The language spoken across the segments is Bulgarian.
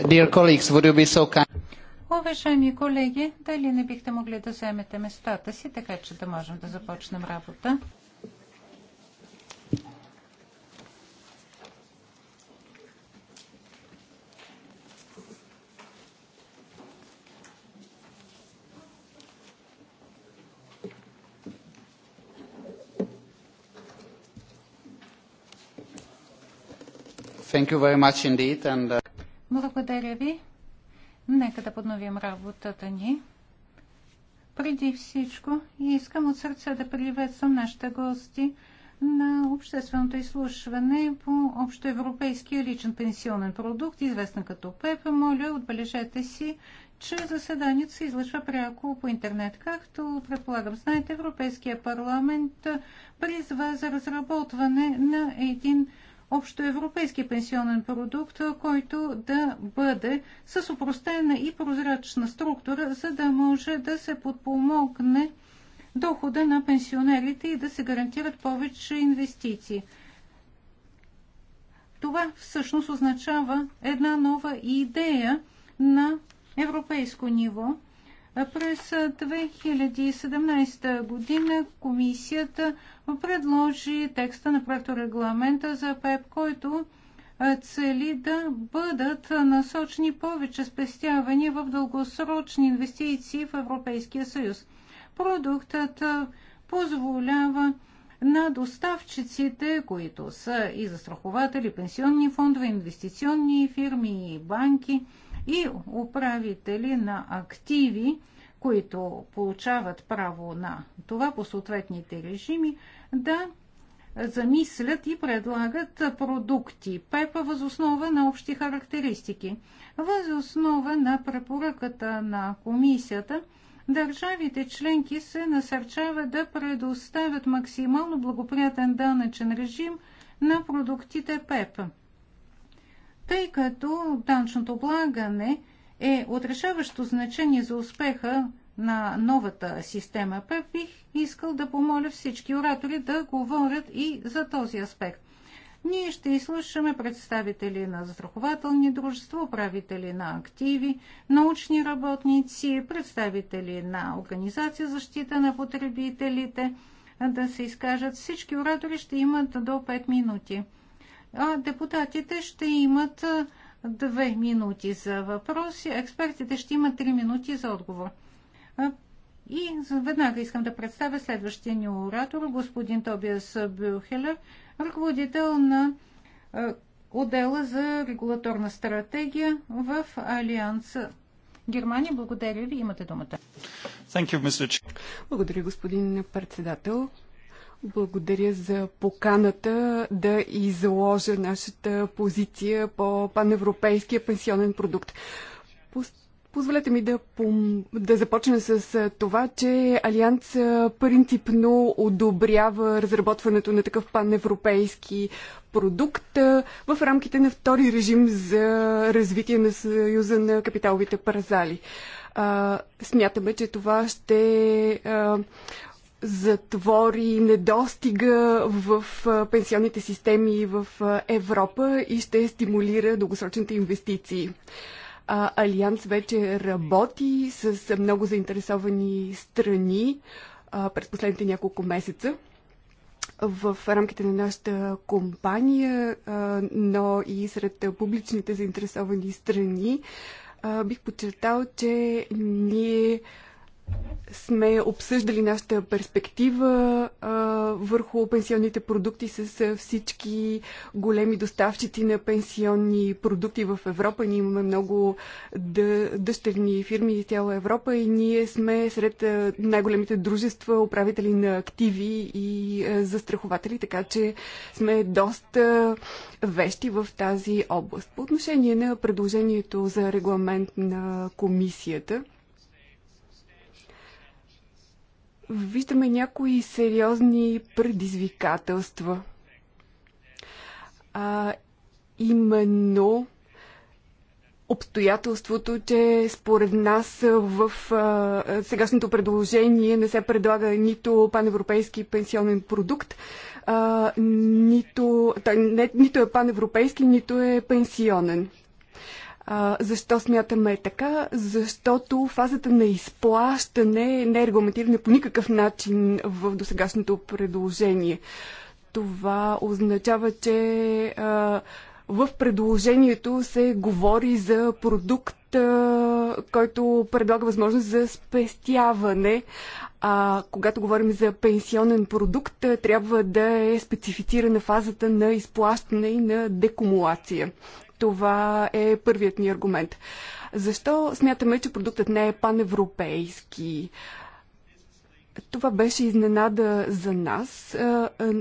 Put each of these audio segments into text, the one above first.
Dear colleagues, would you be so kind? Уважаеми колеги, дали не бихте могли да вземете местата си, така че да можем да започнем работа? Thank you very much indeed and uh... Благодаря ви. Нека да подновим работата ни. Преди всичко искам от сърце да приветствам нашите гости на общественото изслушване по общоевропейския личен пенсионен продукт, известен като ПЕП. Моля, отбележете си, че заседанието се излъчва пряко по интернет. Както предполагам, знаете, Европейския парламент призва за разработване на един общоевропейски пенсионен продукт, който да бъде с упростена и прозрачна структура, за да може да се подпомогне дохода на пенсионерите и да се гарантират повече инвестиции. Това всъщност означава една нова идея на европейско ниво – през 2017 година комисията предложи текста на проекта регламента за ПЕП, който цели да бъдат насочени повече спестявания в дългосрочни инвестиции в Европейския съюз. Продуктът позволява на доставчиците, които са и застрахователи, пенсионни фондове, инвестиционни фирми и банки, и управители на активи, които получават право на това по съответните режими, да замислят и предлагат продукти ПЕПА възоснова на общи характеристики. Възоснова на препоръката на комисията, държавите членки се насърчават да предоставят максимално благоприятен данъчен режим на продуктите ПЕП тъй като данчното облагане е отрешаващо значение за успеха на новата система ПЕП, бих искал да помоля всички оратори да говорят и за този аспект. Ние ще изслушаме представители на застрахователни дружества, управители на активи, научни работници, представители на Организация защита на потребителите, да се изкажат. Всички оратори ще имат до 5 минути а депутатите ще имат две минути за въпроси, експертите ще имат три минути за отговор. И веднага искам да представя следващия ни оратор, господин Тобиас Бюхелер, ръководител на отдела за регулаторна стратегия в Алианс Германия. Благодаря ви. Имате думата. Благодаря, господин председател. Благодаря за поканата да изложа нашата позиция по паневропейския пенсионен продукт. Позволете ми да, пом... да започна с това, че Алианс принципно одобрява разработването на такъв паневропейски продукт в рамките на втори режим за развитие на Съюза на капиталовите паразали. Смятаме, че това ще затвори недостига в пенсионните системи в Европа и ще стимулира дългосрочните инвестиции. Алианс вече работи с много заинтересовани страни през последните няколко месеца в рамките на нашата компания, но и сред публичните заинтересовани страни. Бих подчертал, че ние сме обсъждали нашата перспектива а, върху пенсионните продукти с всички големи доставчици на пенсионни продукти в Европа. Ние имаме много дъ, дъщерни фирми из цяла Европа и ние сме сред най-големите дружества, управители на активи и а, застрахователи, така че сме доста вещи в тази област. По отношение на предложението за регламент на комисията, виждаме някои сериозни предизвикателства. А, именно обстоятелството, че според нас в а, сегашното предложение не се предлага нито паневропейски пенсионен продукт, а, нито, та, не, нито е паневропейски, нито е пенсионен. А, защо смятаме е така? Защото фазата на изплащане не е регламентирана по никакъв начин в досегашното предложение. Това означава, че а, в предложението се говори за продукт, а, който предлага възможност за спестяване. А когато говорим за пенсионен продукт, трябва да е специфицирана фазата на изплащане и на декумулация. Това е първият ни аргумент. Защо смятаме, че продуктът не е паневропейски? Това беше изненада за нас,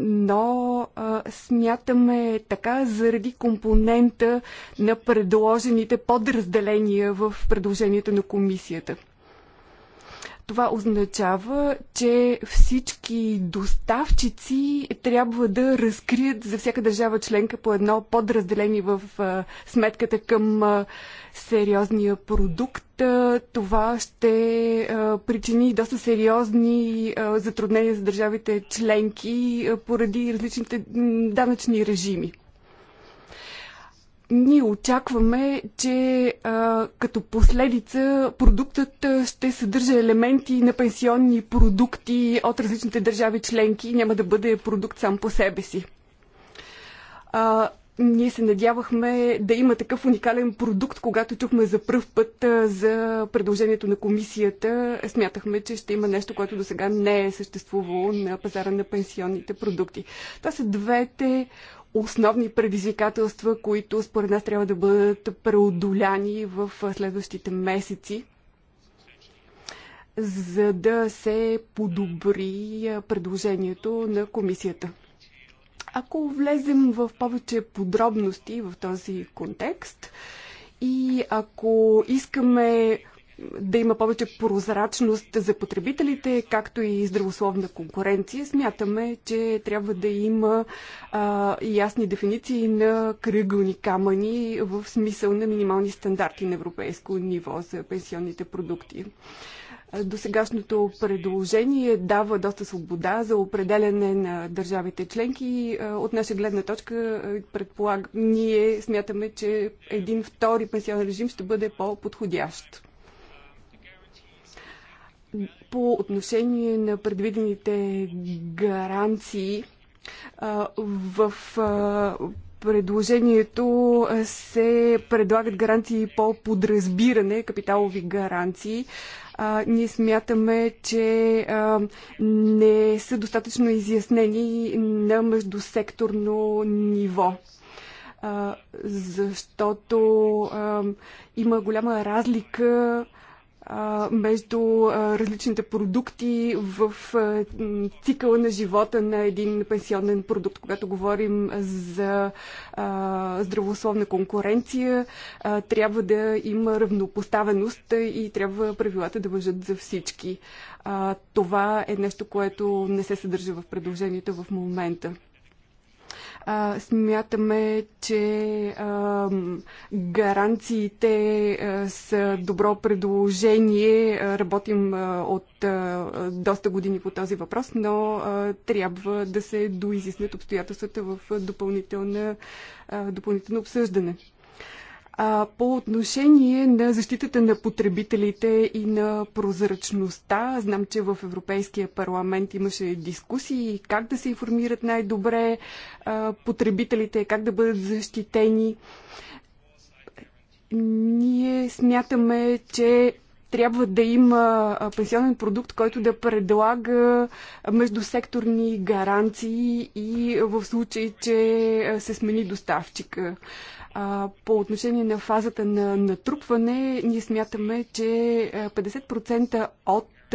но смятаме така заради компонента на предложените подразделения в предложението на комисията. Това означава, че всички доставчици трябва да разкрият за всяка държава членка по едно подразделение в сметката към сериозния продукт. Това ще причини доста сериозни затруднения за държавите членки поради различните данъчни режими ние очакваме, че а, като последица продуктът ще съдържа елементи на пенсионни продукти от различните държави членки и няма да бъде продукт сам по себе си. А, ние се надявахме да има такъв уникален продукт, когато чухме за пръв път за предложението на комисията. Смятахме, че ще има нещо, което до сега не е съществувало на пазара на пенсионните продукти. Това са двете основни предизвикателства, които според нас трябва да бъдат преодоляни в следващите месеци, за да се подобри предложението на комисията. Ако влезем в повече подробности в този контекст и ако искаме да има повече прозрачност за потребителите, както и здравословна конкуренция. Смятаме, че трябва да има а, ясни дефиниции на кръгълни камъни в смисъл на минимални стандарти на европейско ниво за пенсионните продукти. Досегашното предложение дава доста свобода за определене на държавите членки. От наша гледна точка, предполагам, ние смятаме, че един втори пенсионен режим ще бъде по-подходящ по отношение на предвидените гаранции в предложението се предлагат гаранции по подразбиране, капиталови гаранции. А, ние смятаме, че а, не са достатъчно изяснени на междусекторно ниво. А, защото а, има голяма разлика между различните продукти в цикъла на живота на един пенсионен продукт. Когато говорим за здравословна конкуренция, трябва да има равнопоставеност и трябва правилата да въжат за всички. Това е нещо, което не се съдържа в предложението в момента. А, смятаме, че а, гаранциите а, са добро предложение. Работим а, от а, доста години по този въпрос, но а, трябва да се доизяснят обстоятелствата в допълнителна, а, допълнително обсъждане. А, по отношение на защитата на потребителите и на прозрачността, знам, че в Европейския парламент имаше дискусии как да се информират най-добре потребителите, как да бъдат защитени. Ние смятаме, че трябва да има пенсионен продукт, който да предлага междусекторни гаранции и в случай, че се смени доставчика. А, по отношение на фазата на натрупване, ние смятаме, че 50% от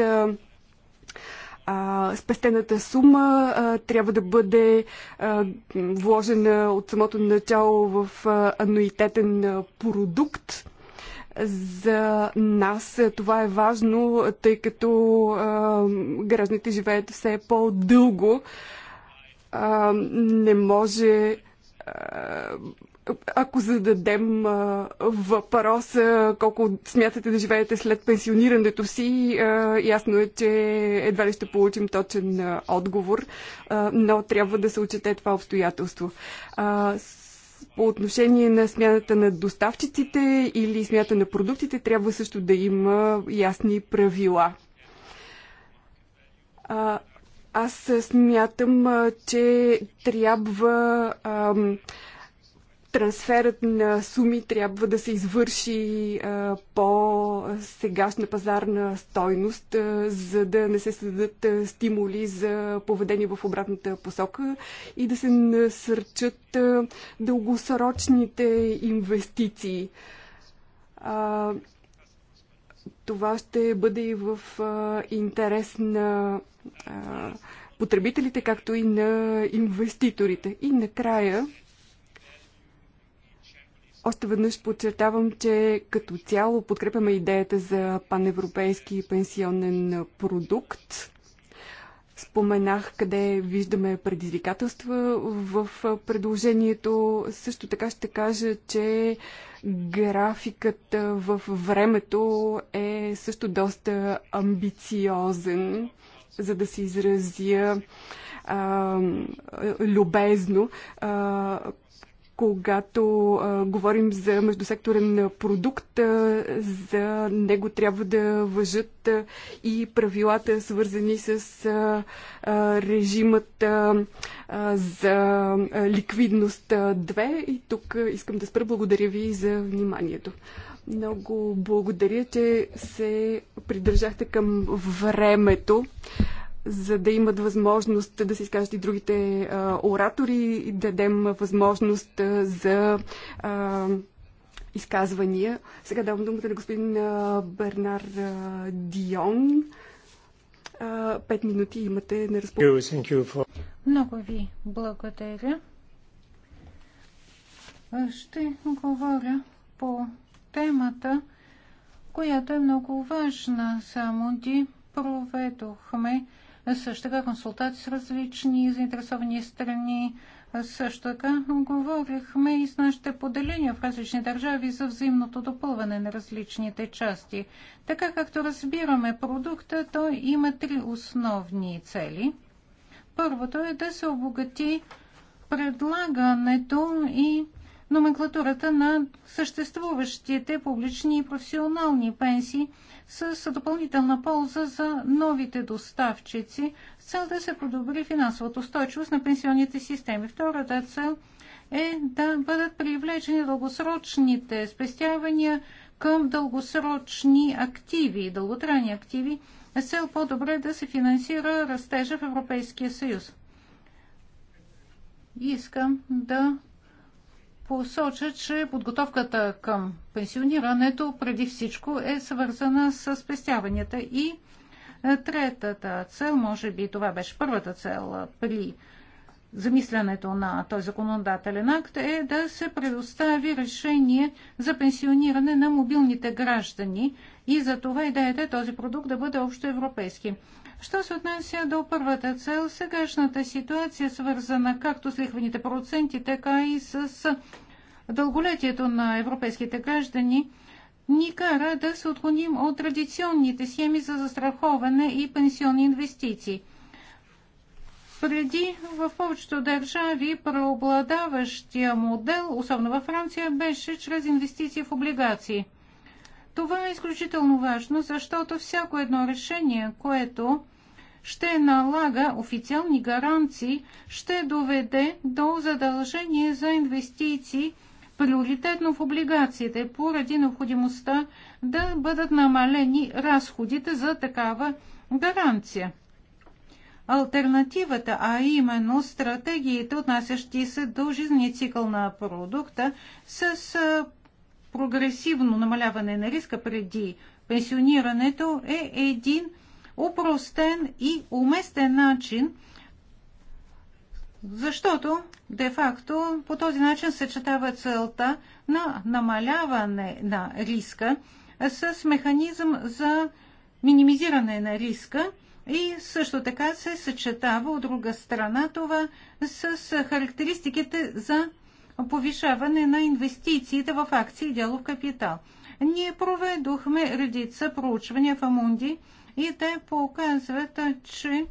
а, спестената сума а, трябва да бъде а, вложена от самото начало в а, ануитетен а, продукт. За нас това е важно, тъй като а, гражданите живеят все по-дълго. не може ако зададем въпроса колко смятате да живеете след пенсионирането си, ясно е, че едва ли ще получим точен отговор, но трябва да се отчете това обстоятелство. По отношение на смяната на доставчиците или смята на продуктите, трябва също да има ясни правила. Аз смятам, че трябва трансферът на суми трябва да се извърши а, по сегашна пазарна стойност, а, за да не се създадат стимули за поведение в обратната посока и да се насърчат а, дългосрочните инвестиции. А, това ще бъде и в а, интерес на а, потребителите, както и на инвеститорите. И накрая още веднъж подчертавам, че като цяло подкрепяме идеята за паневропейски пенсионен продукт. Споменах къде виждаме предизвикателства в предложението. Също така ще кажа, че графикът в времето е също доста амбициозен, за да се изразя а, любезно. А, когато а, говорим за междусекторен продукт, а, за него трябва да въжат а, и правилата, свързани с а, а, режимът а, за а, ликвидност 2. И тук а, искам да спра. Благодаря ви за вниманието. Много благодаря, че се придържахте към времето за да имат възможност да се изкажат и другите а, оратори и да дадем възможност а, за а, изказвания. Сега давам думата на господин а, Бернар а, Дион. А, пет минути имате на разположение. Много ви благодаря. Ще говоря по темата, която е много важна. Само ти проведохме също така консултации с различни заинтересовани страни. Също така говорихме и с нашите поделения в различни държави за взаимното допълване на различните части. Така както разбираме продукта, то има три основни цели. Първото е да се обогати предлагането и номенклатурата на съществуващите публични и професионални пенсии с допълнителна полза за новите доставчици с цел да се подобри финансовата устойчивост на пенсионните системи. Втората цел е да бъдат привлечени дългосрочните спестявания към дългосрочни активи дълготрайни активи с цел по-добре да се финансира растежа в Европейския съюз. Искам да посоча, че подготовката към пенсионирането преди всичко е свързана с спестяванията и е, третата цел, може би това беше първата цел е, при замислянето на този законодателен акт е да се предостави решение за пенсиониране на мобилните граждани и за това идеята е този продукт да бъде общо европейски. Що се отнася до първата цел, сегашната ситуация свързана както с лихвените проценти, така и с дълголетието на европейските граждани, ни кара да се отклоним от традиционните схеми за застраховане и пенсионни инвестиции. Преди в повечето държави преобладаващия модел, особено във Франция, беше чрез инвестиции в облигации – това е изключително важно, защото всяко едно решение, което ще налага официални гаранции, ще доведе до задължение за инвестиции приоритетно в облигациите, поради необходимостта да бъдат намалени разходите за такава гаранция. Альтернативата, а именно стратегиите, отнасящи се до жизнения цикъл на продукта, с прогресивно намаляване на риска преди пенсионирането е един упростен и уместен начин, защото де-факто по този начин съчетава целта на намаляване на риска с механизъм за минимизиране на риска и също така се съчетава от друга страна това с характеристиките за повишаване на инвестициите в акции и дялов капитал. Ние проведохме редица проучвания в Амунди и те показват, че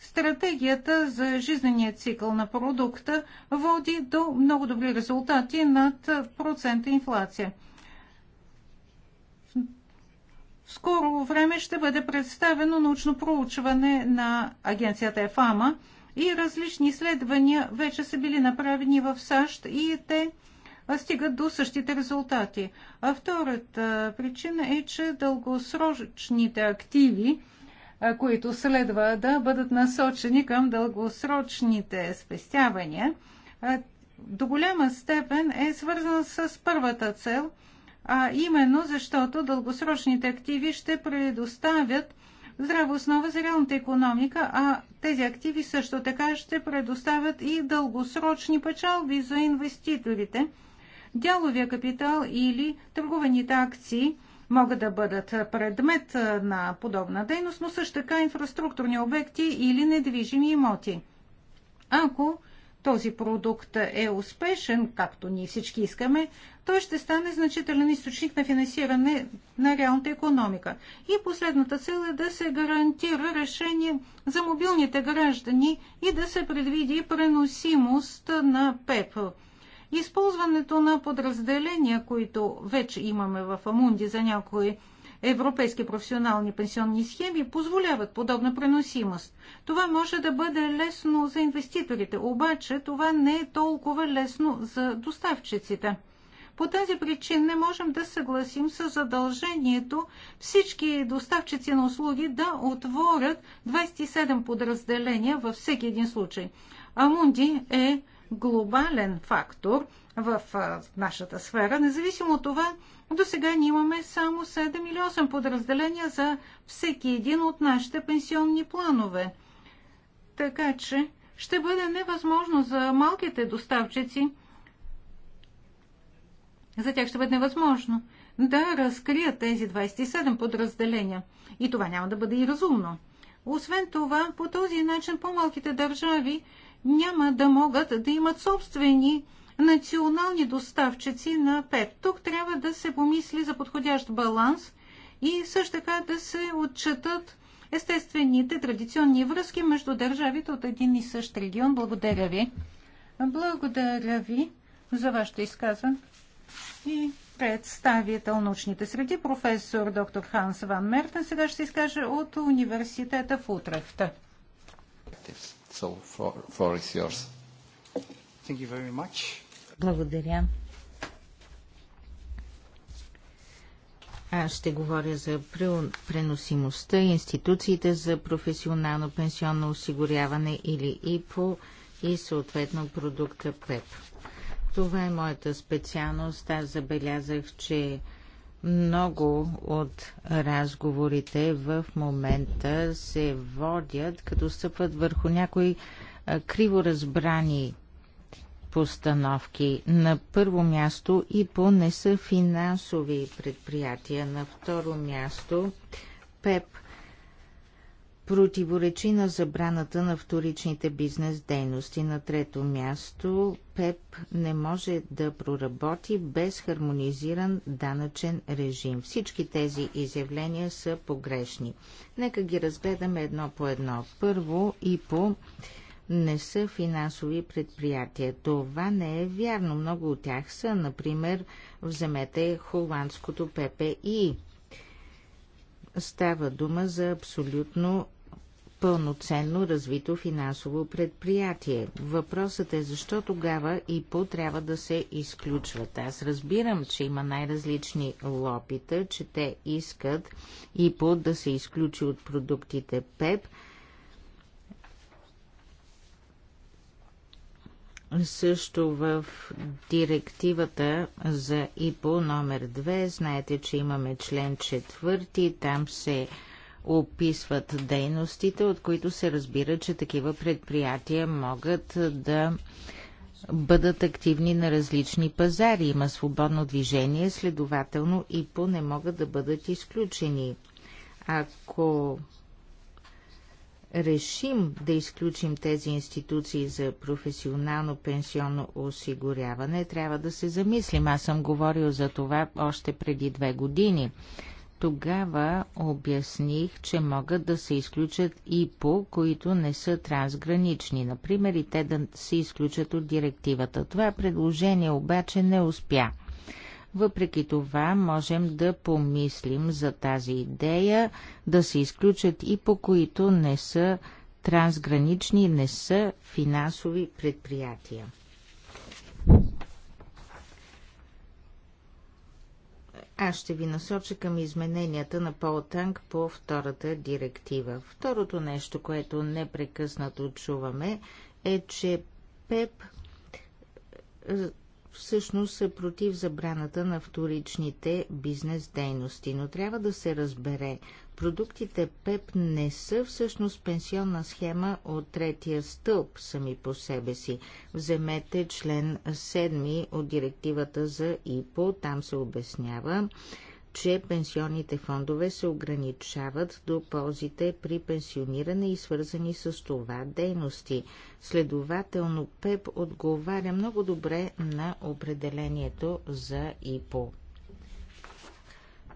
стратегията за жизнения цикъл на продукта води до много добри резултати над процента инфлация. В скоро време ще бъде представено научно проучване на агенцията ЕФАМА, и различни изследвания вече са били направени в САЩ и те стигат до същите резултати. А втората причина е, че дългосрочните активи, които следва да бъдат насочени към дългосрочните спестявания, до голяма степен е свързана с първата цел, а именно защото дългосрочните активи ще предоставят здрава основа за реалната економика, а тези активи също така ще предоставят и дългосрочни печалби за инвеститорите. Дяловия капитал или търгуваните акции могат да бъдат предмет на подобна дейност, но също така инфраструктурни обекти или недвижими имоти. Ако този продукт е успешен, както ние всички искаме, той ще стане значителен източник на финансиране на реалната економика. И последната цел е да се гарантира решение за мобилните граждани и да се предвиди преносимост на ПЕП. Използването на подразделения, които вече имаме в Амунди за някои европейски професионални пенсионни схеми позволяват подобна преносимост. Това може да бъде лесно за инвеститорите, обаче това не е толкова лесно за доставчиците. По тази причина не можем да съгласим с задължението всички доставчици на услуги да отворят 27 подразделения във всеки един случай. Амунди е глобален фактор в нашата сфера. Независимо от това, до сега ние имаме само 7 или 8 подразделения за всеки един от нашите пенсионни планове. Така че ще бъде невъзможно за малките доставчици, за тях ще бъде невъзможно да разкрият тези 27 подразделения. И това няма да бъде и разумно. Освен това, по този начин по-малките държави няма да могат да имат собствени национални доставчици на ПЕП. Тук трябва да се помисли за подходящ баланс и също така да се отчетат естествените традиционни връзки между държавите от един и същ регион. Благодаря ви. Благодаря ви за вашето изказване. И представител научните среди, професор доктор Ханс Ван Мертен, сега ще се изкаже от университета в Утрехта. Yes floor is yours. Thank you very much. Благодаря. Аз ще говоря за преносимостта, институциите за професионално пенсионно осигуряване или ИПО и съответно продукта ПЕП. Това е моята специалност. Аз забелязах, че много от разговорите в момента се водят, като стъпват върху някои криво разбрани постановки. На първо място по не са финансови предприятия. На второ място ПЕП – противоречи на забраната на вторичните бизнес дейности. На трето място ПЕП не може да проработи без хармонизиран данъчен режим. Всички тези изявления са погрешни. Нека ги разгледаме едно по едно. Първо и по не са финансови предприятия. Това не е вярно. Много от тях са, например, вземете холандското ППИ става дума за абсолютно пълноценно развито финансово предприятие. Въпросът е защо тогава ИПО трябва да се изключват. Аз разбирам, че има най-различни лопита, че те искат ИПО да се изключи от продуктите ПЕП. Също в директивата за ИПО номер 2, знаете, че имаме член 4, там се описват дейностите, от които се разбира, че такива предприятия могат да бъдат активни на различни пазари. Има свободно движение, следователно и по не могат да бъдат изключени. Ако решим да изключим тези институции за професионално пенсионно осигуряване, трябва да се замислим. Аз съм говорил за това още преди две години. Тогава обясних, че могат да се изключат и по, които не са трансгранични, например и те да се изключат от директивата. Това предложение обаче не успя. Въпреки това можем да помислим за тази идея да се изключат и по които не са трансгранични, не са финансови предприятия. Аз ще ви насоча към измененията на Пол Танк по втората директива. Второто нещо, което непрекъснато чуваме, е, че ПЕП е, всъщност са е против забраната на вторичните бизнес дейности, но трябва да се разбере Продуктите ПЕП не са всъщност пенсионна схема от третия стълб сами по себе си. Вземете член 7 от директивата за ИПО. Там се обяснява, че пенсионните фондове се ограничават до ползите при пенсиониране и свързани с това дейности. Следователно ПЕП отговаря много добре на определението за ИПО.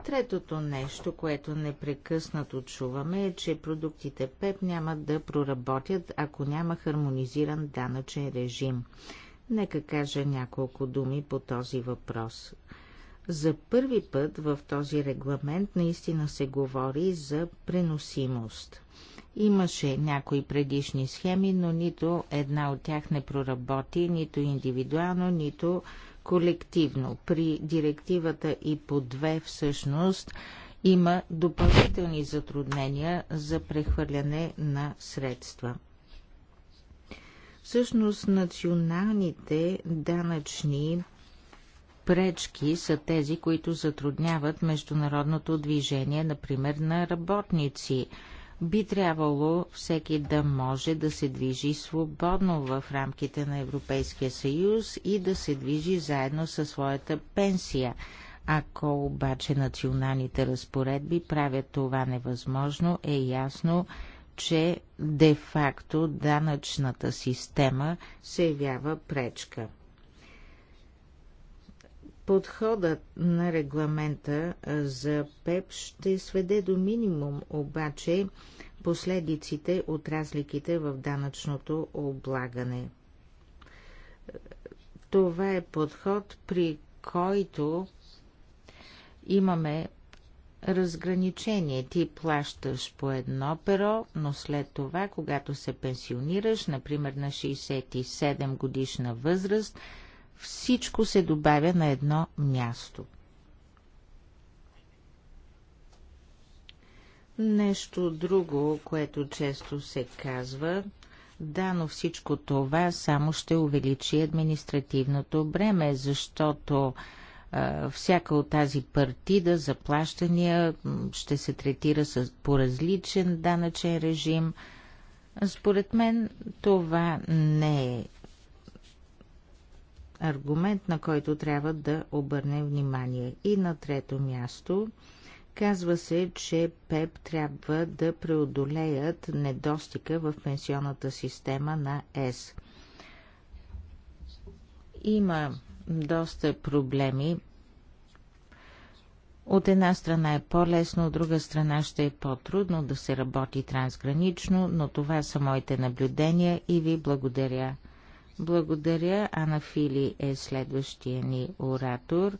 Третото нещо, което непрекъснато чуваме е, че продуктите ПЕП няма да проработят, ако няма хармонизиран данъчен режим. Нека кажа няколко думи по този въпрос. За първи път в този регламент наистина се говори за преносимост. Имаше някои предишни схеми, но нито една от тях не проработи, нито индивидуално, нито колективно. При директивата и по две всъщност има допълнителни затруднения за прехвърляне на средства. Всъщност националните данъчни пречки са тези, които затрудняват международното движение, например, на работници – би трябвало всеки да може да се движи свободно в рамките на Европейския съюз и да се движи заедно със своята пенсия. Ако обаче националните разпоредби правят това невъзможно, е ясно, че де-факто данъчната система се явява пречка. Подходът на регламента за ПЕП ще сведе до минимум обаче последиците от разликите в данъчното облагане. Това е подход, при който имаме разграничение. Ти плащаш по едно перо, но след това, когато се пенсионираш, например на 67 годишна възраст, всичко се добавя на едно място. Нещо друго, което често се казва, да, но всичко това само ще увеличи административното бреме, защото а, всяка от тази партида за плащания ще се третира с, по различен данъчен режим. Според мен това не е аргумент, на който трябва да обърнем внимание. И на трето място казва се, че ПЕП трябва да преодолеят недостига в пенсионната система на ЕС. Има доста проблеми. От една страна е по-лесно, от друга страна ще е по-трудно да се работи трансгранично, но това са моите наблюдения и ви благодаря. Благодаря. Ана Фили е следващия ни оратор.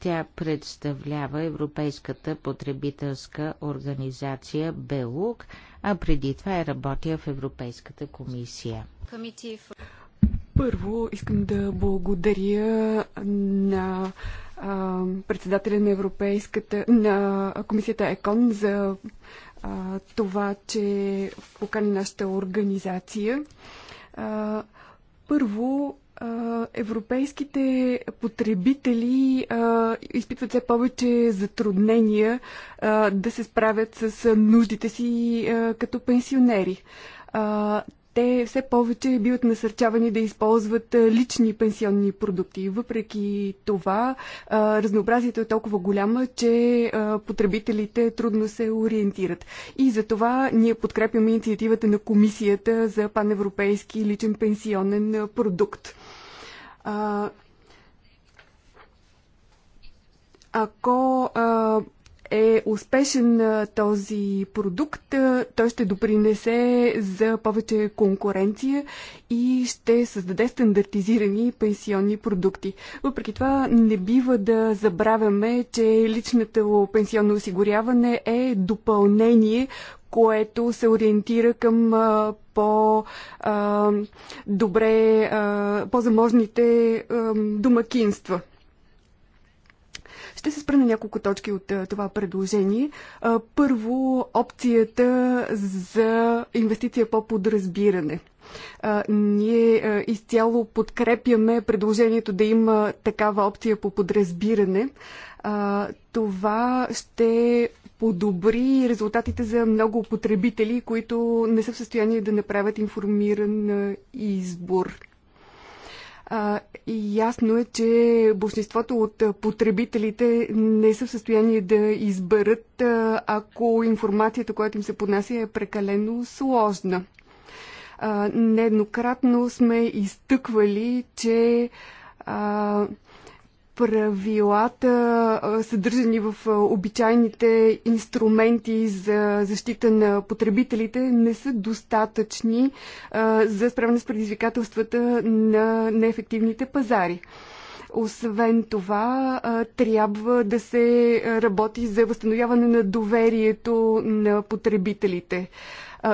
Тя представлява Европейската потребителска организация БЕЛУК, а преди това е работя в Европейската комисия. Първо искам да благодаря на а, председателя на Европейската, на комисията ЕКОН за а, това, че покани нашата организация. А, първо, европейските потребители изпитват все повече затруднения да се справят с нуждите си като пенсионери те все повече биват насърчавани да използват лични пенсионни продукти. Въпреки това, разнообразието е толкова голямо, че потребителите трудно се ориентират. И за това ние подкрепяме инициативата на Комисията за паневропейски личен пенсионен продукт. Ако а, е успешен този продукт, той ще допринесе за повече конкуренция и ще създаде стандартизирани пенсионни продукти. Въпреки това не бива да забравяме, че личното пенсионно осигуряване е допълнение, което се ориентира към по-добре, по-заможните домакинства. Ще се спра на няколко точки от това предложение. Първо, опцията за инвестиция по подразбиране. Ние изцяло подкрепяме предложението да има такава опция по подразбиране. Това ще подобри резултатите за много потребители, които не са в състояние да направят информиран избор. А, и ясно е, че большинството от потребителите не са в състояние да изберат, ако информацията, която им се поднася, е прекалено сложна. А, нееднократно сме изтъквали, че а, правилата, съдържани в обичайните инструменти за защита на потребителите, не са достатъчни за справяне с предизвикателствата на неефективните пазари. Освен това, трябва да се работи за възстановяване на доверието на потребителите.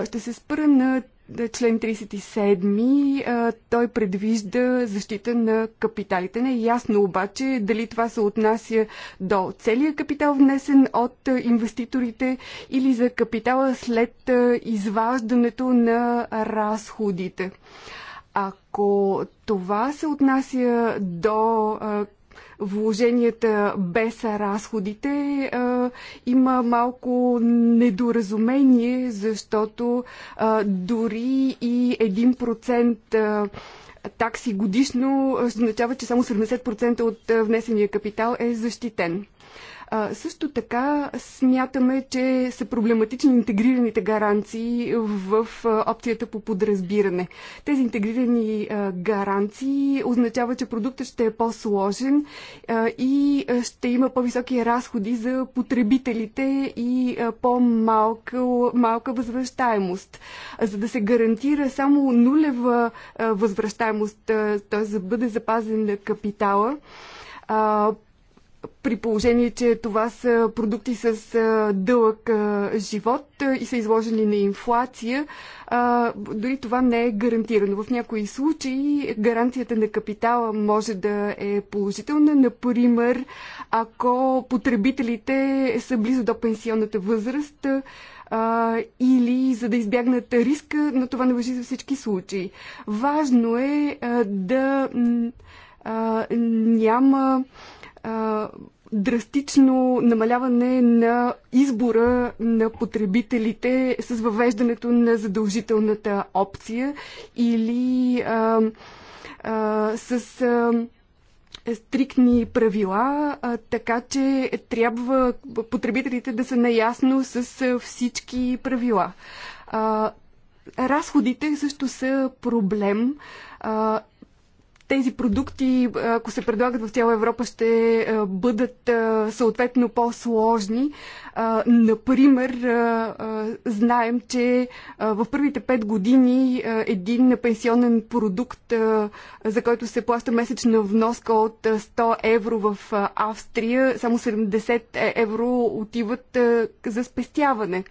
Ще се спра на е, член 37, той предвижда защита на капиталите. Не е ясно обаче дали това се отнася до целия капитал внесен от инвеститорите или за капитала след изваждането на разходите. Ако това се отнася до вложенията без разходите, а, има малко недоразумение, защото а, дори и 1% а, такси годишно означава, че само 70% от внесения капитал е защитен. А, също така смятаме, че са проблематични интегрираните гаранции в а, опцията по подразбиране. Тези интегрирани а, гаранции означава, че продуктът ще е по-сложен и ще има по-високи разходи за потребителите и по-малка малка възвръщаемост. За да се гарантира само нулева възвръщаемост, т.е. за да бъде запазен капитала, при положение, че това са продукти с дълъг живот и са изложени на инфлация, дори това не е гарантирано. В някои случаи гаранцията на капитала може да е положителна. Например, ако потребителите са близо до пенсионната възраст, или за да избягнат риска, но това не въжи за всички случаи. Важно е да няма а, драстично намаляване на избора на потребителите с въвеждането на задължителната опция или а, а, с. А, стриктни правила, така че трябва потребителите да са наясно с всички правила. Разходите също са проблем тези продукти, ако се предлагат в цяла Европа, ще бъдат съответно по-сложни. Например, знаем, че в първите пет години един пенсионен продукт, за който се плаща месечна вноска от 100 евро в Австрия, само 70 е, евро отиват за спестяване.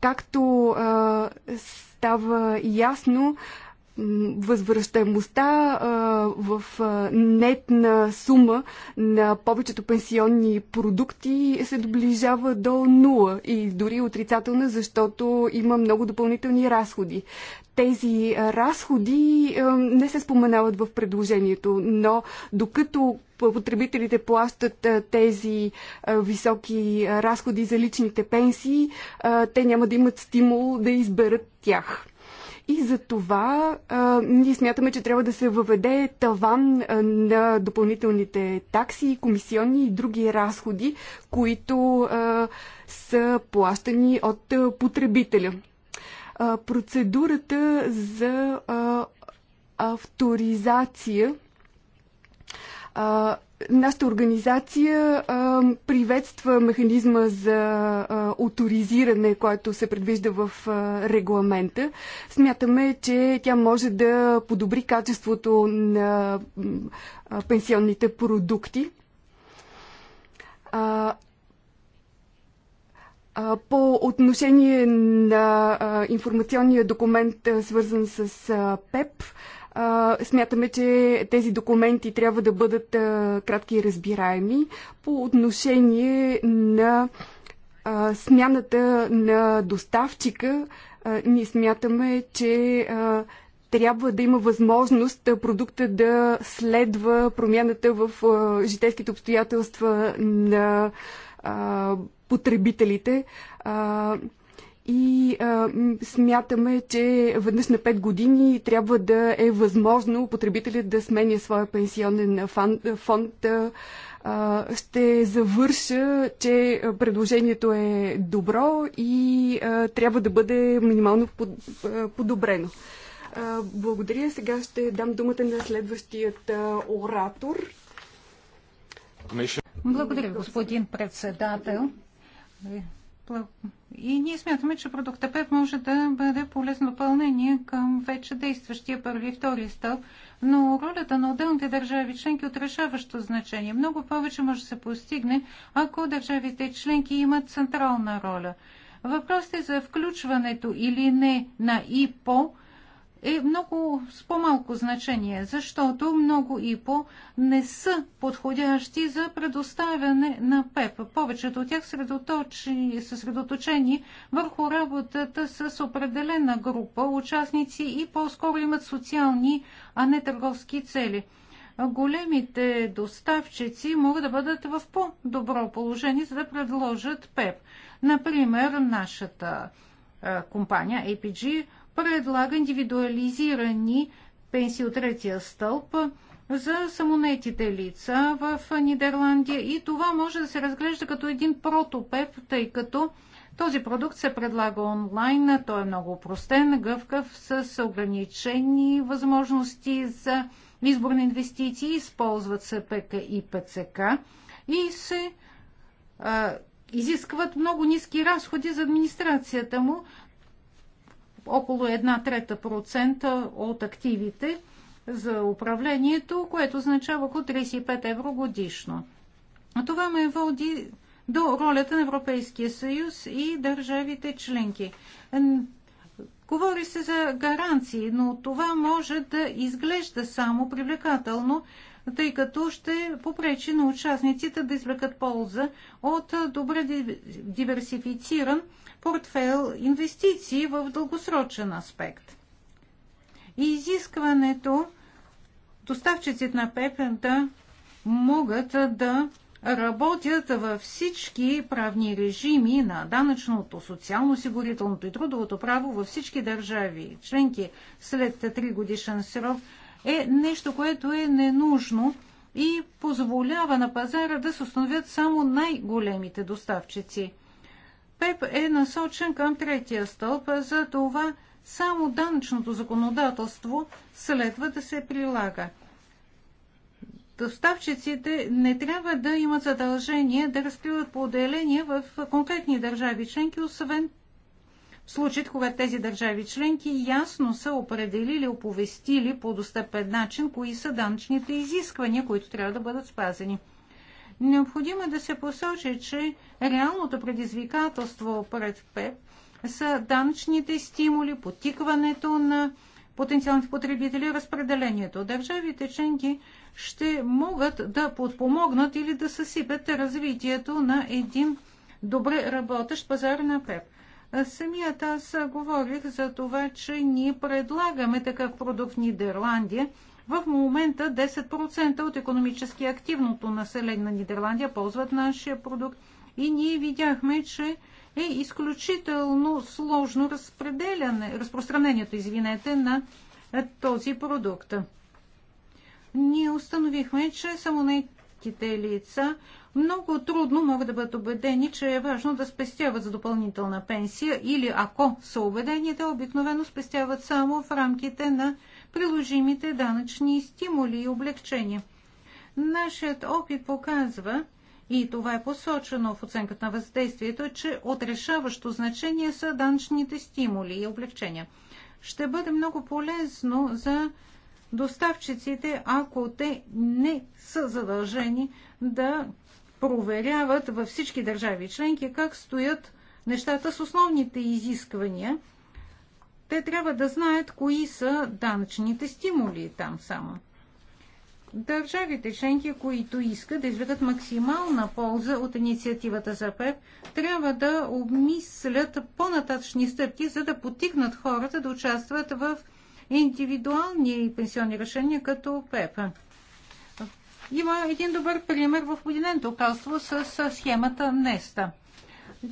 Както става ясно, възвръщаемостта в нетна сума на повечето пенсионни продукти се доближава до нула и дори отрицателна, защото има много допълнителни разходи. Тези разходи не се споменават в предложението, но докато потребителите плащат тези високи разходи за личните пенсии, те няма да имат стимул да изберат тях. И за това а, ние смятаме, че трябва да се въведе таван а, на допълнителните такси, комисионни и други разходи, които а, са плащани от а, потребителя. А, процедурата за а, авторизация а, Нашата организация а, приветства механизма за а, авторизиране, който се предвижда в а, регламента. Смятаме, че тя може да подобри качеството на а, пенсионните продукти. А, по отношение на а, информационния документ, а, свързан с а, ПЕП, а, смятаме, че тези документи трябва да бъдат кратки и разбираеми по отношение на смяната на доставчика. Ние смятаме, че трябва да има възможност продукта да следва промяната в житейските обстоятелства на потребителите и а, смятаме, че веднъж на 5 години трябва да е възможно потребителят да сменя своя пенсионен фонд. а, ще завърша, че предложението е добро и а, трябва да бъде минимално под, а, подобрено. А, благодаря. Сега ще дам думата на следващият а, оратор. Благодаря, господин председател. И ние смятаме, че продукта ПЕП може да бъде полезно допълнение към вече действащия първи и втори стълб, но ролята на отделните държави членки е от решаващо значение. Много повече може да се постигне, ако държавите членки имат централна роля. Въпросът е за включването или не на ИПО – е много с по-малко значение, защото много ИПО не са подходящи за предоставяне на ПЕП. Повечето от тях са средоточени върху работата с определена група участници и по-скоро имат социални, а не търговски цели. Големите доставчици могат да бъдат в по-добро положение, за да предложат ПЕП. Например, нашата компания APG предлага индивидуализирани пенсии от третия стълб за самонетите лица в Нидерландия и това може да се разглежда като един протопев, тъй като този продукт се предлага онлайн, той е много упростен, гъвкав, с ограничени възможности за изборни инвестиции, използват се ПК и ПЦК и се а, изискват много ниски разходи за администрацията му, около една трета процента от активите за управлението, което означава около 35 евро годишно. А това ме води до ролята на Европейския съюз и държавите членки. Говори се за гаранции, но това може да изглежда само привлекателно, тъй като ще попречи на участниците да извлекат полза от добре диверсифициран портфел инвестиции в дългосрочен аспект. И изискването доставчиците на пепел да могат да работят във всички правни режими на данъчното, социално-осигурителното и трудовото право във всички държави членки след 3 годишен срок е нещо, което е ненужно и позволява на пазара да се установят само най-големите доставчици – ПЕП е насочен към третия стълб, за това само данъчното законодателство следва да се прилага. Доставчиците не трябва да имат задължение да разкриват поделения в конкретни държави членки, освен в случай, когато тези държави членки ясно са определили, оповестили по достъпен начин, кои са данъчните изисквания, които трябва да бъдат спазени. Необходимо е да се посочи, че реалното предизвикателство пред ПЕП са данъчните стимули, потикването на потенциалните потребители, разпределението. Държавите членки ще могат да подпомогнат или да съсипят развитието на един добре работещ пазар на ПЕП. Самият аз говорих за това, че ние предлагаме такъв продукт в Нидерландия в момента 10% от економически активното население на Нидерландия ползват нашия продукт и ние видяхме, че е изключително сложно разпространението извинете, на този продукт. Ние установихме, че самонетите лица много трудно могат да бъдат убедени, че е важно да спестяват за допълнителна пенсия или ако са убедени, те обикновено спестяват само в рамките на приложимите данъчни стимули и облегчения. Нашият опит показва, и това е посочено в оценката на въздействието, че от решаващо значение са данъчните стимули и облегчения. Ще бъде много полезно за доставчиците, ако те не са задължени да проверяват във всички държави членки как стоят нещата с основните изисквания те трябва да знаят кои са данъчните стимули там само. Държавите членки, които искат да извлекат максимална полза от инициативата за ПЕП, трябва да обмислят по-нататъчни стъпки, за да потикнат хората да участват в индивидуални пенсионни решения като ПЕП. Има един добър пример в Обединеното кралство с схемата Неста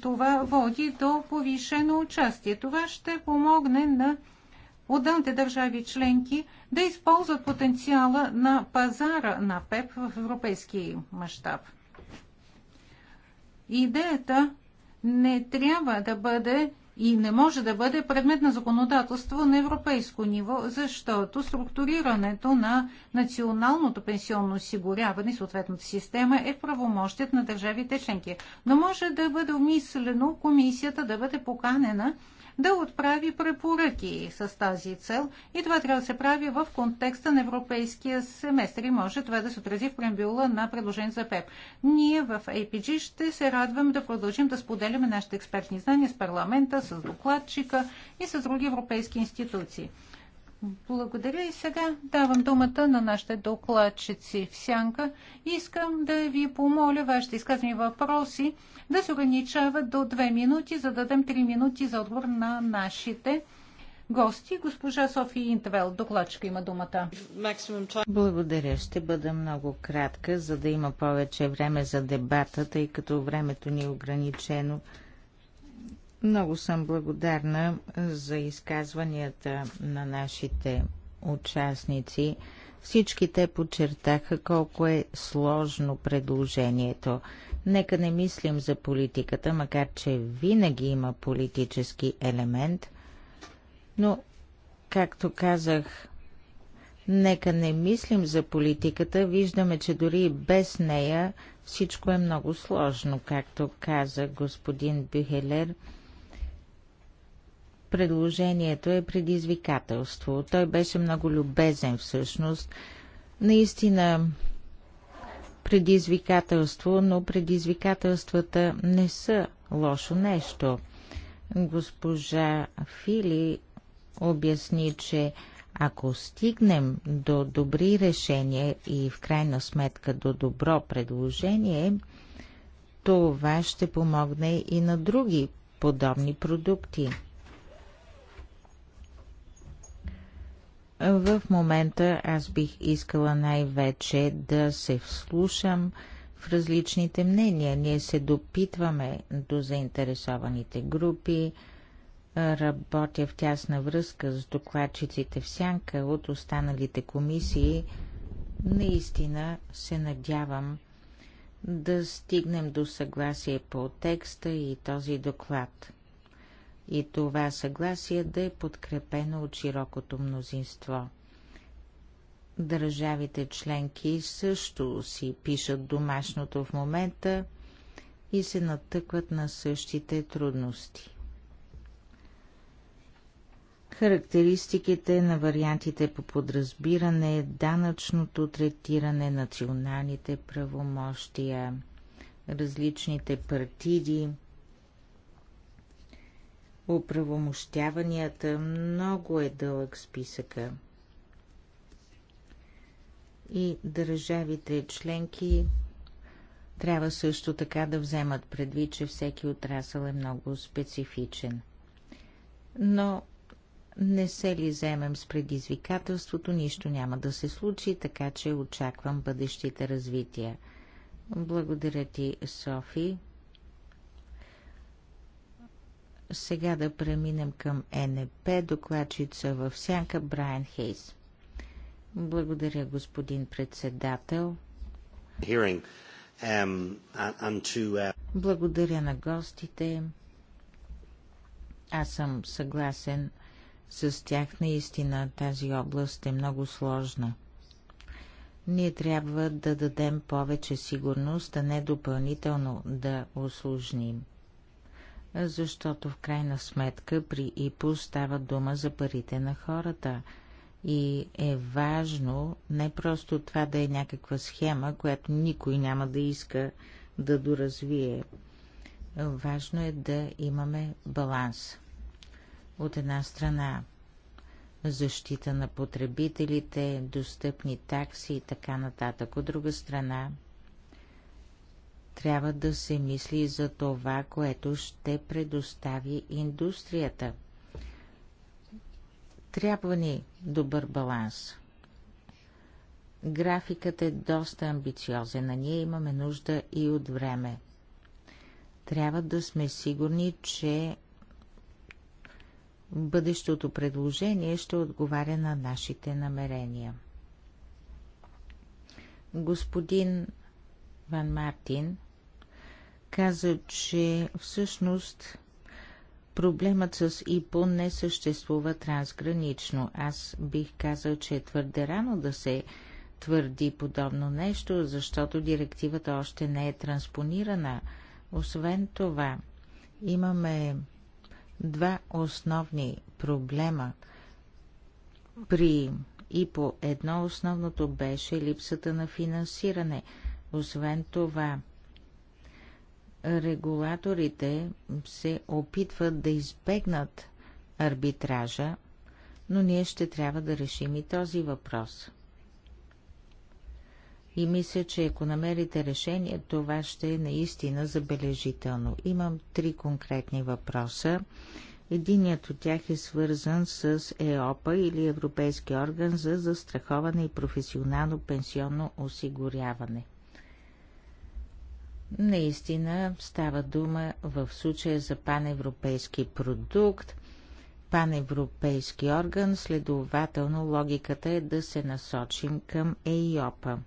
това води до повишено участие. Това ще помогне на отделните държави членки да използват потенциала на пазара на ПЕП в европейски мащаб. Идеята не трябва да бъде и не може да бъде предмет на законодателство на европейско ниво, защото структурирането на националното пенсионно осигуряване, съответната система, е в правомощият на държавите членки. Но може да бъде умислено комисията да бъде поканена да отправи препоръки с тази цел и това трябва да се прави в контекста на европейския семестър и може това да се отрази в преамбюла на предложение за ПЕП. Ние в APG ще се радваме да продължим да споделяме нашите експертни знания с парламента, с докладчика и с други европейски институции. Благодаря и сега давам думата на нашите докладчици в Сянка. Искам да ви помоля вашите изказани въпроси да се ограничават до две минути, за да дадем три минути за отговор на нашите гости. Госпожа София Интвел, докладчика има думата. Благодаря. Ще бъда много кратка, за да има повече време за дебата, тъй като времето ни е ограничено. Много съм благодарна за изказванията на нашите участници. Всички те подчертаха колко е сложно предложението. Нека не мислим за политиката, макар че винаги има политически елемент, но, както казах, нека не мислим за политиката, виждаме, че дори без нея всичко е много сложно, както каза господин Бюхелер – предложението е предизвикателство. Той беше много любезен всъщност. Наистина предизвикателство, но предизвикателствата не са лошо нещо. Госпожа Фили обясни, че ако стигнем до добри решения и в крайна сметка до добро предложение, това ще помогне и на други подобни продукти. В момента аз бих искала най-вече да се вслушам в различните мнения. Ние се допитваме до заинтересованите групи, работя в тясна връзка с докладчиците в сянка от останалите комисии. Наистина се надявам да стигнем до съгласие по текста и този доклад и това съгласие да е подкрепено от широкото мнозинство. Държавите членки също си пишат домашното в момента и се натъкват на същите трудности. Характеристиките на вариантите по подразбиране, данъчното третиране, националните правомощия, различните партиди – оправомощяванията. Много е дълъг списъка. И държавите членки трябва също така да вземат предвид, че всеки отрасъл е много специфичен. Но не се ли вземем с предизвикателството, нищо няма да се случи, така че очаквам бъдещите развития. Благодаря ти, Софи. Сега да преминем към НП, докладчица в сянка Брайан Хейс. Благодаря, господин председател. Hearing, um, uh, and to, uh... Благодаря на гостите. Аз съм съгласен с тях. Наистина тази област е много сложна. Ние трябва да дадем повече сигурност, а не допълнително да осложним защото в крайна сметка при ИПО става дума за парите на хората. И е важно не просто това да е някаква схема, която никой няма да иска да доразвие. Важно е да имаме баланс. От една страна защита на потребителите, достъпни такси и така нататък. От друга страна трябва да се мисли за това, което ще предостави индустрията. Трябва ни добър баланс. Графикът е доста амбициозен, а ние имаме нужда и от време. Трябва да сме сигурни, че бъдещото предложение ще отговаря на нашите намерения. Господин Ван Мартин каза, че всъщност проблемът с ИПО не съществува трансгранично. Аз бих казал, че е твърде рано да се твърди подобно нещо, защото директивата още не е транспонирана. Освен това, имаме два основни проблема. При ИПО едно основното беше липсата на финансиране. Освен това, регулаторите се опитват да избегнат арбитража, но ние ще трябва да решим и този въпрос. И мисля, че ако намерите решение, това ще е наистина забележително. Имам три конкретни въпроса. Единият от тях е свързан с ЕОПА или Европейски орган за застраховане и професионално пенсионно осигуряване – Наистина става дума в случая за паневропейски продукт, паневропейски орган, следователно логиката е да се насочим към ЕИОПа.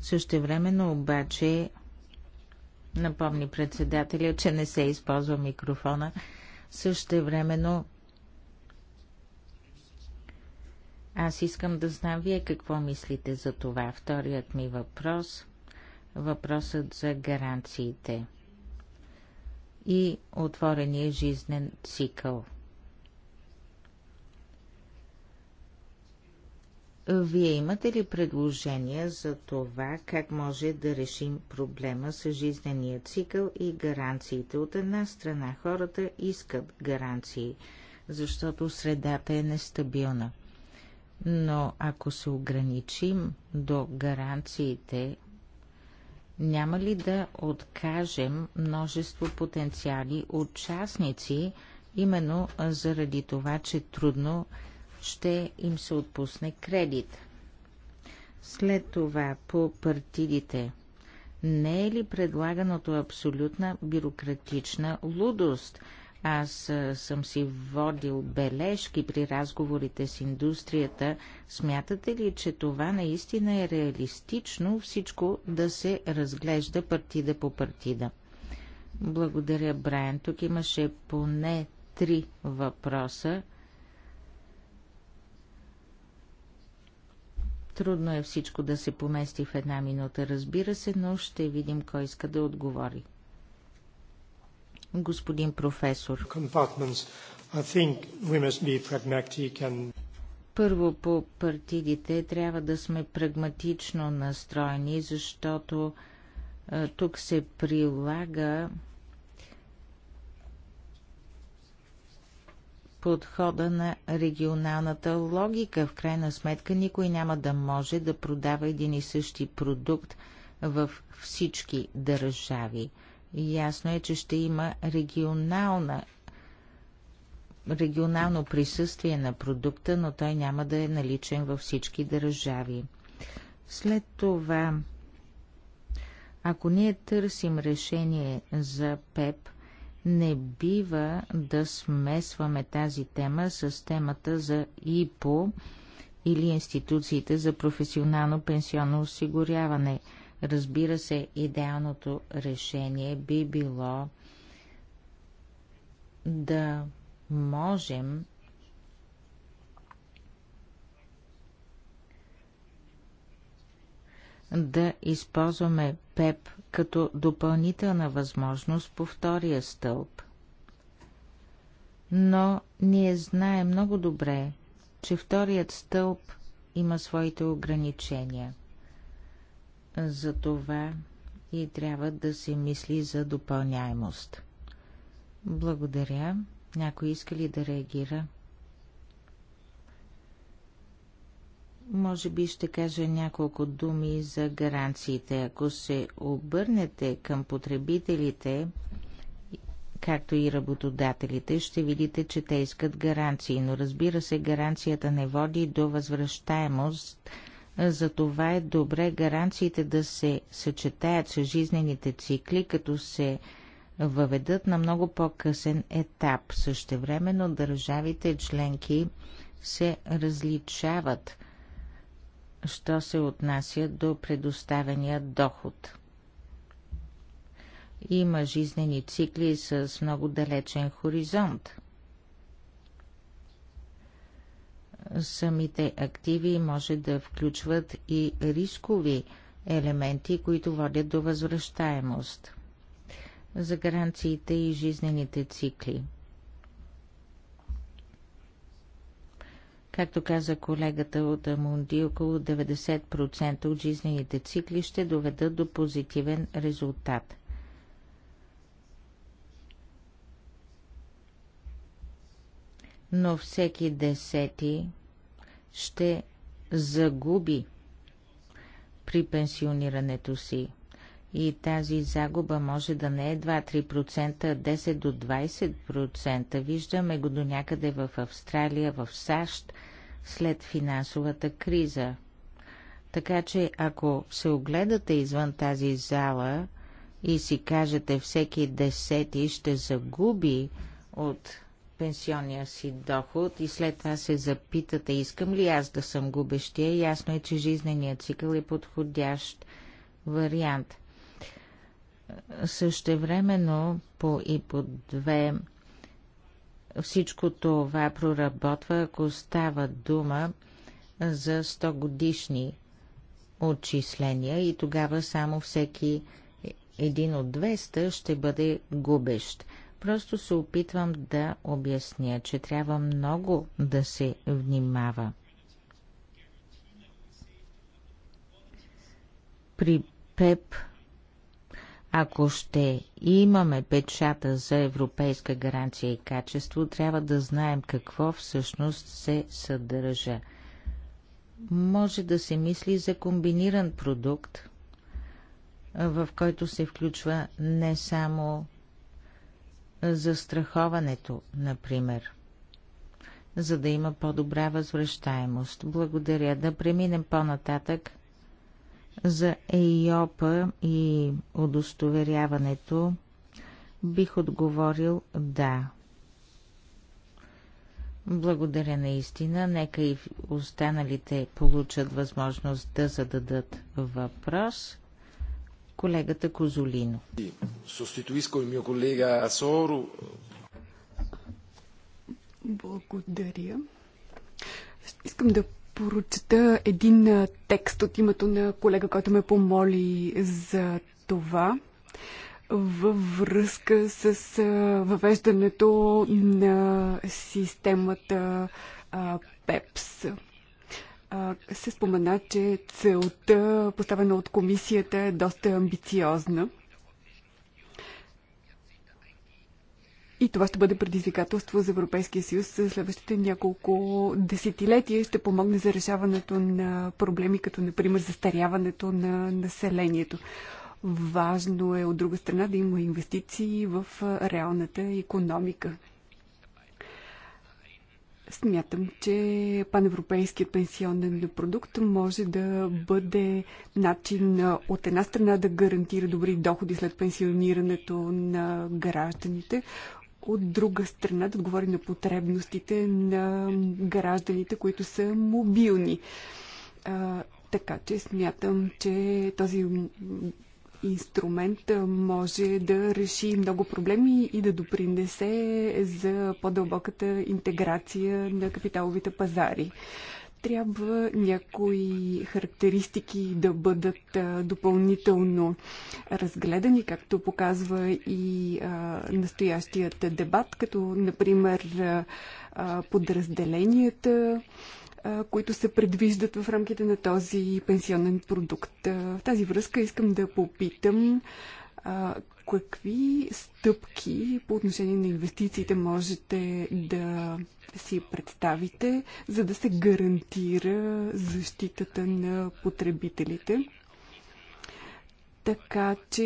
Същевременно обаче напомни председателя, че не се използва микрофона. Същевременно аз искам да знам вие какво мислите за това. Вторият ми въпрос – въпросът за гаранциите и отворения жизнен цикъл. Вие имате ли предложения за това, как може да решим проблема с жизнения цикъл и гаранциите? От една страна хората искат гаранции, защото средата е нестабилна. Но ако се ограничим до гаранциите, няма ли да откажем множество потенциали участници, именно заради това, че трудно ще им се отпусне кредит? След това по партидите. Не е ли предлаганото абсолютна бюрократична лудост – аз съм си водил бележки при разговорите с индустрията. Смятате ли, че това наистина е реалистично всичко да се разглежда партида по партида? Благодаря, Брайан. Тук имаше поне три въпроса. Трудно е всичко да се помести в една минута, разбира се, но ще видим кой иска да отговори господин професор. Първо по партидите трябва да сме прагматично настроени, защото а, тук се прилага подхода на регионалната логика. В крайна сметка никой няма да може да продава един и същи продукт във всички държави. Ясно е, че ще има регионална регионално присъствие на продукта, но той няма да е наличен във всички държави. След това, ако ние търсим решение за ПЕП, не бива да смесваме тази тема с темата за ИПО или институциите за професионално пенсионно осигуряване – Разбира се, идеалното решение би било да можем да използваме ПЕП като допълнителна възможност по втория стълб. Но ние знаем много добре, че вторият стълб има своите ограничения – за това и трябва да се мисли за допълняемост. Благодаря. Някой иска ли да реагира? Може би ще кажа няколко думи за гаранциите. Ако се обърнете към потребителите, както и работодателите, ще видите, че те искат гаранции, но разбира се, гаранцията не води до възвръщаемост затова е добре гаранциите да се съчетаят с жизнените цикли, като се въведат на много по-късен етап. Същевременно държавите членки се различават, що се отнася до предоставения доход. Има жизнени цикли с много далечен хоризонт. самите активи може да включват и рискови елементи, които водят до възвръщаемост за гаранциите и жизнените цикли. Както каза колегата от Амунди, около 90% от жизнените цикли ще доведат до позитивен резултат. но всеки десети ще загуби при пенсионирането си. И тази загуба може да не е 2-3%, а 10 до 20%. Виждаме го до някъде в Австралия, в САЩ, след финансовата криза. Така че, ако се огледате извън тази зала и си кажете всеки десети ще загуби от пенсионния си доход и след това се запитате, искам ли аз да съм губещия, ясно е, че жизненият цикъл е подходящ вариант. Същевременно по и по две всичко това проработва, ако става дума за 100 годишни отчисления и тогава само всеки един от 200 ще бъде губещ. Просто се опитвам да обясня, че трябва много да се внимава. При ПЕП, ако ще имаме печата за европейска гаранция и качество, трябва да знаем какво всъщност се съдържа. Може да се мисли за комбиниран продукт, в който се включва не само застраховането, например, за да има по-добра възвръщаемост. Благодаря. Да преминем по-нататък за ЕИОП и удостоверяването. Бих отговорил да. Благодаря наистина. Нека и останалите получат възможност да зададат въпрос колегата Козолино. Благодаря. Искам да поручета един текст от името на колега, който ме помоли за това във връзка с въвеждането на системата ПЕПС се спомена, че целта, поставена от комисията, е доста амбициозна. И това ще бъде предизвикателство за Европейския съюз следващите няколко десетилетия. Ще помогне за решаването на проблеми, като например застаряването на населението. Важно е от друга страна да има инвестиции в реалната економика. Смятам, че паневропейският пенсионен продукт може да бъде начин от една страна да гарантира добри доходи след пенсионирането на гражданите, от друга страна да отговори на потребностите на гражданите, които са мобилни. А, така че смятам, че този инструмент може да реши много проблеми и да допринесе за по-дълбоката интеграция на капиталовите пазари. Трябва някои характеристики да бъдат допълнително разгледани, както показва и настоящият дебат, като например подразделенията, които се предвиждат в рамките на този пенсионен продукт. В тази връзка искам да попитам какви стъпки по отношение на инвестициите можете да си представите, за да се гарантира защитата на потребителите? Така че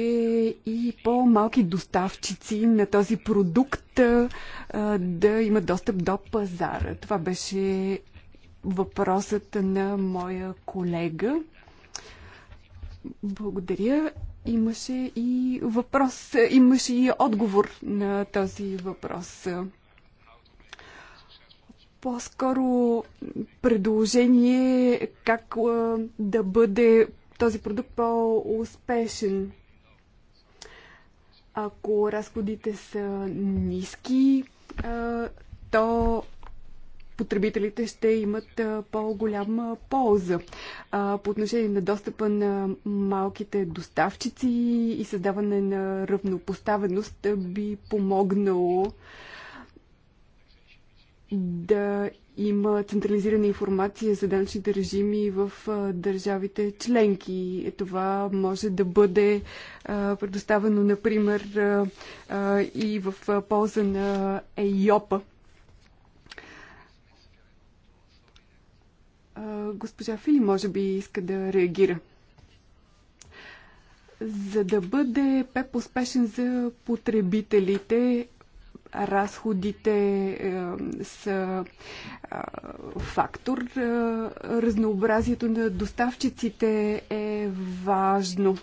и по-малки доставчици на този продукт а, да имат достъп до пазара. Това беше въпросът на моя колега. Благодаря. Имаше и въпрос, имаше и отговор на този въпрос. По-скоро предложение как да бъде този продукт по-успешен. Ако разходите са ниски, то потребителите ще имат по-голяма полза. По отношение на достъпа на малките доставчици и създаване на равнопоставеност би помогнало да има централизирана информация за данъчните режими в държавите членки. Е, това може да бъде предоставено, например, и в полза на ЕИОПа, Госпожа Фили може би иска да реагира. За да бъде ПЕП успешен за потребителите, разходите е, са е, фактор. разнообразието на доставчиците е важно. Е,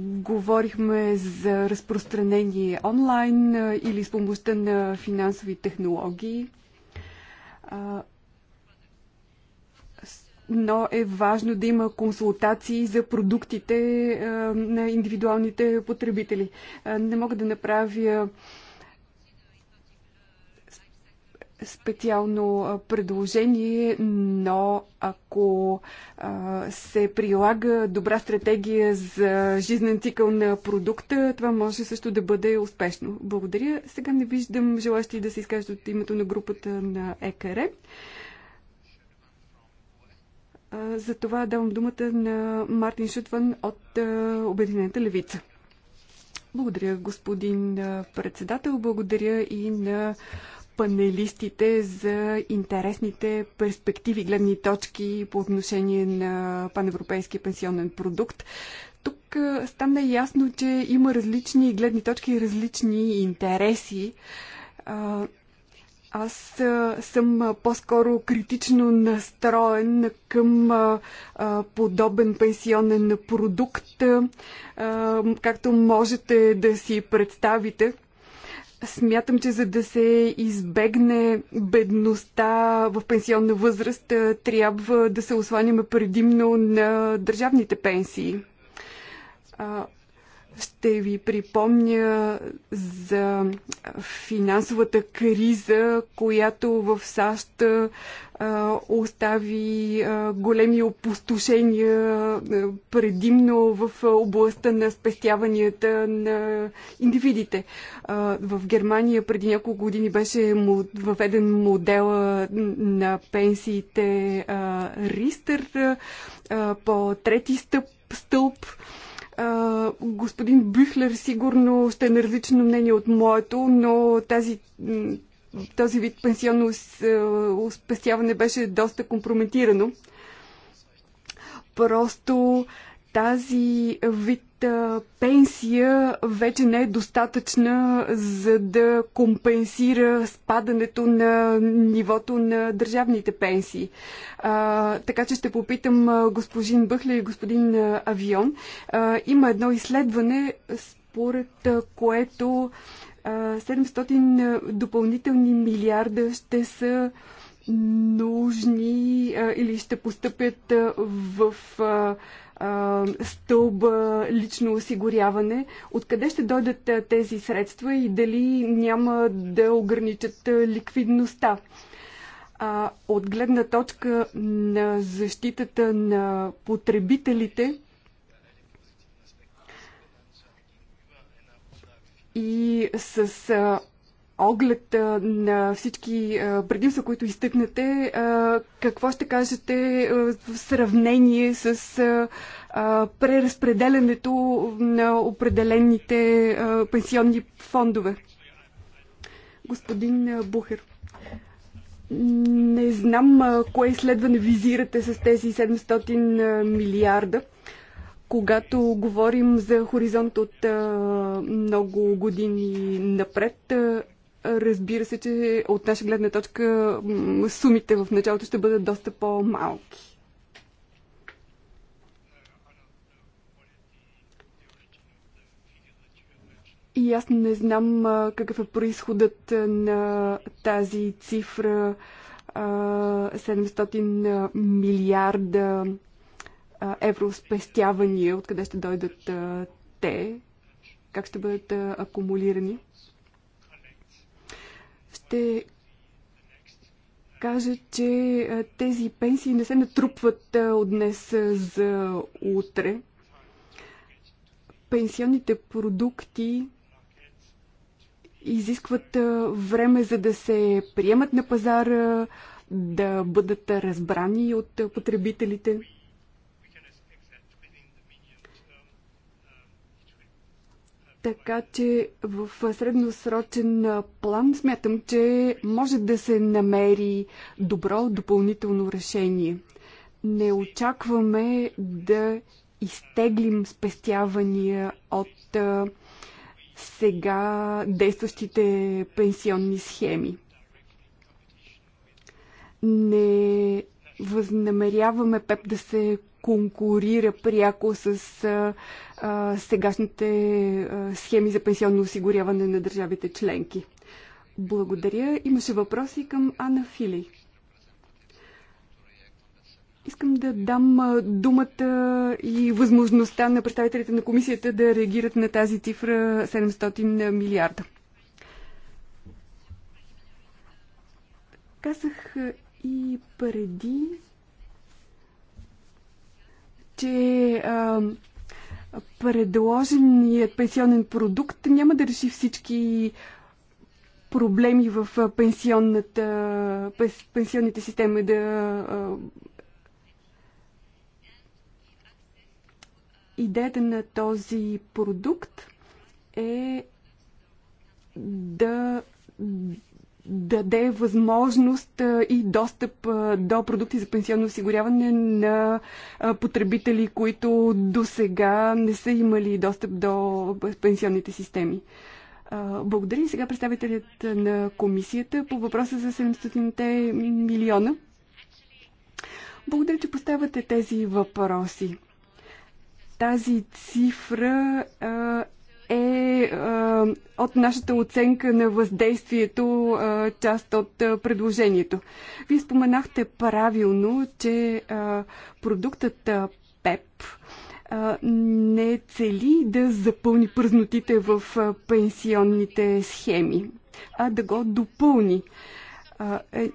говорихме за разпространение онлайн е, или с помощта на финансови технологии. Е, но е важно да има консултации за продуктите е, на индивидуалните потребители. Е, не мога да направя е, специално предложение, но ако се прилага добра стратегия за жизнен цикъл на продукта, това може също да бъде успешно. Благодаря. Сега не виждам желащи да се изкажат от името на групата на ЕКР. За това давам думата на Мартин Шутван от Обединената левица. Благодаря, господин председател. Благодаря и на панелистите за интересните перспективи, гледни точки по отношение на паневропейския пенсионен продукт. Тук стана ясно, че има различни гледни точки, различни интереси. Аз съм по-скоро критично настроен към подобен пенсионен продукт, както можете да си представите. Смятам, че за да се избегне бедността в пенсионна възраст, трябва да се осланяме предимно на държавните пенсии ще ви припомня за финансовата криза, която в САЩ остави големи опустошения, предимно в областта на спестяванията на индивидите. В Германия преди няколко години беше въведен модела на пенсиите Ристър по трети стъп, стълб господин Бюхлер сигурно ще е на различно мнение от моето, но тази, този вид пенсионно спестяване беше доста компрометирано. Просто тази вид пенсия вече не е достатъчна за да компенсира спадането на нивото на държавните пенсии. А, така че ще попитам господин Бъхля и господин Авион. А, има едно изследване, според което 700 допълнителни милиарда ще са нужни а, или ще постъпят в а, стълба лично осигуряване. Откъде ще дойдат тези средства и дали няма да ограничат ликвидността? От гледна точка на защитата на потребителите, и с оглед на всички предимства, които изтъкнете, какво ще кажете в сравнение с преразпределянето на определените пенсионни фондове? Господин Бухер. Не знам кое изследване визирате с тези 700 милиарда когато говорим за хоризонт от а, много години напред, а, Разбира се, че от наша гледна точка сумите в началото ще бъдат доста по-малки. И аз не знам какъв е происходът на тази цифра 700 милиарда евро спестявания, откъде ще дойдат те, как ще бъдат акумулирани ще кажа, че тези пенсии не се натрупват от днес за утре. Пенсионните продукти изискват време за да се приемат на пазара, да бъдат разбрани от потребителите. Така че в средносрочен план смятам, че може да се намери добро допълнително решение. Не очакваме да изтеглим спестявания от сега действащите пенсионни схеми. Не възнамеряваме ПЕП да се конкурира пряко с а, а, сегашните а, схеми за пенсионно осигуряване на държавите членки. Благодаря. Имаше въпроси към Ана Фили. Искам да дам думата и възможността на представителите на комисията да реагират на тази цифра 700 милиарда. Казах и преди, че а, предложеният пенсионен продукт няма да реши всички проблеми в пенсионната, пенсионните системи да идеята на този продукт е да даде възможност и достъп до продукти за пенсионно осигуряване на потребители, които до сега не са имали достъп до пенсионните системи. Благодаря и сега представителят на комисията по въпроса за 700-те милиона. Благодаря, че поставяте тези въпроси. Тази цифра е, е от нашата оценка на въздействието е, част от е, предложението. Вие споменахте правилно, че продуктът ПЕП не цели да запълни пръзнотите в пенсионните схеми, а да го допълни.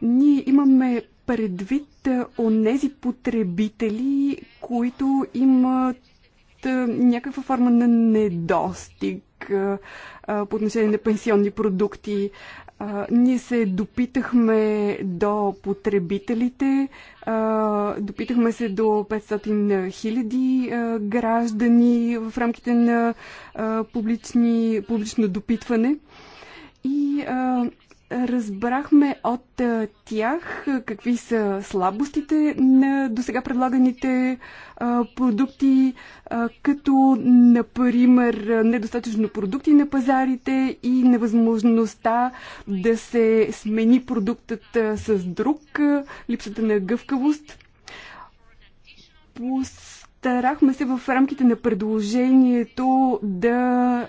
Ние имаме предвид онези потребители, които имат някаква форма на недостиг по отношение на пенсионни продукти. Ние се допитахме до потребителите, допитахме се до 500 хиляди граждани в рамките на публични, публично допитване. И а, Разбрахме от тях какви са слабостите на досега предлаганите продукти, като, например, недостатъчно продукти на пазарите и невъзможността да се смени продуктът с друг, липсата на гъвкавост. по Старахме се в рамките на предложението да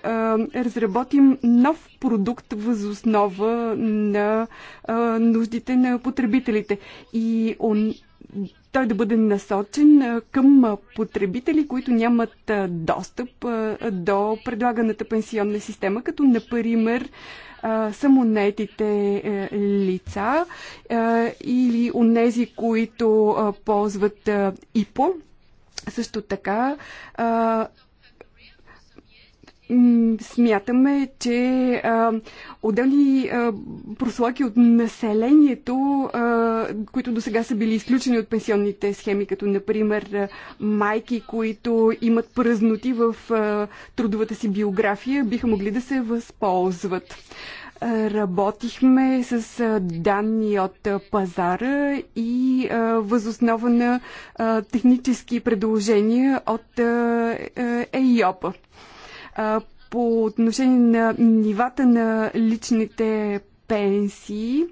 а, разработим нов продукт възоснова на а, нуждите на потребителите. И он, той да бъде насочен към потребители, които нямат достъп до предлаганата пенсионна система, като например самонетите е, лица или онези, които ползват ИПО, също така а, смятаме, че а, отделни а, прослойки от населението, а, които до сега са били изключени от пенсионните схеми, като например майки, които имат празноти в а, трудовата си биография, биха могли да се възползват. Работихме с данни от пазара и възоснова на технически предложения от ЕИОПа. По отношение на нивата на личните пенсии,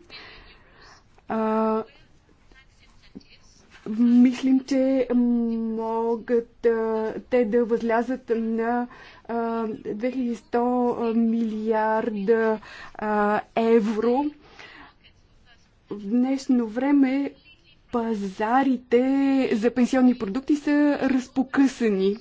мислим, че могат те да възлязат на 2100 милиарда евро. В днешно време пазарите за пенсионни продукти са разпокъсани.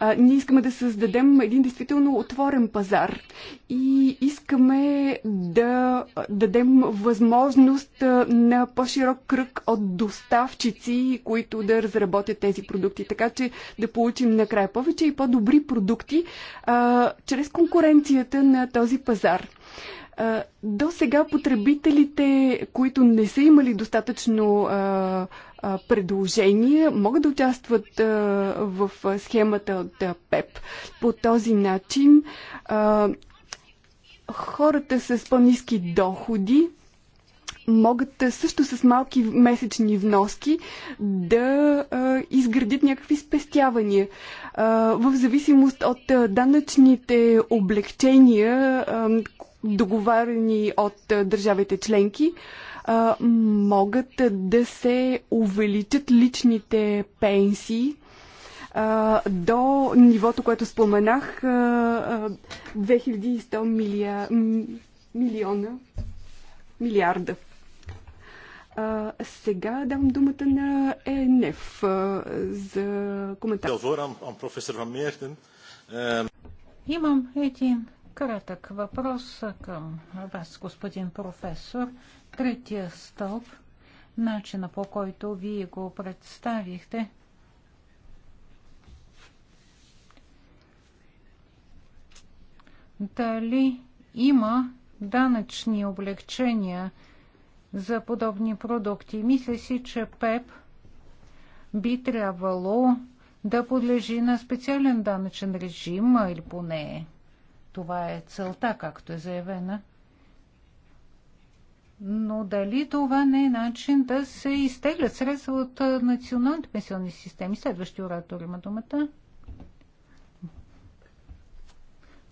А, ние искаме да създадем един действително отворен пазар и искаме да дадем възможност на по-широк кръг от доставчици, които да разработят тези продукти, така че да получим накрая повече и по-добри продукти а, чрез конкуренцията на този пазар. До сега потребителите, които не са имали достатъчно а, а, предложения, могат да участват а, в схемата от ПЕП. По този начин а, хората с по-низки доходи могат също с малки месечни вноски да а, изградят някакви спестявания. А, в зависимост от данъчните облегчения, а, договарени от държавите членки, могат да се увеличат личните пенсии до нивото, което споменах, 2100 милия, милиона, милиарда. сега дам думата на ЕНФ за коментар. Ehm, Имам един Кратък въпрос към вас, господин професор. Третия стълб, начина по който вие го представихте, дали има данъчни облегчения за подобни продукти. Мисля си, че ПЕП би трябвало да подлежи на специален данъчен режим или поне това е целта, както е заявена. Но дали това не е начин да се изтеглят средства от националните пенсионни системи? Следващия оратор има думата.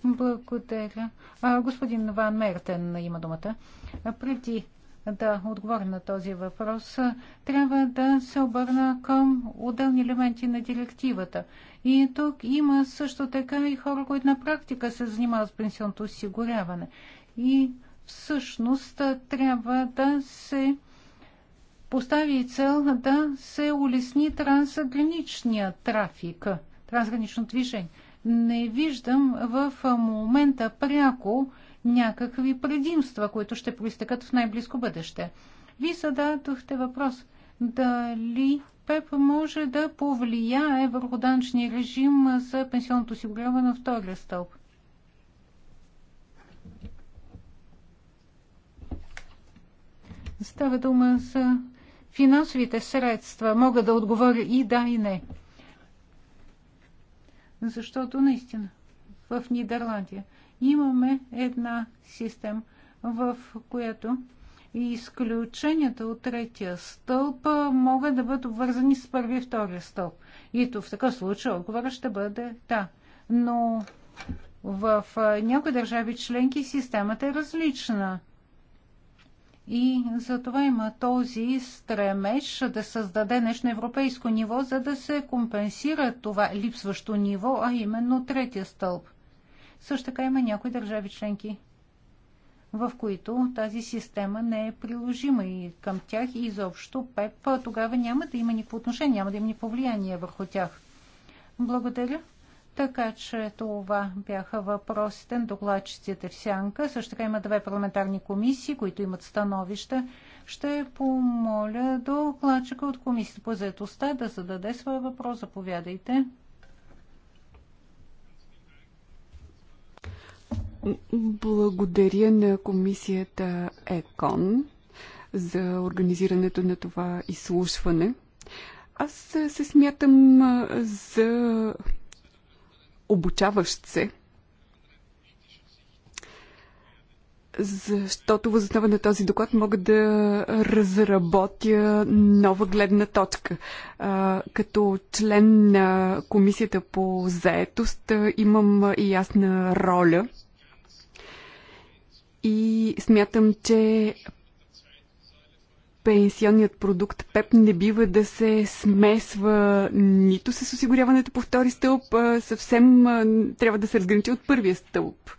Благодаря. А, господин Ван Мертен има думата. А, преди да отговоря на този въпрос, трябва да се обърна към отделни елементи на директивата. И тук има също така и хора, които на практика се занимават с пенсионното осигуряване. И всъщност трябва да се постави цел да се улесни трансграничния трафик, трансгранично движение. Не виждам в момента пряко някакви предимства, които ще проистекат в най-близко бъдеще. Ви зададохте въпрос дали ПЕП може да повлияе върху данъчния режим за пенсионното осигуряване на втория стълб. Става дума за финансовите средства. Мога да отговоря и да, и не. Защото наистина в Нидерландия имаме една система, в която изключенията от третия стълб могат да бъдат обвързани с първи и втория стълб. И то в такъв случай отговорът ще бъде да. Но в някои държави членки системата е различна. И затова има този стремеж да създаде нещо на европейско ниво, за да се компенсира това липсващо ниво, а именно третия стълб. Също така има някои държави членки, в които тази система не е приложима и към тях и изобщо ПЕП тогава няма да има никакво отношение, няма да има никакво влияние върху тях. Благодаря. Така че това бяха въпросите на докладчиците в Сянка. Също така има две парламентарни комисии, които имат становища. Ще помоля докладчика от комисията по заедостта да зададе своя въпрос. Заповядайте. Благодаря на комисията ЕКОН за организирането на това изслушване. Аз се смятам за обучаващ се, защото възоснова на този доклад мога да разработя нова гледна точка. като член на комисията по заетост имам и ясна роля – и смятам, че пенсионният продукт ПЕП не бива да се смесва нито с осигуряването по втори стълб, а съвсем трябва да се разграничи от първия стълб.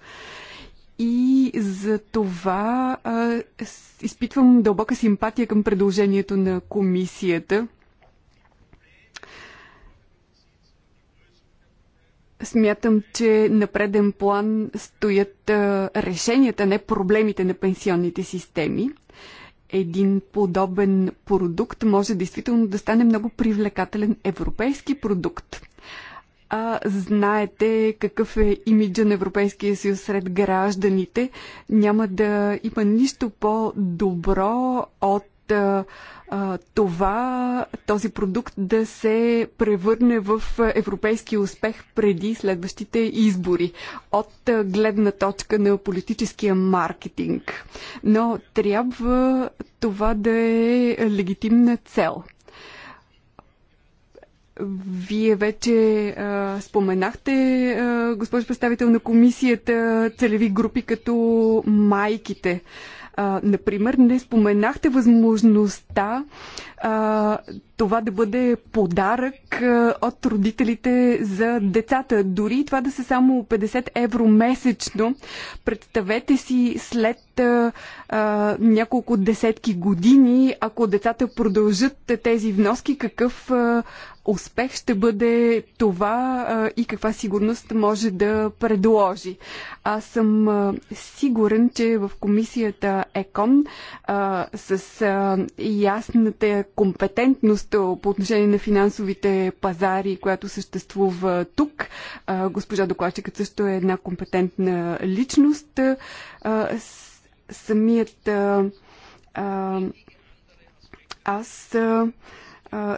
И за това а, изпитвам дълбока симпатия към предложението на комисията. Смятам, че на преден план стоят решенията, не проблемите на пенсионните системи. Един подобен продукт може действително да стане много привлекателен европейски продукт. А, знаете какъв е имиджа на Европейския съюз сред гражданите. Няма да има нищо по-добро от а, това, този продукт да се превърне в европейски успех преди следващите избори от гледна точка на политическия маркетинг. Но трябва това да е легитимна цел. Вие вече а, споменахте, а, госпожо представител на комисията, целеви групи като майките. А, например, не споменахте възможността а, това да бъде подарък а, от родителите за децата. Дори това да са само 50 евро месечно. Представете си след а, а, няколко десетки години, ако децата продължат тези вноски, какъв а, успех ще бъде това а, и каква сигурност може да предложи. Аз съм а, сигурен, че в комисията ЕКОН а, с а, ясната компетентност по отношение на финансовите пазари, която съществува тук, а, госпожа докладчикът също е една компетентна личност. А, с, самият а, а, аз. А,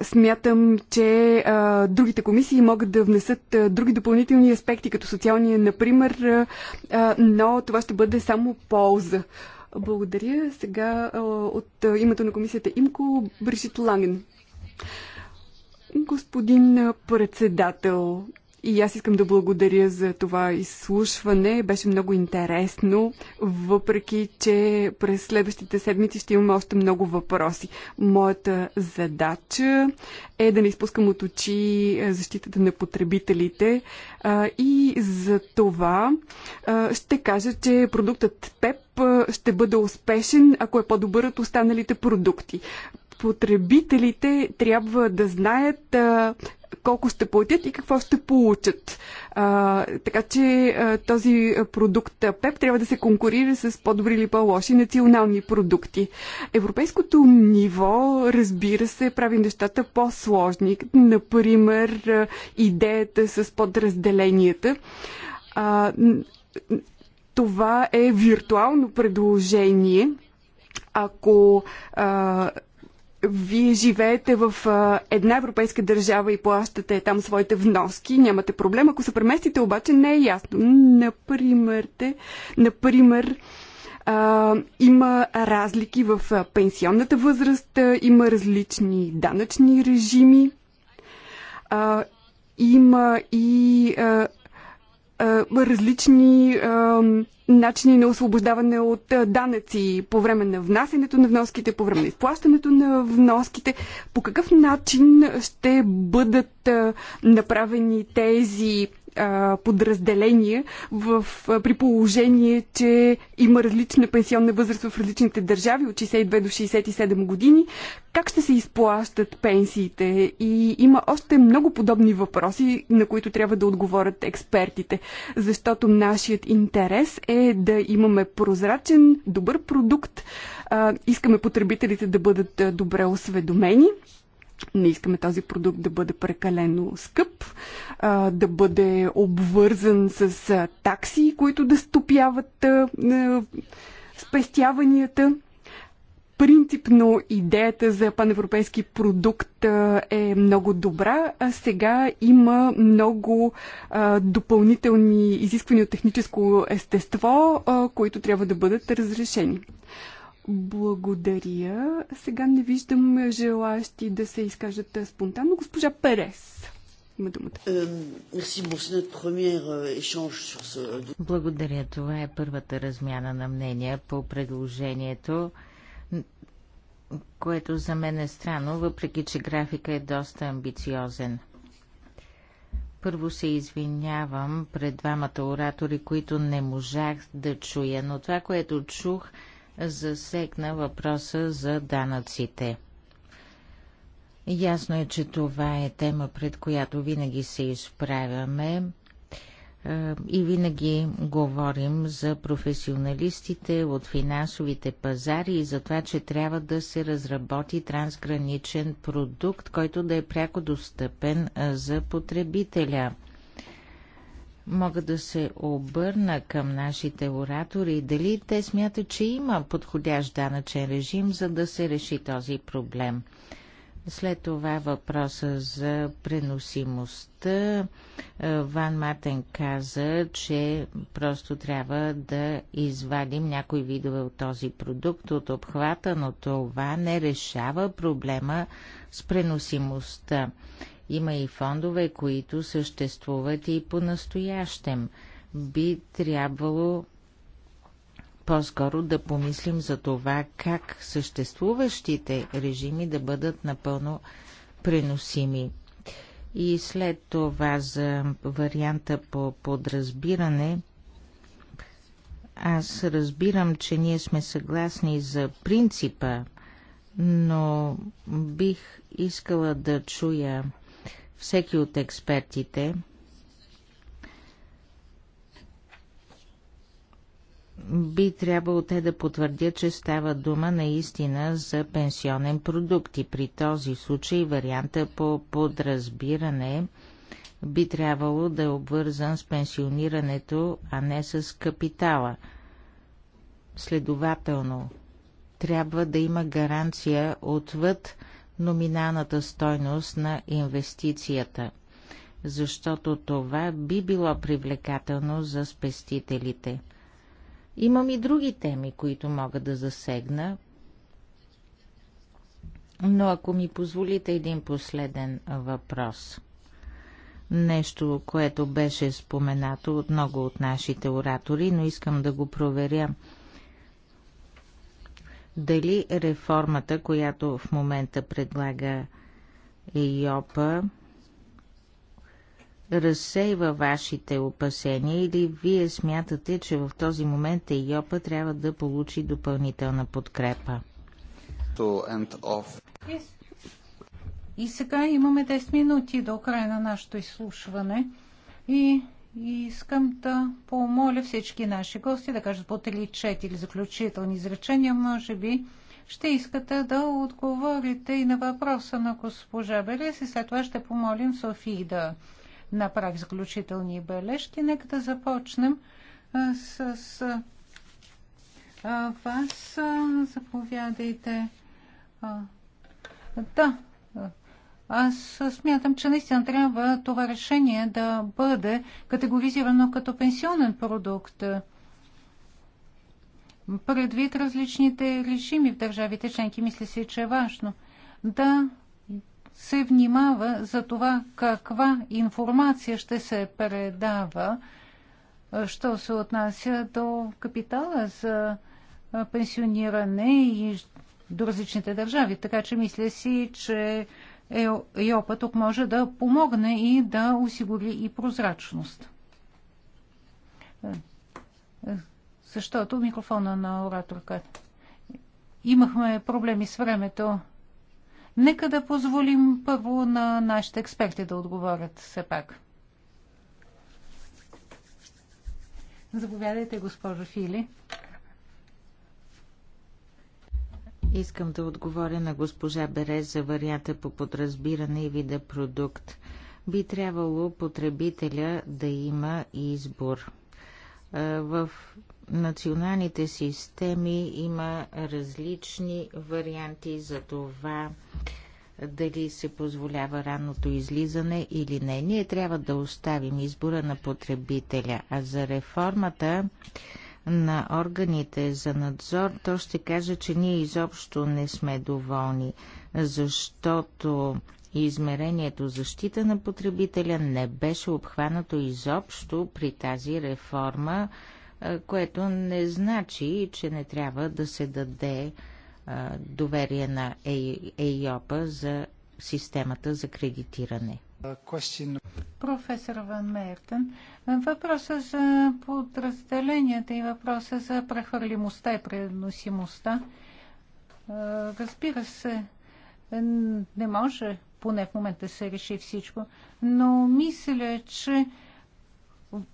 смятам, че а, другите комисии могат да внесат а, други допълнителни аспекти, като социалния, например, а, но това ще бъде само полза. Благодаря. Сега а, от а, името на комисията ИМКО Бришит Ланген. Господин председател, и аз искам да благодаря за това изслушване. Беше много интересно, въпреки че през следващите седмици ще имаме още много въпроси. Моята задача е да не изпускам от очи защитата на потребителите и за това ще кажа, че продуктът ПЕП ще бъде успешен, ако е по-добър от останалите продукти потребителите трябва да знаят колко ще платят и какво ще получат. А, така че а, този продукт ПЕП трябва да се конкурира с по-добри или по-лоши национални продукти. Европейското ниво, разбира се, прави нещата по-сложни. Например, идеята с подразделенията. А, това е виртуално предложение. Ако а, вие живеете в една европейска държава и плащате там своите вноски, нямате проблем. Ако се преместите, обаче не е ясно. Например, те, например а, има разлики в пенсионната възраст, има различни данъчни режими, а, има и а, а, различни. А, начини на освобождаване от данъци по време на внасенето на вноските, по време на изплащането на вноските. По какъв начин ще бъдат направени тези подразделение подразделения в, при положение, че има различна пенсионна възраст в различните държави от 62 до 67 години. Как ще се изплащат пенсиите? И има още много подобни въпроси, на които трябва да отговорят експертите, защото нашият интерес е да имаме прозрачен, добър продукт. искаме потребителите да бъдат добре осведомени не искаме този продукт да бъде прекалено скъп, да бъде обвързан с такси, които да стопяват спестяванията. Принципно идеята за паневропейски продукт е много добра. А сега има много допълнителни изисквания от техническо естество, които трябва да бъдат разрешени. Благодаря. Сега не виждам желащи да се изкажат спонтанно. Госпожа Перес е, euh, Благодаря. Това е първата размяна на мнения по предложението, което за мен е странно, въпреки че графика е доста амбициозен. Първо се извинявам пред двамата оратори, които не можах да чуя, но това, което чух – засегна въпроса за данъците. Ясно е, че това е тема, пред която винаги се изправяме е, и винаги говорим за професионалистите от финансовите пазари и за това, че трябва да се разработи трансграничен продукт, който да е пряко достъпен е, за потребителя мога да се обърна към нашите оратори, дали те смятат, че има подходящ данъчен режим, за да се реши този проблем. След това въпроса за преносимостта. Е, Ван Мартен каза, че просто трябва да извадим някои видове от този продукт от обхвата, но това не решава проблема с преносимостта. Има и фондове, които съществуват и по-настоящем. Би трябвало по-скоро да помислим за това как съществуващите режими да бъдат напълно преносими. И след това за варианта по подразбиране, аз разбирам, че ние сме съгласни за принципа, но бих искала да чуя всеки от експертите би трябвало те да потвърдят, че става дума наистина за пенсионен продукт и при този случай варианта по подразбиране би трябвало да е обвързан с пенсионирането, а не с капитала. Следователно, трябва да има гаранция отвъд номиналната стойност на инвестицията, защото това би било привлекателно за спестителите. Имам и други теми, които мога да засегна, но ако ми позволите един последен въпрос. Нещо, което беше споменато от много от нашите оратори, но искам да го проверя – дали реформата, която в момента предлага ИОПа, разсейва вашите опасения или вие смятате, че в този момент е Йопа трябва да получи допълнителна подкрепа? И сега имаме 10 минути до края на нашето изслушване и и искам да помоля всички наши гости да кажат по три четири заключителни изречения. Може би ще искате да отговорите и на въпроса на госпожа Белес и след това ще помолим Софии да направи заключителни бележки. Нека да започнем с, с а, вас. Заповядайте. А, да, аз смятам, че наистина трябва това решение да бъде категоризирано като пенсионен продукт. Предвид различните режими в държавите членки, мисля си, че е важно да се внимава за това каква информация ще се предава, що се отнася до капитала за пенсиониране и до различните държави. Така че мисля си, че ЕОПА тук може да помогне и да осигури и прозрачност. Защото микрофона на ораторка. Имахме проблеми с времето. Нека да позволим първо на нашите експерти да отговорят все пак. Заповядайте, госпожо Фили. Искам да отговоря на госпожа Берез за варианта по подразбиране и вида продукт. Би трябвало потребителя да има избор. В националните системи има различни варианти за това дали се позволява ранното излизане или не. Ние трябва да оставим избора на потребителя. А за реформата на органите за надзор, то ще каже, че ние изобщо не сме доволни, защото измерението защита на потребителя не беше обхванато изобщо при тази реформа, което не значи, че не трябва да се даде доверие на ЕИОПа за системата за кредитиране. Професор Ван Мертен, въпроса за подразделенията и въпроса за прехвърлимостта и преносимостта. Е, разбира се, не може поне в момента да се реши всичко, но мисля, че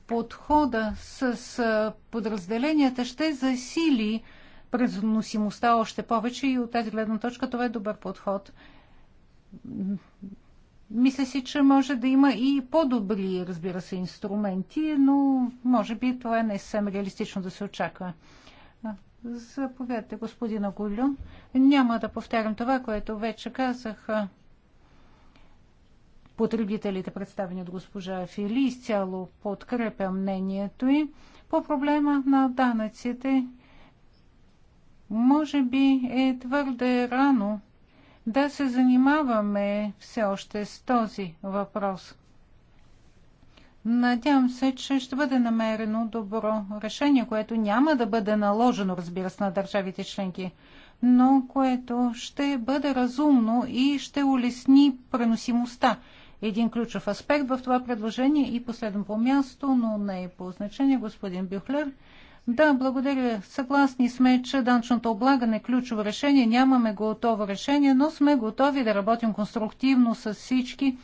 подхода с е, подразделенията ще засили преносимостта още повече и от тази гледна точка това е добър подход мисля си, че може да има и по-добри, разбира се, инструменти, но може би това не е съвсем реалистично да се очаква. Заповядайте, господина Гулю. Няма да повтарям това, което вече казах. Потребителите, представени от госпожа Фили, изцяло подкрепя мнението и по проблема на данъците. Може би е твърде рано да се занимаваме все още с този въпрос. Надявам се, че ще бъде намерено добро решение, което няма да бъде наложено, разбира се, на държавите членки, но което ще бъде разумно и ще улесни преносимостта. Един ключов аспект в това предложение и последно по място, но не е по значение, господин Бюхлер – да, благодаря. Съгласни сме, че данчното облагане е ключово решение. Нямаме готово решение, но сме готови да работим конструктивно с всички.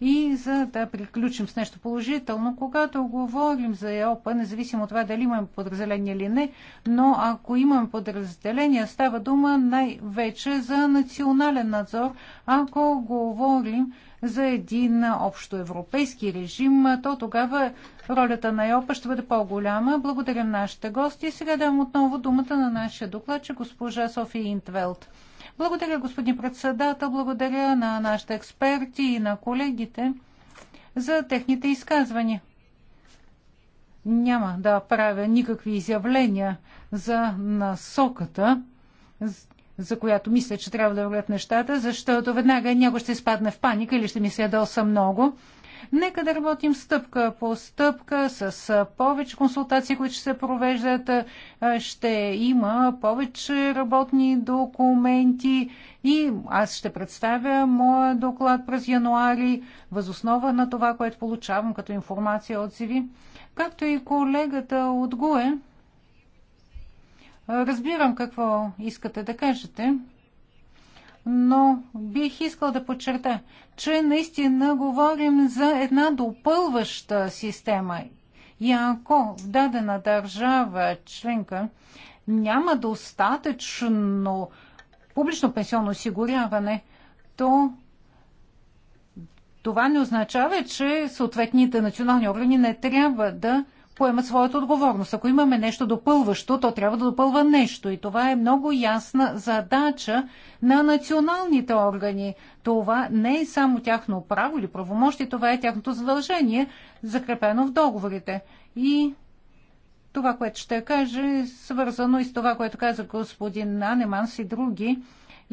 И за да приключим с нещо положително, когато говорим за ЕОПА, независимо от това дали имаме подразделение или не, но ако имаме подразделение, става дума най-вече за национален надзор. Ако говорим за един общоевропейски режим, то тогава ролята на ЕОПА ще бъде по-голяма. Благодарим нашите гости. Сега дам отново думата на нашия докладчик, госпожа София Интвелт. Благодаря, господин председател, благодаря на нашите експерти и на колегите за техните изказвания. Няма да правя никакви изявления за насоката за която мисля, че трябва да вървят нещата, защото веднага някой ще изпадне в паника или ще ми се ядоса много. Нека да работим стъпка по стъпка, с повече консултации, които ще се провеждат, ще има повече работни документи и аз ще представя моя доклад през януари, възоснова на това, което получавам като информация от отзиви. Както и колегата от ГУЕ, Разбирам какво искате да кажете, но бих искал да подчерта, че наистина говорим за една допълваща система. И ако в дадена държава членка няма достатъчно публично пенсионно осигуряване, то това не означава, че съответните национални органи не трябва да поемат своята отговорност. Ако имаме нещо допълващо, то трябва да допълва нещо. И това е много ясна задача на националните органи. Това не е само тяхно право или правомощие, това е тяхното задължение, закрепено в договорите. И това, което ще кажа, е свързано и с това, което каза господин Анеманс и други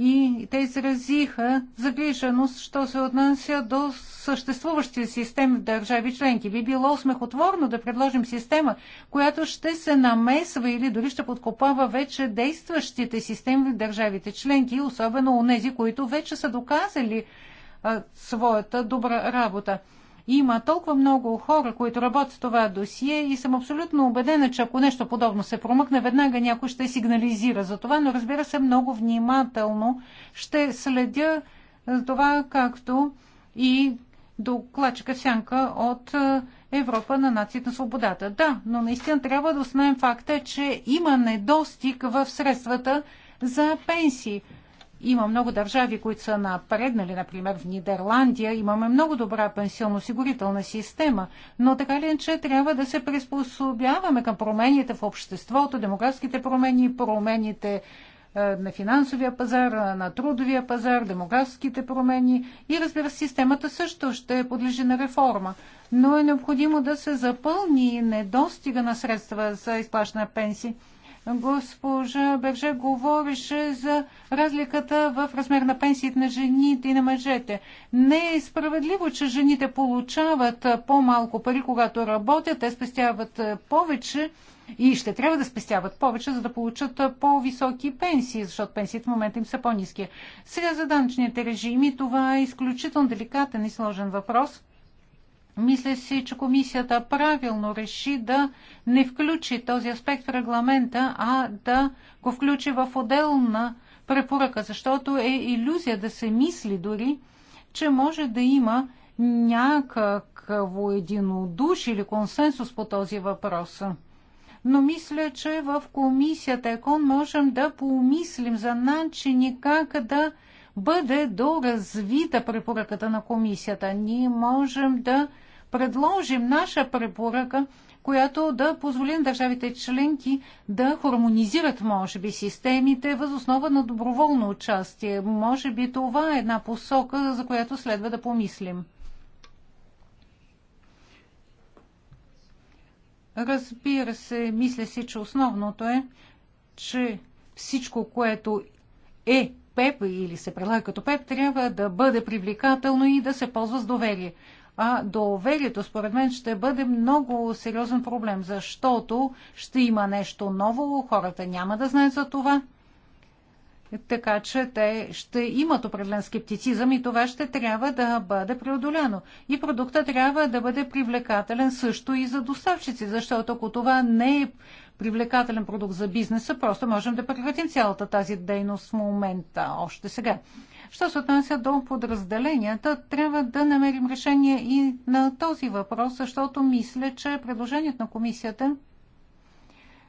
и те изразиха загриженост, що се отнася до съществуващия системи в държави членки. Би било смехотворно да предложим система, която ще се намесва или дори ще подкопава вече действащите системи в държавите членки, особено у нези, които вече са доказали а, своята добра работа. Има толкова много хора, които работят в това досие и съм абсолютно убедена, че ако нещо подобно се промъкне, веднага някой ще сигнализира за това, но разбира се, много внимателно ще следя това, както и докладчика сянка от е, Европа на нацията на свободата. Да, но наистина трябва да осъзнаем факта, че има недостиг в средствата за пенсии. Има много държави, които са напреднали, например в Нидерландия. Имаме много добра пенсионно-осигурителна система, но така ли че трябва да се приспособяваме към промените в обществото, демографските промени, промените е, на финансовия пазар, на трудовия пазар, демографските промени и разбира се, системата също ще подлежи на реформа. Но е необходимо да се запълни недостига на средства за изплащане на пенсии. Госпожа Берже говореше за разликата в размер на пенсиите на жените и на мъжете. Не е справедливо, че жените получават по-малко пари, когато работят, те спестяват е, повече и ще трябва да спестяват повече, за да получат е, по-високи пенсии, защото пенсиите в момента им са по-низки. Сега за данъчните режими това е изключително деликатен и сложен въпрос – мисля си, че комисията правилно реши да не включи този аспект в регламента, а да го включи в отделна препоръка, защото е иллюзия да се мисли дори, че може да има някакво единодуш или консенсус по този въпрос. Но мисля, че в комисията ЕКОН можем да помислим за начини как да бъде доразвита препоръката на комисията. Ние можем да предложим наша препоръка, която да позволи на държавите членки да хармонизират, може би, системите възоснова на доброволно участие. Може би това е една посока, за която следва да помислим. Разбира се, мисля си, че основното е, че всичко, което е ПЕП или се предлага като ПЕП, трябва да бъде привлекателно и да се ползва с доверие а доверието според мен ще бъде много сериозен проблем, защото ще има нещо ново, хората няма да знаят за това. Така че те ще имат определен скептицизъм и това ще трябва да бъде преодоляно. И продукта трябва да бъде привлекателен също и за доставчици, защото ако това не е привлекателен продукт за бизнеса, просто можем да прекратим цялата тази дейност в момента, още сега. Що се отнася до подразделенията, трябва да намерим решение и на този въпрос, защото мисля, че предложението на комисията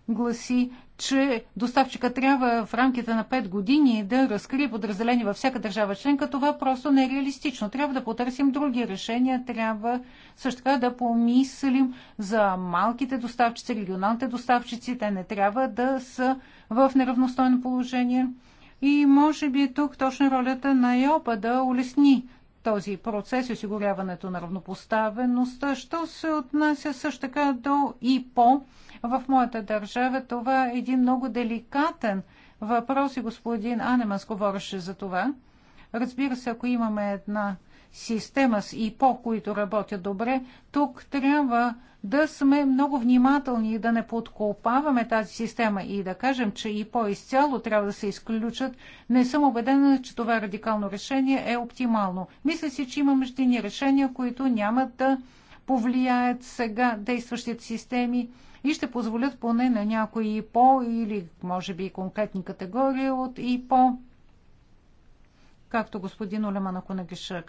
гласи, че доставчика трябва в рамките на 5 години да разкрие подразделение във всяка държава членка, това просто не е реалистично. Трябва да потърсим други решения, трябва също така да помислим за малките доставчици, регионалните доставчици, те не трябва да са в неравностойно положение. И може би тук точно е ролята на ЙОПА да улесни този процес и осигуряването на равнопоставеността. Що се отнася също така до ИПО, в моята държава това е един много деликатен въпрос и господин Анеманс говореше за това. Разбира се, ако имаме една система с ИПО, които работят добре, тук трябва да сме много внимателни и да не подкопаваме тази система и да кажем, че ИПО изцяло трябва да се изключат. Не съм убедена, че това радикално решение е оптимално. Мисля си, че има междинни решения, които нямат да повлияят сега действащите системи и ще позволят поне на някои ИПО или може би конкретни категории от ИПО както господин Олеман, ако не гиша,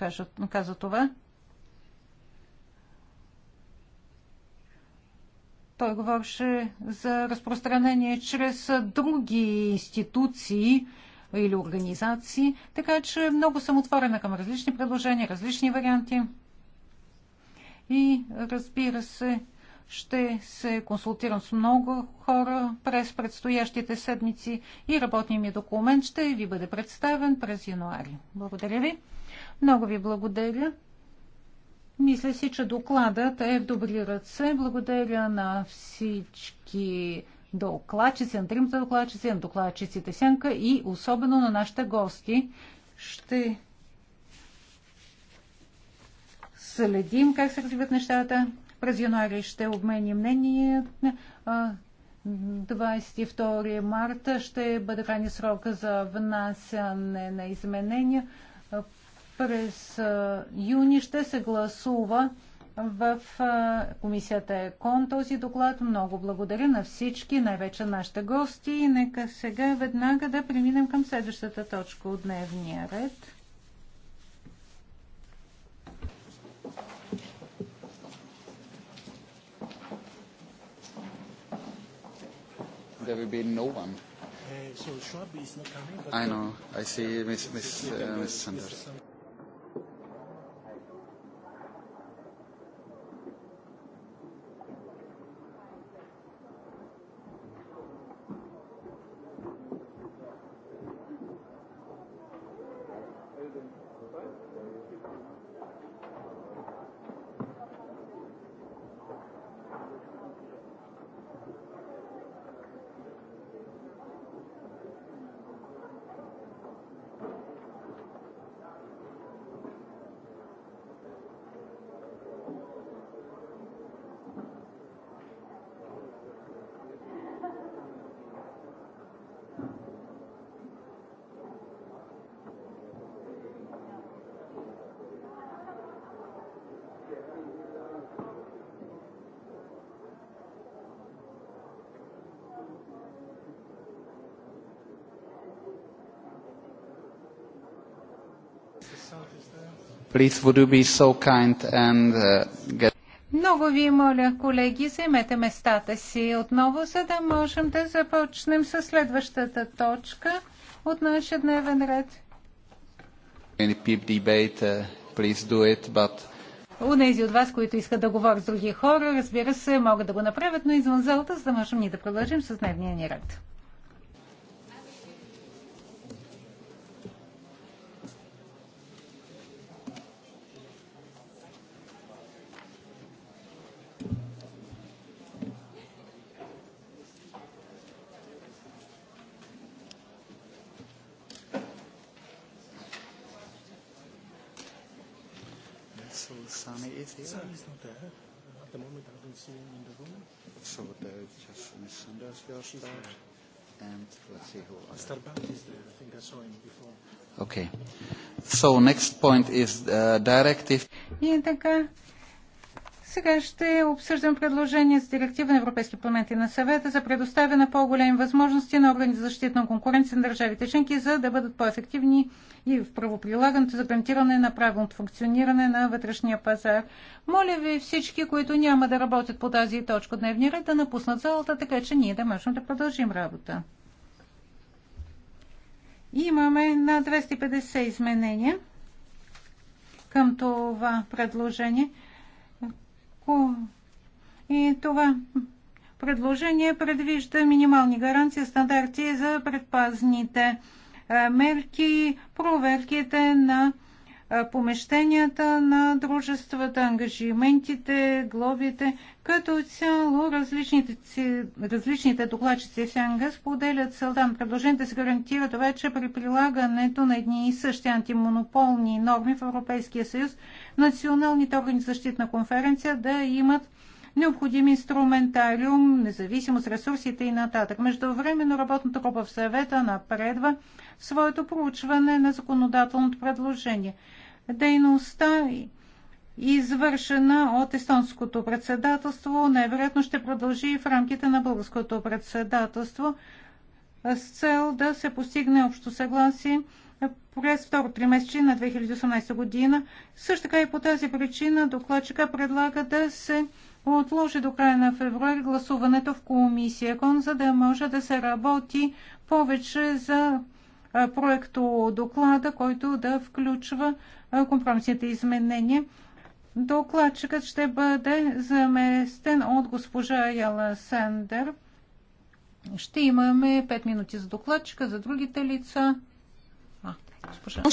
каза това. Той говореше за разпространение чрез други институции или организации, така че много съм отворена към различни предложения, различни варианти. И разбира се, ще се консултирам с много хора през предстоящите седмици и работният ми документ ще ви бъде представен през януари. Благодаря ви. Много ви благодаря. Мисля си, че докладът е в добри ръце. Благодаря на всички докладчици, на тримата докладчици, на докладчиците Сянка и особено на нашите гости. Ще следим как се развиват нещата. През януари ще обмени мнение. 22 марта ще бъде крайни срока за внасяне на изменения. През юни ще се гласува в комисията ЕКОН този доклад. Много благодаря на всички, най-вече нашите гости. И нека сега веднага да преминем към следващата точка от дневния ред. there will be no one. Uh, so Schwab is not coming. I know. I see Miss Miss uh, Miss Sanders. Please, would you be so kind and uh, get... Много ви моля, колеги, займете местата си отново, за да можем да започнем с следващата точка от нашия дневен ред. Debate, uh, it, but... Унези от вас, които искат да говорят с други хора, разбира се, могат да го направят, но извън залата, за да можем ние да продължим с дневния ни ред. So there just Miss Sanders and let's see who. Mr. Bank is there. I think I saw him before. Okay. So next point is uh, directive. И така, сега ще обсъждам предложение с директива на Европейски парламент и на съвета за предоставяне на по-големи възможности на органи за защита на конкуренция на държавите членки, за да бъдат по-ефективни и в правоприлагането за гарантиране на правилното функциониране на вътрешния пазар. Моля ви всички, които няма да работят по тази точка дневни ред, да напуснат залата, така че ние да можем да продължим работа. Имаме на 250 изменения към това предложение. И това предложение предвижда минимални гаранции, стандарти за предпазните мерки, проверките на помещенията на дружествата, ангажиментите, глобите, като цяло различните, различните докладчици в Сянга споделят целта на предложението да се гарантира това, че при прилагането на едни и същи антимонополни норми в Европейския съюз, националните органи защита защитна конференция да имат необходим инструментариум, независимост, ресурсите и нататък. Междувременно работната група в съвета напредва своето проучване на законодателното предложение дейността, извършена от естонското председателство, най-вероятно ще продължи в рамките на българското председателство с цел да се постигне общо съгласие през второ тримесечие на 2018 година. Също така и по тази причина докладчика предлага да се отложи до края на февруари гласуването в комисия КОН, за да може да се работи повече за проекто доклада, който да включва компромисните изменения. Докладчикът ще бъде заместен от госпожа Яла Сендер. Ще имаме 5 минути за докладчика, за другите лица. А, госпожа.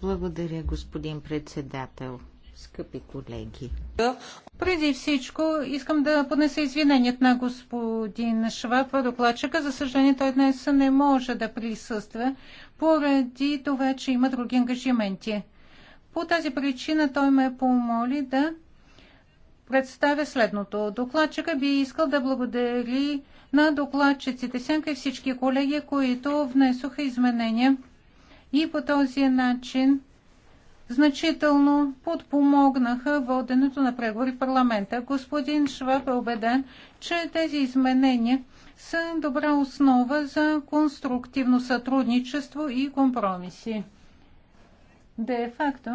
Благодаря, господин председател. Скъпи колеги. Преди всичко искам да поднеса извинението на господин Шваб, докладчика. За съжаление, той днес не може да присъства, поради това, че има други ангажименти. По тази причина той ме помоли да представя следното. Докладчика би искал да благодари на докладчиците Сянка и всички колеги, които внесоха изменения и по този начин значително подпомогнаха воденето на преговори в парламента. Господин Шваб е убеден, че тези изменения са добра основа за конструктивно сътрудничество и компромиси. Де факто,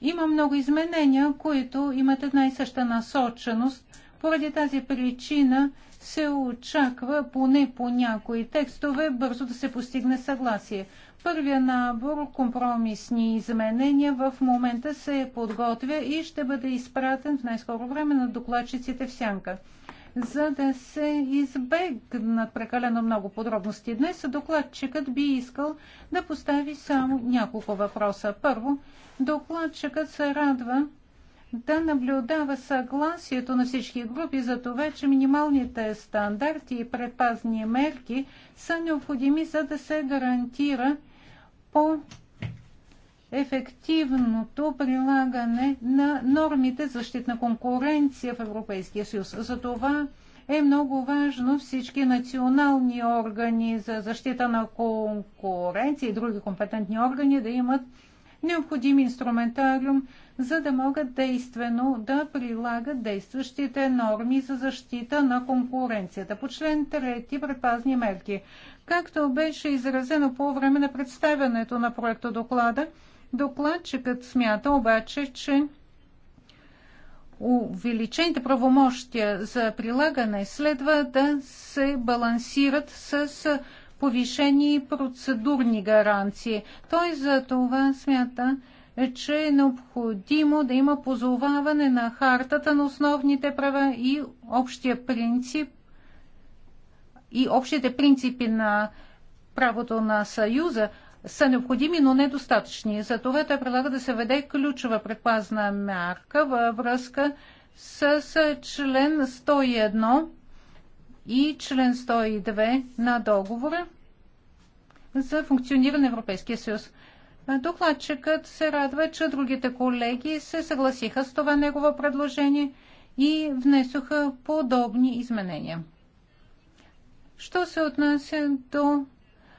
има много изменения, които имат една и съща насоченост. Поради тази причина се очаква поне по някои текстове бързо да се постигне съгласие. Първия набор компромисни изменения в момента се подготвя и ще бъде изпратен в най-скоро време на докладчиците в сянка. За да се избегнат прекалено много подробности днес, докладчикът би искал да постави само няколко въпроса. Първо, докладчикът се радва, да наблюдава съгласието на всички групи за това, че минималните стандарти и предпазни мерки са необходими, за да се гарантира по ефективното прилагане на нормите защитна конкуренция в Европейския съюз. За това е много важно всички национални органи за защита на конкуренция и други компетентни органи да имат необходим инструментариум за да могат действено да прилагат действащите норми за защита на конкуренцията по член 3 предпазни мерки. Както беше изразено по време на представянето на проекта доклада, докладчикът смята обаче, че увеличените правомощия за прилагане следва да се балансират с повишени процедурни гаранции. Той за това смята, че е необходимо да има позоваване на хартата на основните права и общия принцип и общите принципи на правото на Съюза са необходими, но недостатъчни. Затова той предлага да се веде ключова предпазна мярка във връзка с член 101 и член 102 на договора за функциониране на Европейския съюз. Докладчикът се радва, че другите колеги се съгласиха с това негово предложение и внесоха подобни изменения. Що се отнася до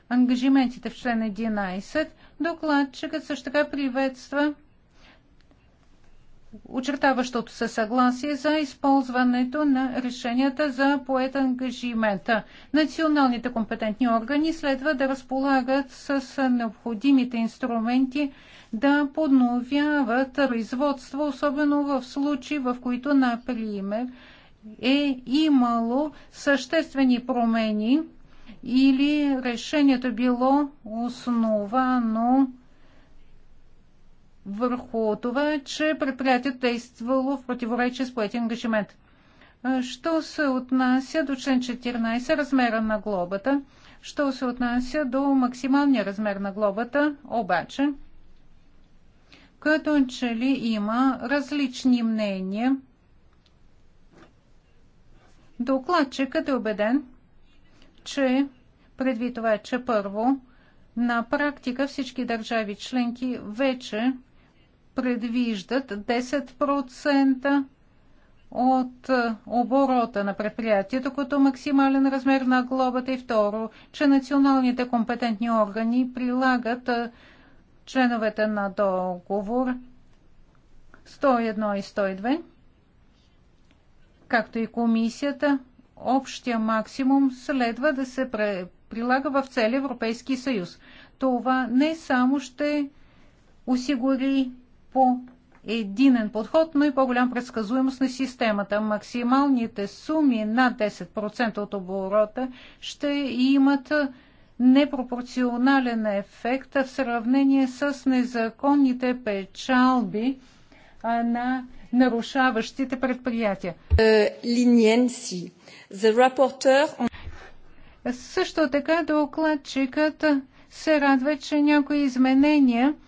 ангажиментите в член 11, докладчикът също така приветства очертаващото се съгласие за използването на решенията за поет ангажимента. Националните компетентни органи следва да разполагат с необходимите инструменти да подновяват производство, особено в случаи, в които, например, е имало съществени промени или решението е било основано върху това, че предприятието е действало в противоречие с поети ангажимент. Що се отнася до член 14, размера на глобата, що се отнася до максималния размер на глобата, обаче, като че ли има различни мнения. Докладчикът е убеден, че предвид това, че първо, на практика всички държави членки вече предвиждат 10% от е, оборота на предприятието като максимален размер на глобата и второ, че националните компетентни органи прилагат е, членовете на договор 101 и 102, както и комисията, общия максимум следва да се прилага в целия Европейски съюз. Това не само ще осигури по единен подход, но и по-голям предсказуемост на системата. Максималните суми на 10% от оборота ще имат непропорционален ефект в сравнение с незаконните печалби на нарушаващите предприятия. Е, Линиенси. Reporter... Също така докладчикът се радва, че някои изменения –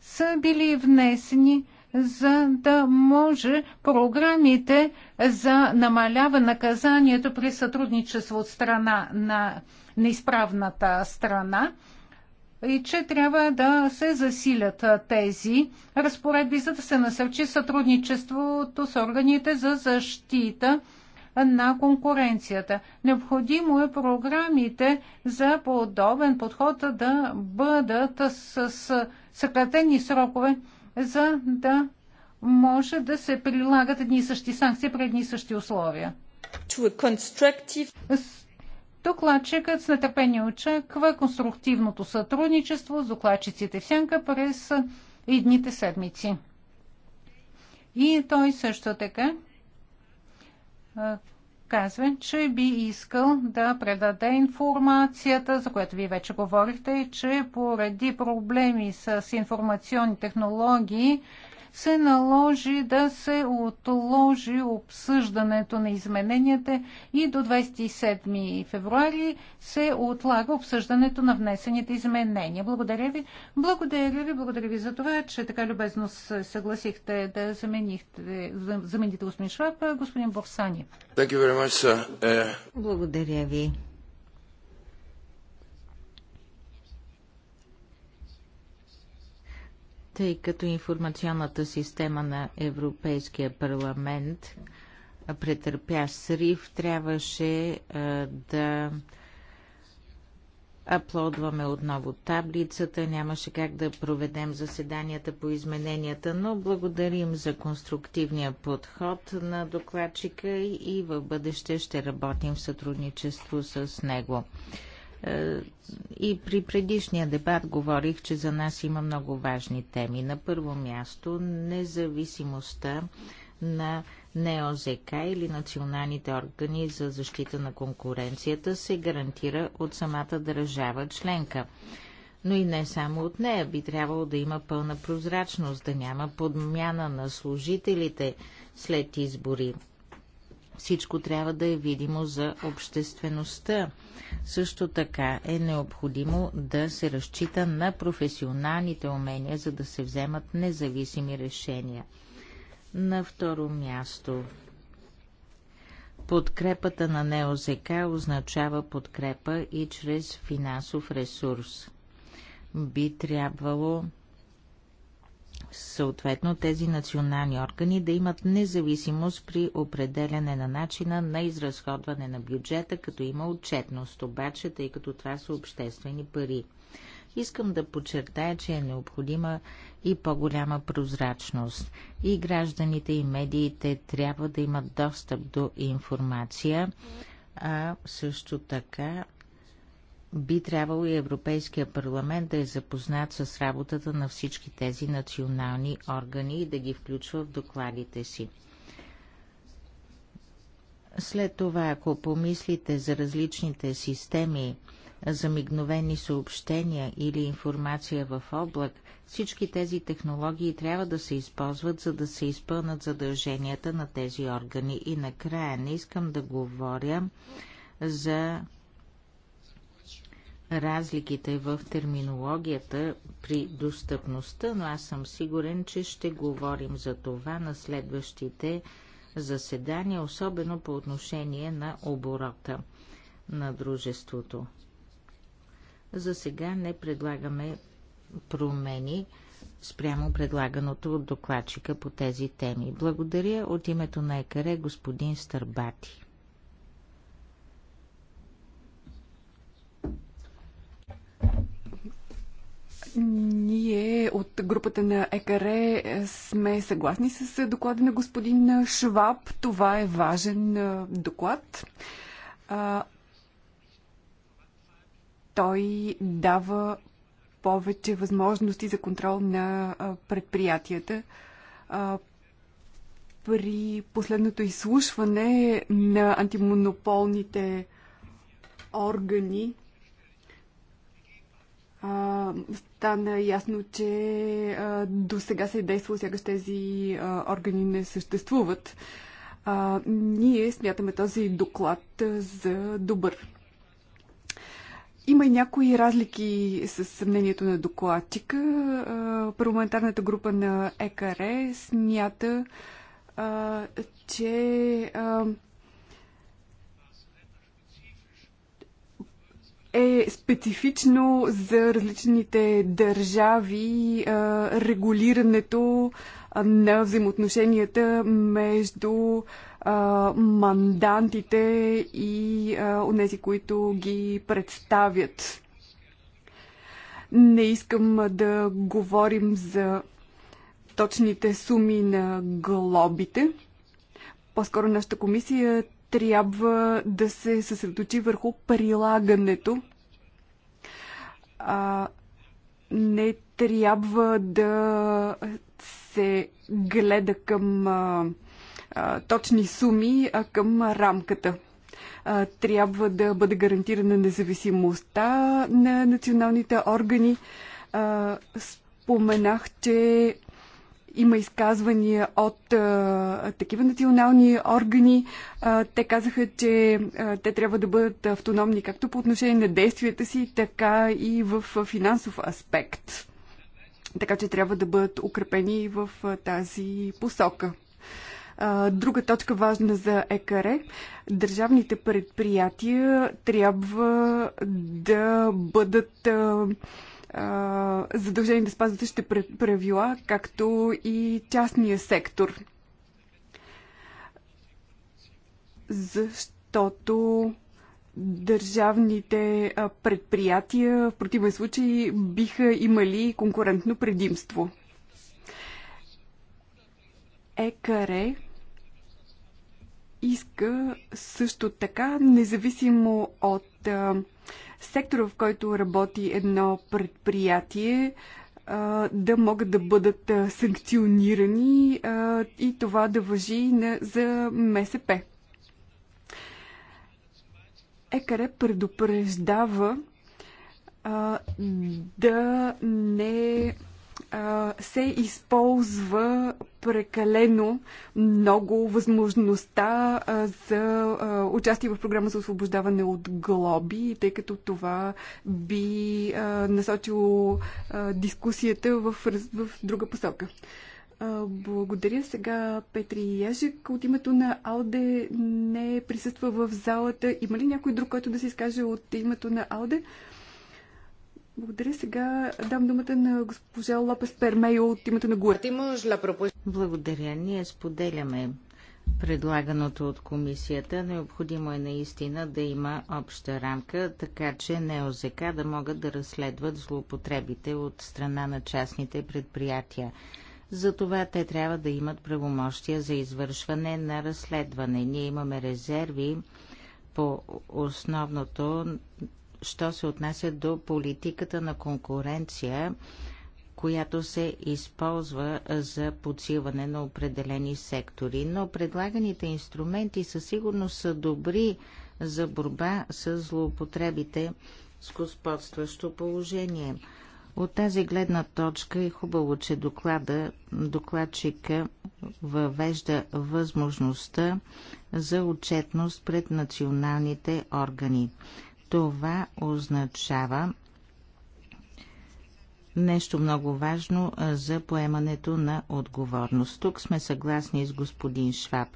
са били внесени за да може програмите за намалява наказанието при сътрудничество от страна на неизправната страна и че трябва да се засилят тези разпоредби, за да се насърчи сътрудничеството с органите за защита на конкуренцията. Необходимо е програмите за подобен подход да бъдат с, с съкратени срокове, за да може да се прилагат едни и същи санкции при едни и същи условия. Докладчикът с нетърпение очаква конструктивното сътрудничество с докладчиците в сянка през едните седмици. И той също така казва, че би искал да предаде информацията, за която ви вече говорихте, че поради проблеми с информационни технологии се наложи да се отложи обсъждането на измененията и до 27 февруари се отлага обсъждането на внесените изменения. Благодаря ви. Благодаря ви. Благодаря ви за това, че така любезно се съгласихте да заменихте, замените господин Шваб, господин Борсани. Е, благодаря ви. тъй като информационната система на Европейския парламент претърпя срив, трябваше а, да аплодваме отново таблицата. Нямаше как да проведем заседанията по измененията, но благодарим за конструктивния подход на докладчика и в бъдеще ще работим в сътрудничество с него. Е, и при предишния дебат говорих, че за нас има много важни теми. На първо място независимостта на НОЗК или националните органи за защита на конкуренцията се гарантира от самата държава членка. Но и не само от нея би трябвало да има пълна прозрачност, да няма подмяна на служителите след избори. Всичко трябва да е видимо за обществеността. Също така е необходимо да се разчита на професионалните умения, за да се вземат независими решения. На второ място Подкрепата на НЕОЗК означава подкрепа и чрез финансов ресурс. Би трябвало съответно тези национални органи да имат независимост при определяне на начина на изразходване на бюджета, като има отчетност, обаче, тъй като това са обществени пари. Искам да подчертая, че е необходима и по-голяма прозрачност. И гражданите и медиите трябва да имат достъп до информация, а също така би трябвало и Европейския парламент да е запознат с работата на всички тези национални органи и да ги включва в докладите си. След това, ако помислите за различните системи за мигновени съобщения или информация в облак, всички тези технологии трябва да се използват, за да се изпълнат задълженията на тези органи. И накрая не искам да говоря за разликите в терминологията при достъпността, но аз съм сигурен, че ще говорим за това на следващите заседания, особено по отношение на оборота на дружеството. За сега не предлагаме промени спрямо предлаганото от докладчика по тези теми. Благодаря от името на ЕКАРЕ господин Стърбати. Ние от групата на ЕКАРЕ е, сме съгласни с е, доклада на господин е, Шваб. Това е важен доклад. Той дава повече възможности за контрол на предприятията. При последното изслушване на антимонополните органи а, стана ясно, че а, до сега се е действало, сякаш тези а, органи не съществуват. А, ние смятаме този доклад за добър. Има и някои разлики с мнението на докладчика. парламентарната група на ЕКР смята, а, че а, е специфично за различните държави регулирането на взаимоотношенията между мандантите и онези, които ги представят. Не искам да говорим за точните суми на глобите. По-скоро нашата комисия трябва да се съсредоточи върху прилагането. А, не трябва да се гледа към а, а, точни суми, а към рамката. А, трябва да бъде гарантирана независимостта на националните органи. А, споменах, че има изказвания от а, такива национални органи. А, те казаха, че а, те трябва да бъдат автономни както по отношение на действията си, така и в финансов аспект. Така че трябва да бъдат укрепени в а, тази посока. Друга точка важна за ЕКАРЕ държавните предприятия трябва да бъдат задължени да спазват същите правила, както и частния сектор. Защото държавните предприятия в противен случай биха имали конкурентно предимство. ЕКРЕ иска също така, независимо от сектора, в който работи едно предприятие, да могат да бъдат санкционирани и това да въжи за МСП. ЕКАРЕ предупреждава да не се използва прекалено много възможността за участие в програма за освобождаване от глоби, тъй като това би насочило дискусията в, в друга посока. Благодаря. Сега Петри Яжик от името на Алде не присъства в залата. Има ли някой друг, който да се изкаже от името на Алде? Благодаря. Сега дам думата на госпожа Лопес Пермейо от името на ГУЕ. Благодаря. Ние споделяме предлаганото от комисията. Необходимо е наистина да има обща рамка, така че НЕОЗК да могат да разследват злоупотребите от страна на частните предприятия. Затова те трябва да имат правомощия за извършване на разследване. Ние имаме резерви по основното що се отнася до политиката на конкуренция, която се използва за подсилване на определени сектори. Но предлаганите инструменти със сигурност са добри за борба с злоупотребите с господстващо положение. От тази гледна точка е хубаво, че доклада, докладчика въвежда възможността за отчетност пред националните органи. Това означава нещо много важно за поемането на отговорност. Тук сме съгласни с господин Шваб.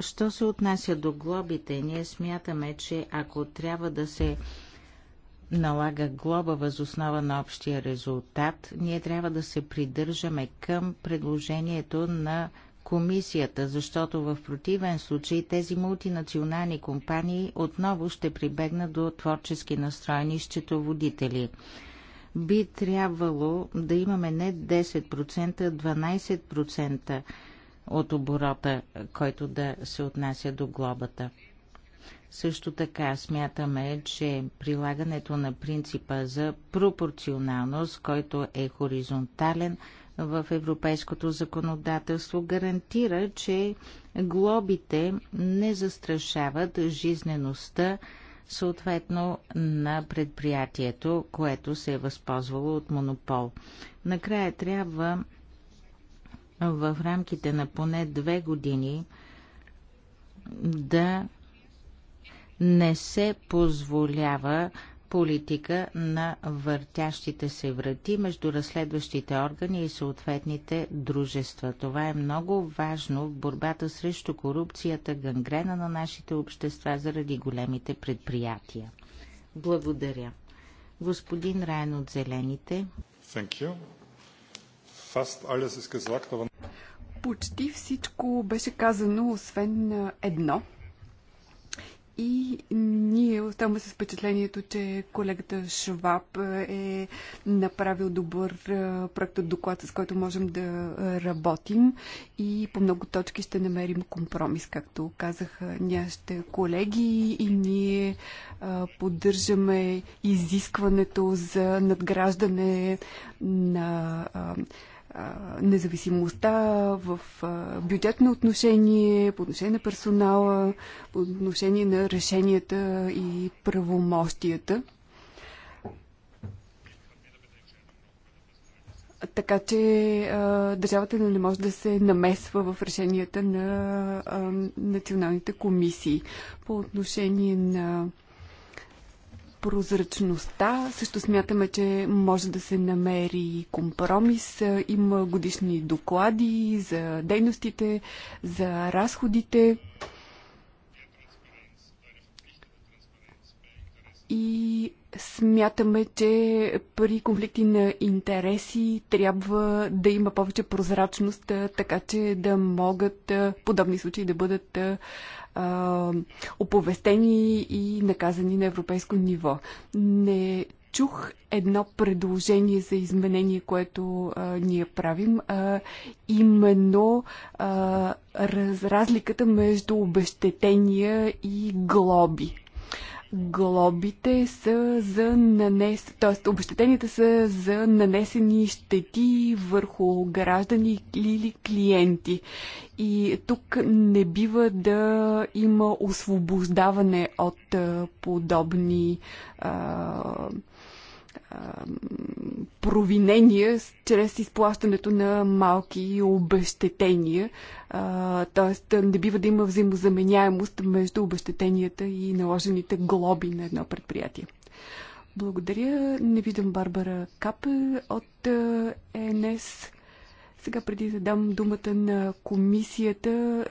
Що се отнася до глобите, ние смятаме, че ако трябва да се налага глоба въз основа на общия резултат, ние трябва да се придържаме към предложението на комисията, защото в противен случай тези мултинационални компании отново ще прибегнат до творчески настроени счетоводители. Би трябвало да имаме не 10%, а 12% от оборота, който да се отнася до глобата. Също така смятаме, че прилагането на принципа за пропорционалност, който е хоризонтален, в европейското законодателство гарантира, че глобите не застрашават жизнеността съответно на предприятието, което се е възползвало от монопол. Накрая трябва в рамките на поне две години да не се позволява политика на въртящите се врати между разследващите органи и съответните дружества. Това е много важно в борбата срещу корупцията, гангрена на нашите общества заради големите предприятия. Благодаря. Господин Райан от Зелените. Почти всичко беше казано, освен едно – и ние оставаме с впечатлението, че колегата Шваб е, е направил добър е, проект от доклад, с който можем да работим и по много точки ще намерим компромис, както казаха нашите колеги и ние е, поддържаме изискването за надграждане на независимостта в бюджетно отношение, по отношение на персонала, по отношение на решенията и правомощията. Така че държавата не може да се намесва в решенията на националните комисии. По отношение на прозрачността също смятаме, че може да се намери компромис. Има годишни доклади за дейностите, за разходите. И смятаме, че при конфликти на интереси трябва да има повече прозрачност, така че да могат подобни случаи да бъдат а, оповестени и наказани на европейско ниво. Не чух едно предложение за изменение, което а, ние правим, а, именно а, раз, разликата между обещетения и глоби глобите са за нанес... т.е. обещетенията са за нанесени щети върху граждани или клиенти. И тук не бива да има освобождаване от подобни а, провинения чрез изплащането на малки обещетения. Тоест не бива да има взаимозаменяемост между обещетенията и наложените глоби на едно предприятие. Благодаря. Не виждам Барбара Капе от ЕНС. Сега преди да дам думата на комисията,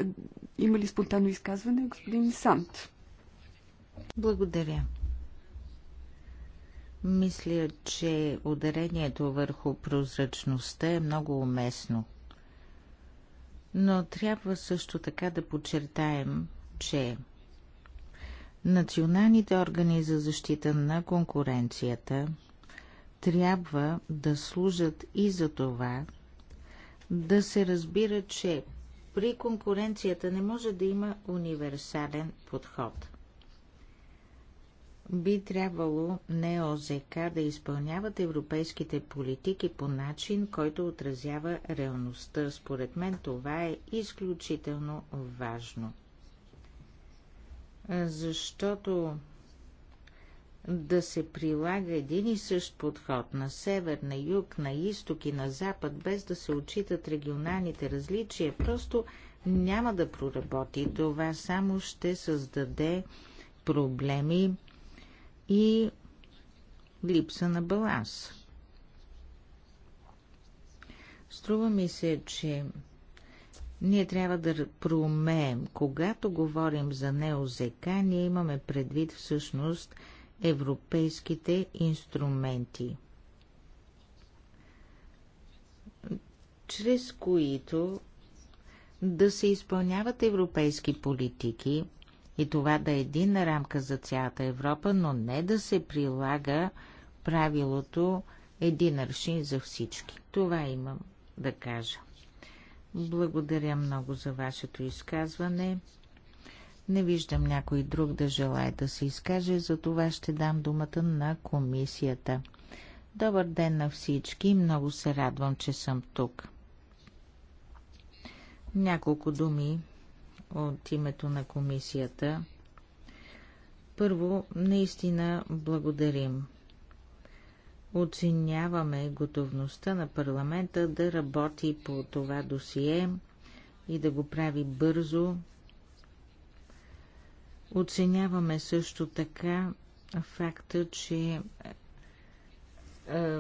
има ли спонтанно изказване господин Сант? Благодаря. Мисля, че ударението върху прозрачността е много уместно. Но трябва също така да подчертаем, че националните органи за защита на конкуренцията трябва да служат и за това да се разбира, че при конкуренцията не може да има универсален подход – би трябвало НЕОЗК да изпълняват европейските политики по начин, който отразява реалността. Според мен това е изключително важно. Защото да се прилага един и същ подход на север, на юг, на изток и на запад, без да се отчитат регионалните различия, просто няма да проработи. Това само ще създаде проблеми и липса на баланс. Струва ми се, че ние трябва да проумеем, когато говорим за НЕОЗК, ние имаме предвид всъщност европейските инструменти, чрез които да се изпълняват европейски политики – и това да е единна рамка за цялата Европа, но не да се прилага правилото един аршин за всички. Това имам да кажа. Благодаря много за вашето изказване. Не виждам някой друг да желая да се изкаже, за това ще дам думата на комисията. Добър ден на всички, много се радвам, че съм тук. Няколко думи от името на комисията. Първо, наистина благодарим. Оценяваме готовността на парламента да работи по това досие и да го прави бързо. Оценяваме също така факта, че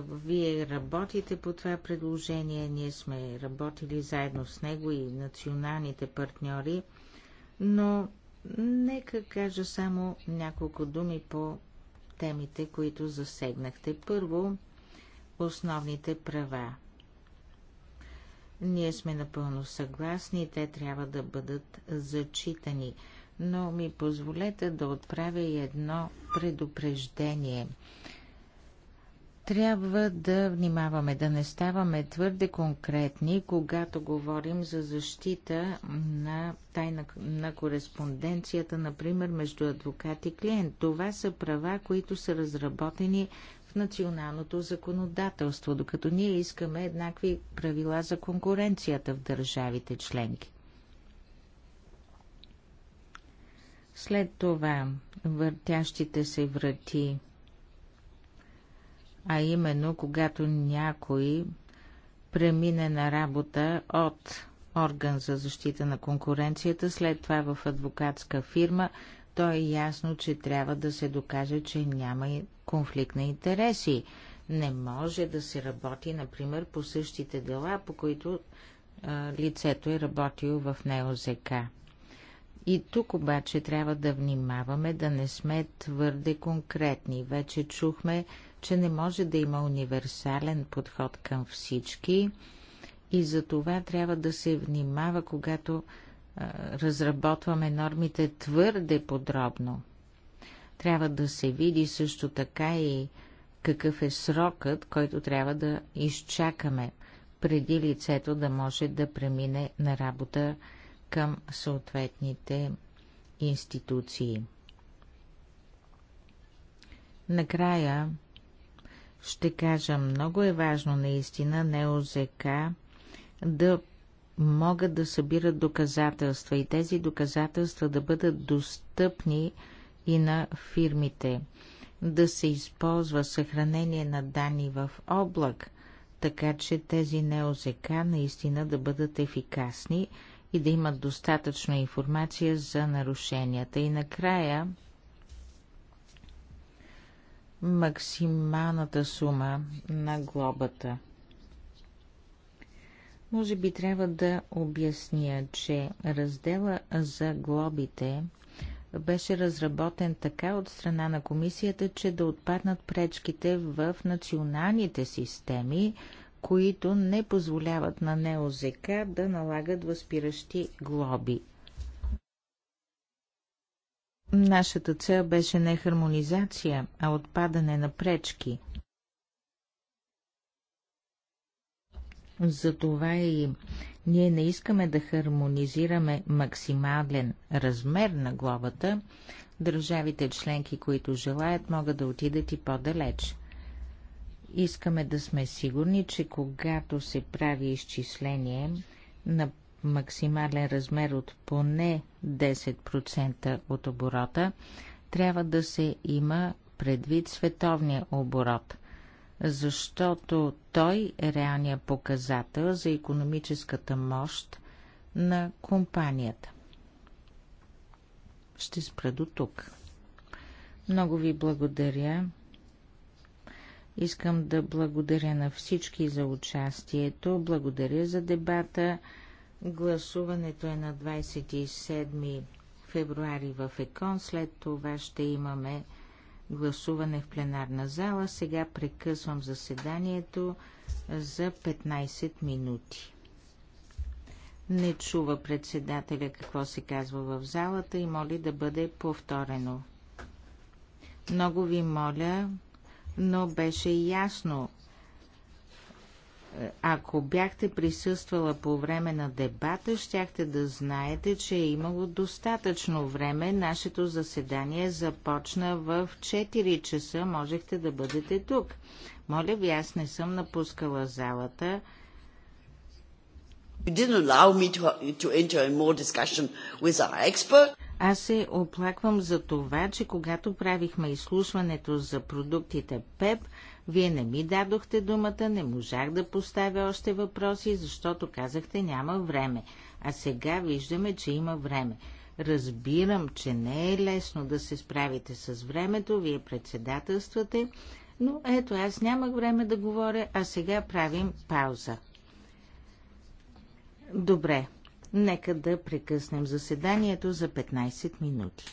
вие работите по това предложение, ние сме работили заедно с него и националните партньори но нека кажа само няколко думи по темите, които засегнахте. Първо, основните права. Ние сме напълно съгласни, те трябва да бъдат зачитани, но ми позволете да отправя и едно предупреждение – трябва да внимаваме, да не ставаме твърде конкретни, когато говорим за защита на тайна на кореспонденцията, например, между адвокат и клиент. Това са права, които са разработени в националното законодателство, докато ние искаме еднакви правила за конкуренцията в държавите членки. След това въртящите се врати а именно когато някой премине на работа от орган за защита на конкуренцията, след това в адвокатска фирма, то е ясно, че трябва да се докаже, че няма и конфликт на интереси. Не може да се работи, например, по същите дела, по които а, лицето е работило в НЕОЗК. И тук обаче трябва да внимаваме да не сме твърде конкретни. Вече чухме че не може да има универсален подход към всички и за това трябва да се внимава, когато а, разработваме нормите твърде подробно. Трябва да се види също така и какъв е срокът, който трябва да изчакаме преди лицето да може да премине на работа към съответните институции. Накрая ще кажа, много е важно наистина НЕОЗК да могат да събират доказателства и тези доказателства да бъдат достъпни и на фирмите. Да се използва съхранение на данни в облак, така че тези НЕОЗК наистина да бъдат ефикасни и да имат достатъчно информация за нарушенията. И накрая максималната сума на глобата. Може би трябва да обясня, че раздела за глобите беше разработен така от страна на комисията, че да отпаднат пречките в националните системи, които не позволяват на НЕОЗК да налагат възпиращи глоби. Нашата цел беше не хармонизация, а отпадане на пречки. Затова и ние не искаме да хармонизираме максимален размер на глобата. Държавите членки, които желаят, могат да отидат и по-далеч. Искаме да сме сигурни, че когато се прави изчисление на максимален размер от поне 10% от оборота, трябва да се има предвид световния оборот, защото той е реалният показател за економическата мощ на компанията. Ще спра до тук. Много ви благодаря. Искам да благодаря на всички за участието, благодаря за дебата. Гласуването е на 27 февруари в ЕКОН. След това ще имаме гласуване в пленарна зала. Сега прекъсвам заседанието за 15 минути. Не чува председателя какво се казва в залата и моли да бъде повторено. Много ви моля, но беше ясно е, ако бяхте присъствала по време на дебата, щяхте да знаете, че е имало достатъчно време. Нашето заседание започна в 4 часа. Можехте да бъдете тук. Моля ви, аз не съм напускала залата. Аз се оплаквам за това, че когато правихме изслушването за продуктите ПЕП, вие не ми дадохте думата, не можах да поставя още въпроси, защото казахте няма време. А сега виждаме, че има време. Разбирам, че не е лесно да се справите с времето, вие председателствате, но ето аз нямах време да говоря, а сега правим пауза. Добре, нека да прекъснем заседанието за 15 минути.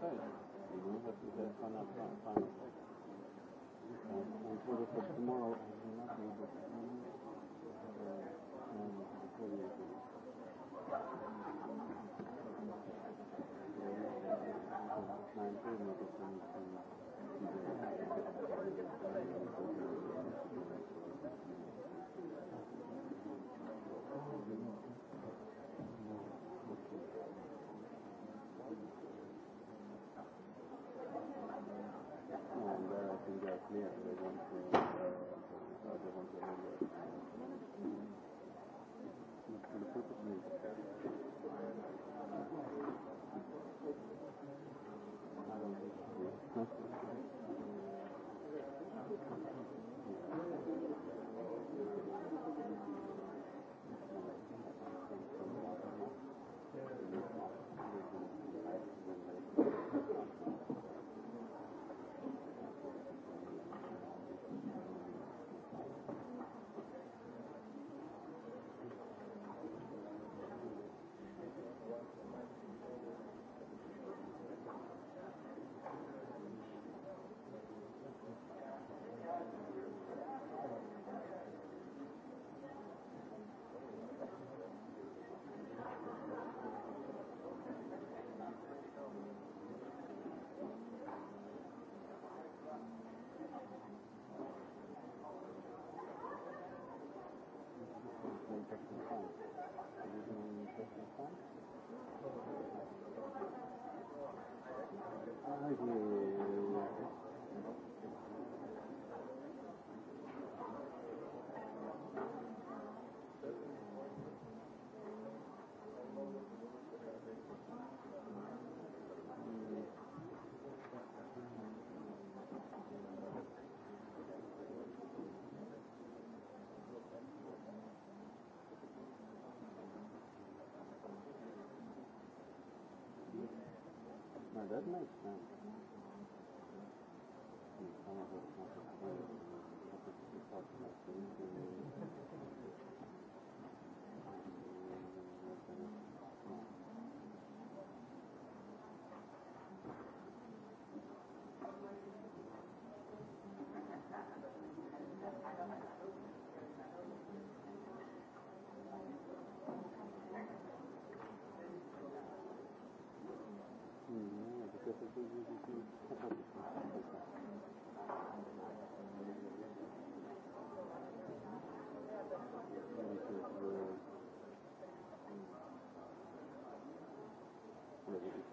stage. You know, but the final, final, final stage. Uh, and for, the, for tomorrow, I will not be able to come uh, um, before the evening. My improvement is coming from the Ay, Dios.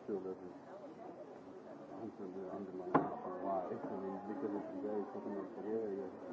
still it's answer the underlying for why. I mean, because it's very area.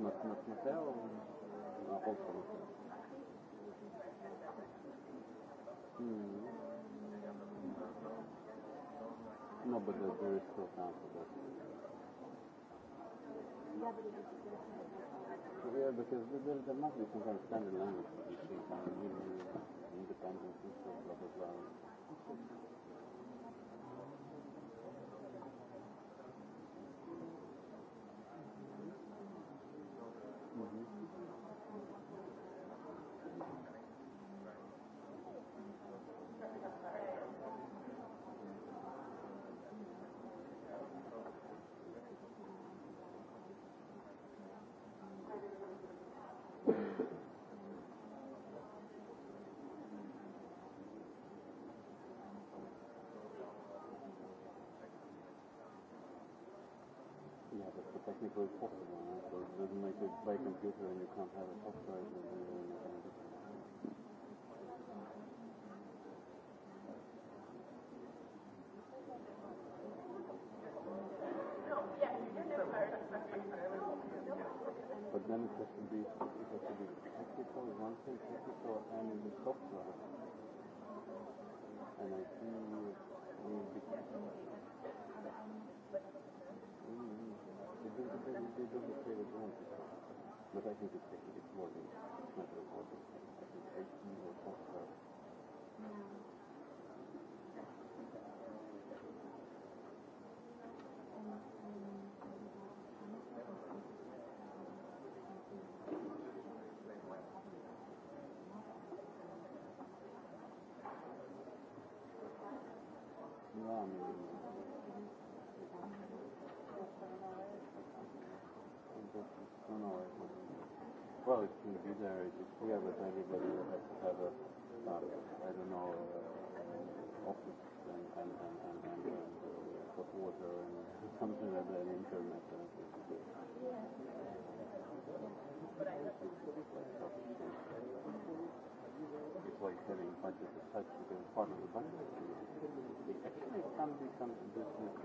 matematical ou conferência? Hum. No, but there, there is still time for that. Yeah, because there, there must be some kind of standard language for these things. I mean, independent, blah, blah, blah. practically possible. So it doesn't make it by computer and you can't have a software. And then you can't But then it has to be it has to be technical, one thing technical and in the software. And I think we technical. they don't But I think it's, it's more than not important.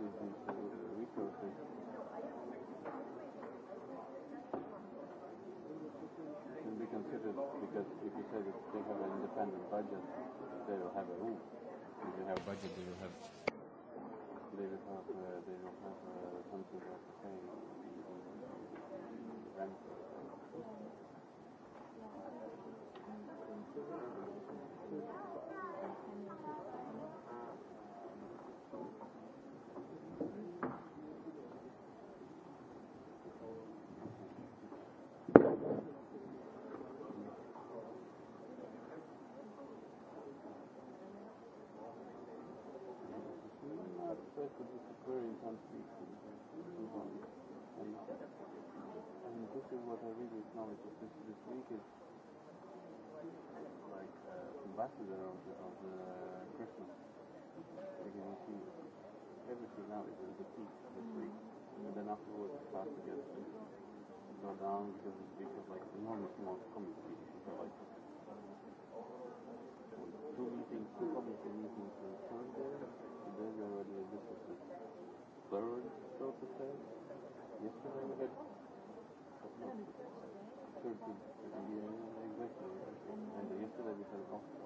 Should be considered because if you say that they have an independent budget, they will have a room. If you have a budget, they will have. They will have. Uh, they will have uh, something like say rent. Thank you.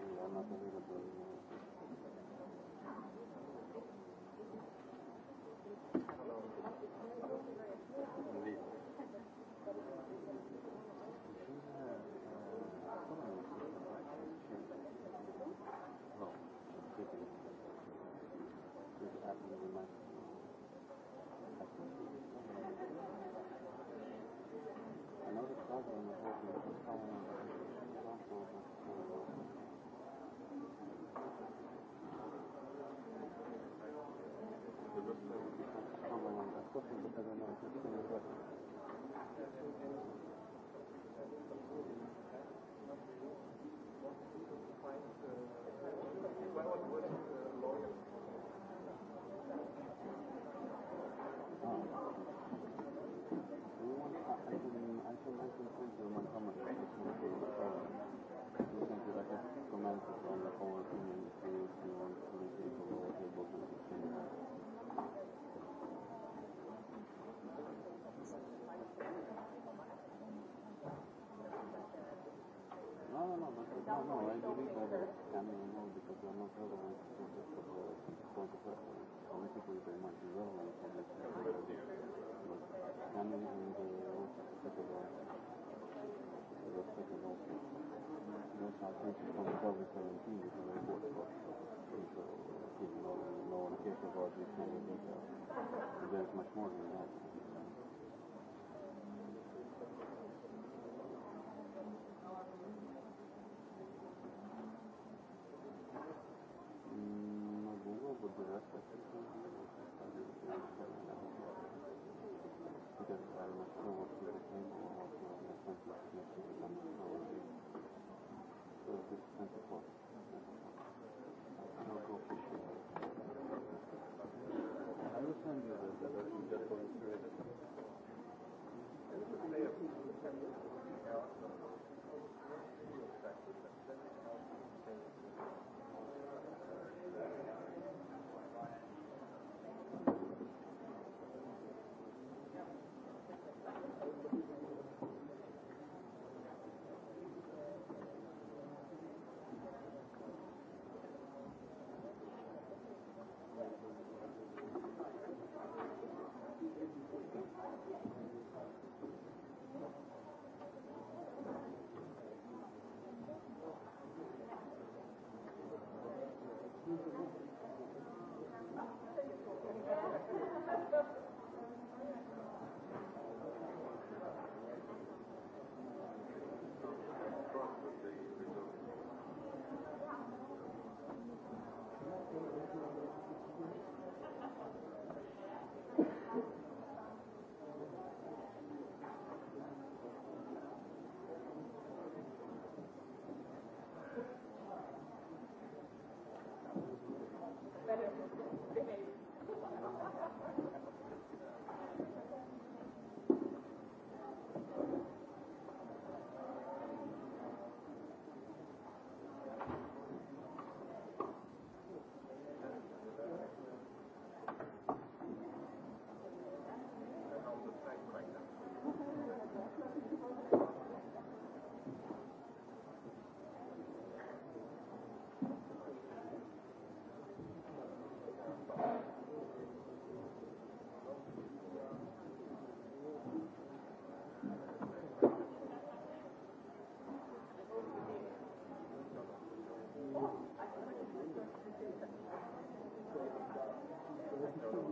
I'm not available. Hello. no, you. no, I because I'm not relevant to the point of the one There's much more than that. Thank you.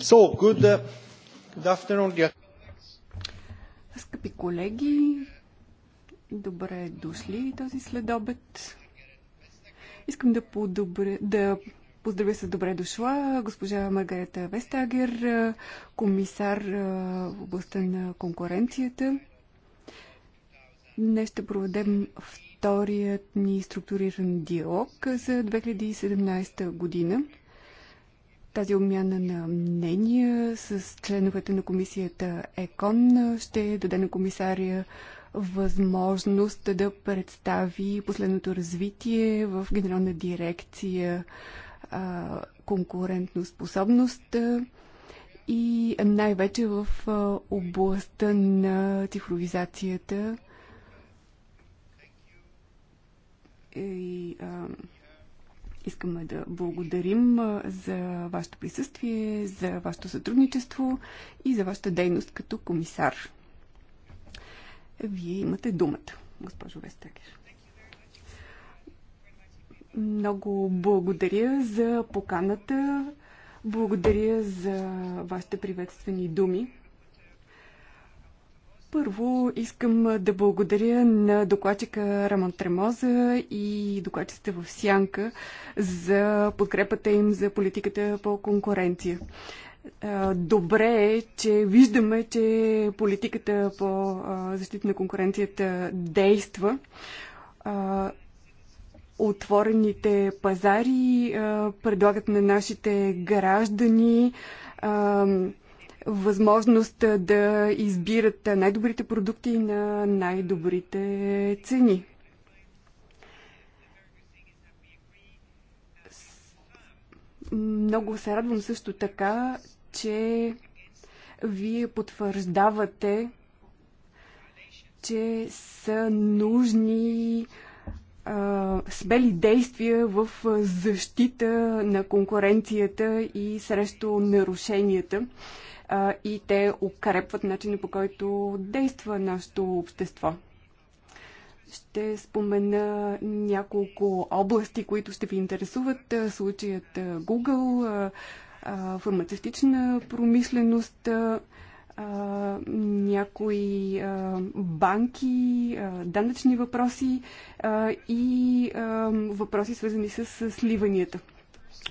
Uh, Скъпи колеги, добре дошли този следобед. Искам да, подобре, да поздравя с добре дошла госпожа Маргарета Вестагер, комисар в областта на конкуренцията. Днес ще проведем вторият ни структуриран диалог за 2017 година. Тази обмяна на мнения с членовете на комисията ЕКОН ще даде на комисария възможност да представи последното развитие в Генерална дирекция конкурентно способност и най-вече в областта на цифровизацията и а, Искаме да благодарим за вашето присъствие, за вашето сътрудничество и за вашата дейност като комисар. Вие имате думата, госпожо Вестегер. Много благодаря за поканата. Благодаря за вашите приветствени думи. Първо искам да благодаря на докладчика Рамон Тремоза и докладчиците в Сянка за подкрепата им за политиката по конкуренция. Добре е, че виждаме, че политиката по защита на конкуренцията действа. Отворените пазари предлагат на нашите граждани възможност да избират най-добрите продукти на най-добрите цени. Много се радвам също така, че вие потвърждавате, че са нужни а, смели действия в защита на конкуренцията и срещу нарушенията. А, а, и те укрепват начина по който действа нашето общество. Ще спомена няколко области, които ще ви интересуват. Случаят Google, фармацевтична промишленост, някои банки, данъчни въпроси и въпроси свързани с сливанията.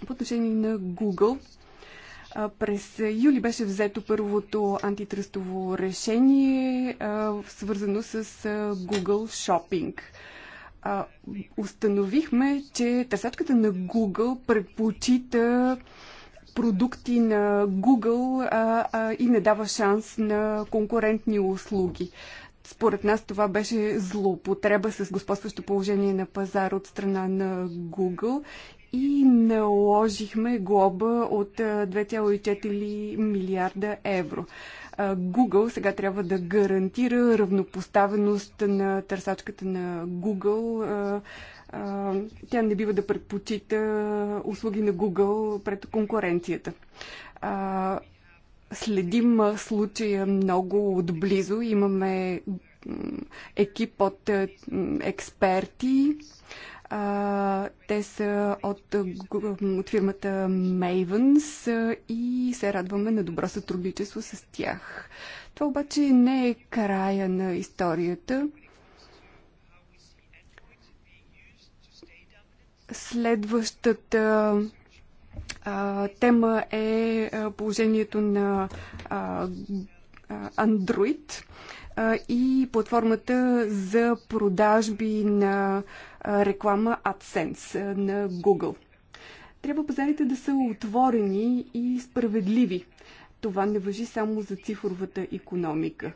По отношение на Google, през юли беше взето първото антитръстово решение, свързано с Google Shopping. Установихме, че търсачката на Google предпочита продукти на Google и не дава шанс на конкурентни услуги. Според нас това беше злоупотреба с господстващо положение на пазар от страна на Google и наложихме глоба от 2,4 милиарда евро. Google сега трябва да гарантира равнопоставеност на търсачката на Google. Тя не бива да предпочита услуги на Google пред конкуренцията следим случая много отблизо. Имаме екип от експерти, а, те са от, от фирмата Mavens и се радваме на добро сътрудничество с тях. Това обаче не е края на историята. Следващата а, тема е положението на а, Android. А, и платформата за продажби на реклама AdSense на Google. Трябва пазарите да са отворени и справедливи. Това не въжи само за цифровата економика.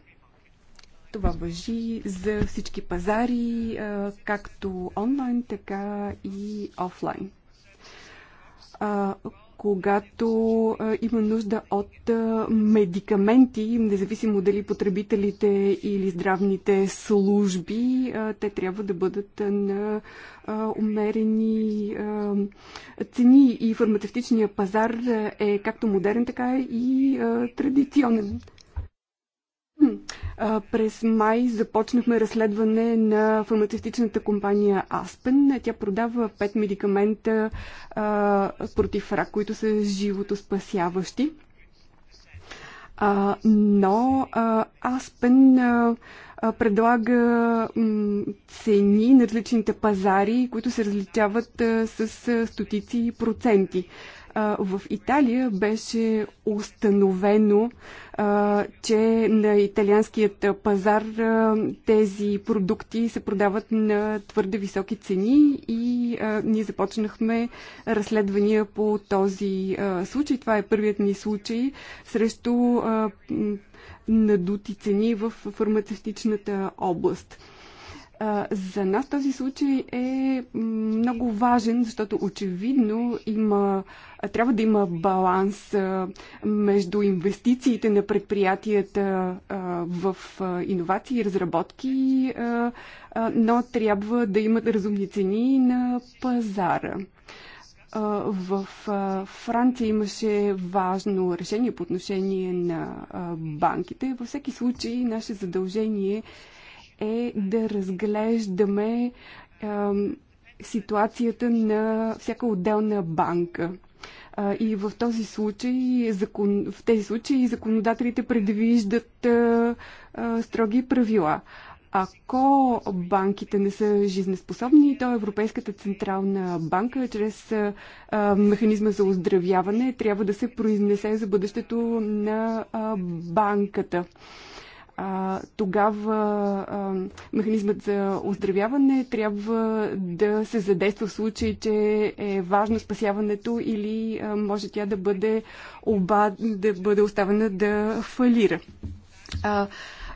Това въжи за всички пазари, както онлайн, така и офлайн когато а, има нужда от а, медикаменти, независимо дали потребителите или здравните служби, а, те трябва да бъдат на а, умерени а, цени. И фармацевтичния пазар е както модерен, така и а, традиционен през май започнахме разследване на фармацевтичната компания Аспен. Тя продава 5 медикамента а, против рак, които са живото спасяващи. А, но а, Аспен а, предлага м, цени на различните пазари, които се различават а, с а, стотици проценти в Италия беше установено, че на италианският пазар тези продукти се продават на твърде високи цени и ние започнахме разследвания по този случай. Това е първият ни случай срещу надути цени в фармацевтичната област. За нас този случай е много важен, защото очевидно има, трябва да има баланс между инвестициите на предприятията в иновации и разработки, но трябва да имат разумни цени на пазара. В Франция имаше важно решение по отношение на банките. Във всеки случай, наше задължение е е да разглеждаме ситуацията на всяка отделна банка. И в, този случай, закон, в тези случаи законодателите предвиждат а, а, строги правила. Ако банките не са жизнеспособни, то Европейската централна банка чрез а, механизма за оздравяване трябва да се произнесе за бъдещето на а, банката а, тогава а, механизмът за оздравяване трябва да се задейства в случай, че е важно спасяването или а, може тя да бъде, оба, да бъде оставена да фалира. А,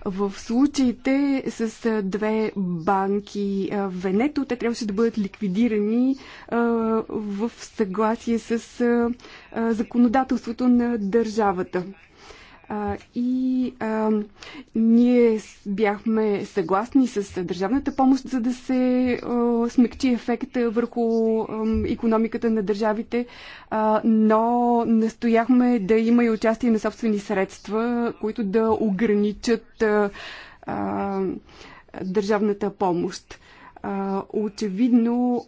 в случаите с две банки Венето, те трябваше да бъдат ликвидирани в съгласие с законодателството на държавата и а, ние бяхме съгласни с държавната помощ, за да се а, смекчи ефекта върху а, економиката на държавите, а, но настояхме да има и участие на собствени средства, които да ограничат а, а, държавната помощ очевидно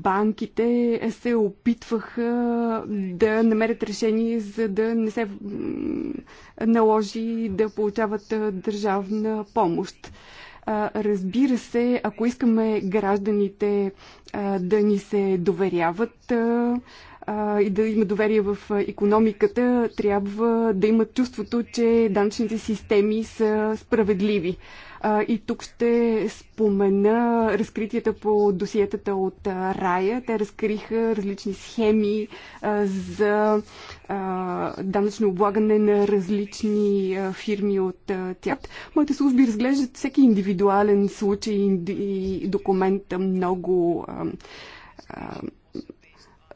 банките се опитваха да намерят решение, за да не се наложи да получават държавна помощ. Разбира се, ако искаме гражданите да ни се доверяват, а, и да има доверие в економиката, трябва да имат чувството, че данъчните системи са справедливи. А, и тук ще спомена разкритията по досиетата от а, Рая. Те разкриха различни схеми а, за а, данъчно облагане на различни а, фирми от а, тях. Моите служби разглеждат всеки индивидуален случай и документ много. А, а,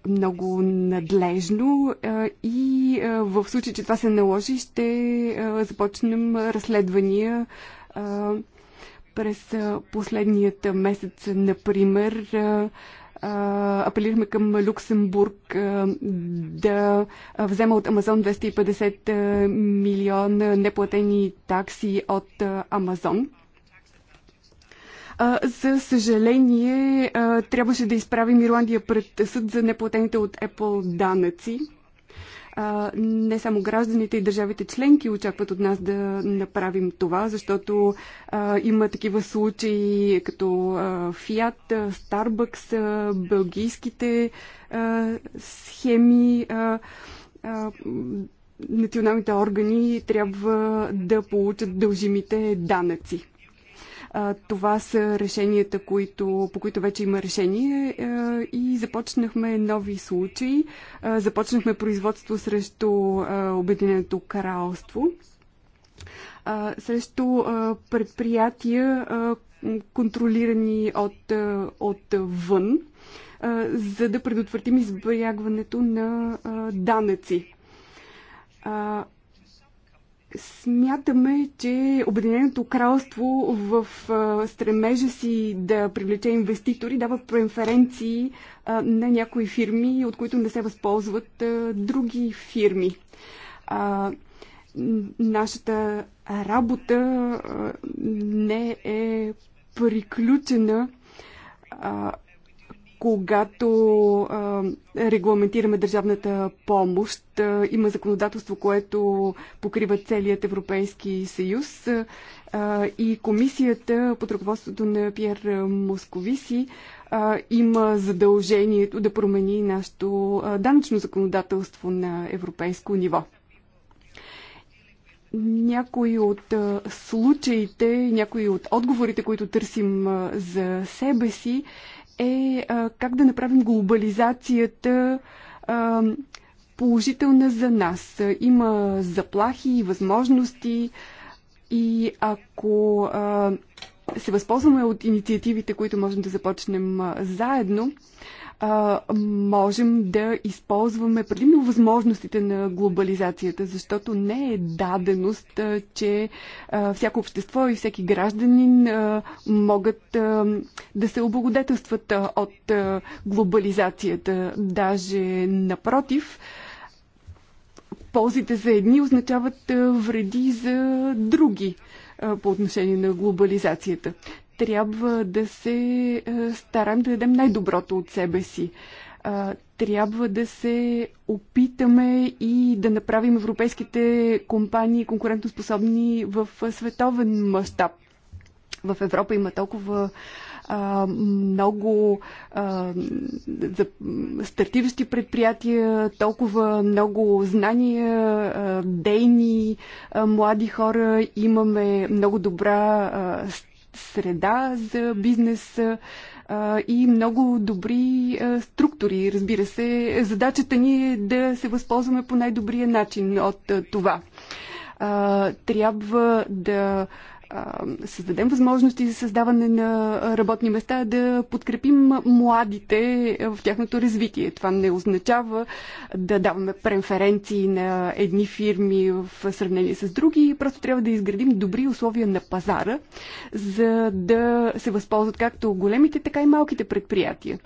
много надлежно и в случай, че това се наложи, ще започнем разследвания през последният месец, например, апелирахме към Люксембург да взема от Амазон 250 милиона неплатени такси от Амазон за съжаление, трябваше да изправим Ирландия пред съд за неплатените от Apple данъци. Не само гражданите и държавите членки очакват от нас да направим това, защото има такива случаи като Фиат, Starbucks, бългийските схеми националните органи трябва да получат дължимите данъци. Това са решенията, които, по които вече има решение е, е, и започнахме нови случаи. Започнахме производство срещу Обединеното кралство, срещу предприятия, контролирани от, от вън, за да предотвратим избягването на данъци. Смятаме, че Обединеното кралство в стремежа си да привлече инвеститори дава преференции на някои фирми, от които не се възползват други фирми. Нашата работа не е приключена когато а, регламентираме държавната помощ, а, има законодателство, което покрива целият Европейски съюз а, и комисията под ръководството на Пьер Московиси а, има задължението да промени нашето данъчно законодателство на европейско ниво някои от случаите, някои от отговорите, които търсим за себе си, е а, как да направим глобализацията а, положителна за нас. Има заплахи и възможности и ако а, се възползваме от инициативите, които можем да започнем а, заедно, а, а, можем да използваме предимно възможностите на глобализацията, защото не е даденост, а, че а, всяко общество и всеки гражданин а, могат а, да се облагодетелстват а, от а, глобализацията. Даже напротив, ползите за едни означават вреди за други по отношение на глобализацията трябва да се е, стараем да дадем най-доброто от себе си. Е, трябва да се опитаме и да направим европейските компании конкурентоспособни в световен мащаб. В Европа има толкова а, много а, стартиращи предприятия, толкова много знания, а, дейни а, млади хора. Имаме много добра а, среда за бизнес а, и много добри а, структури. Разбира се, задачата ни е да се възползваме по най-добрия начин от а, това. А, трябва да създадем възможности за създаване на работни места, да подкрепим младите в тяхното развитие. Това не означава да даваме преференции на едни фирми в сравнение с други. Просто трябва да изградим добри условия на пазара, за да се възползват както големите, така и малките предприятия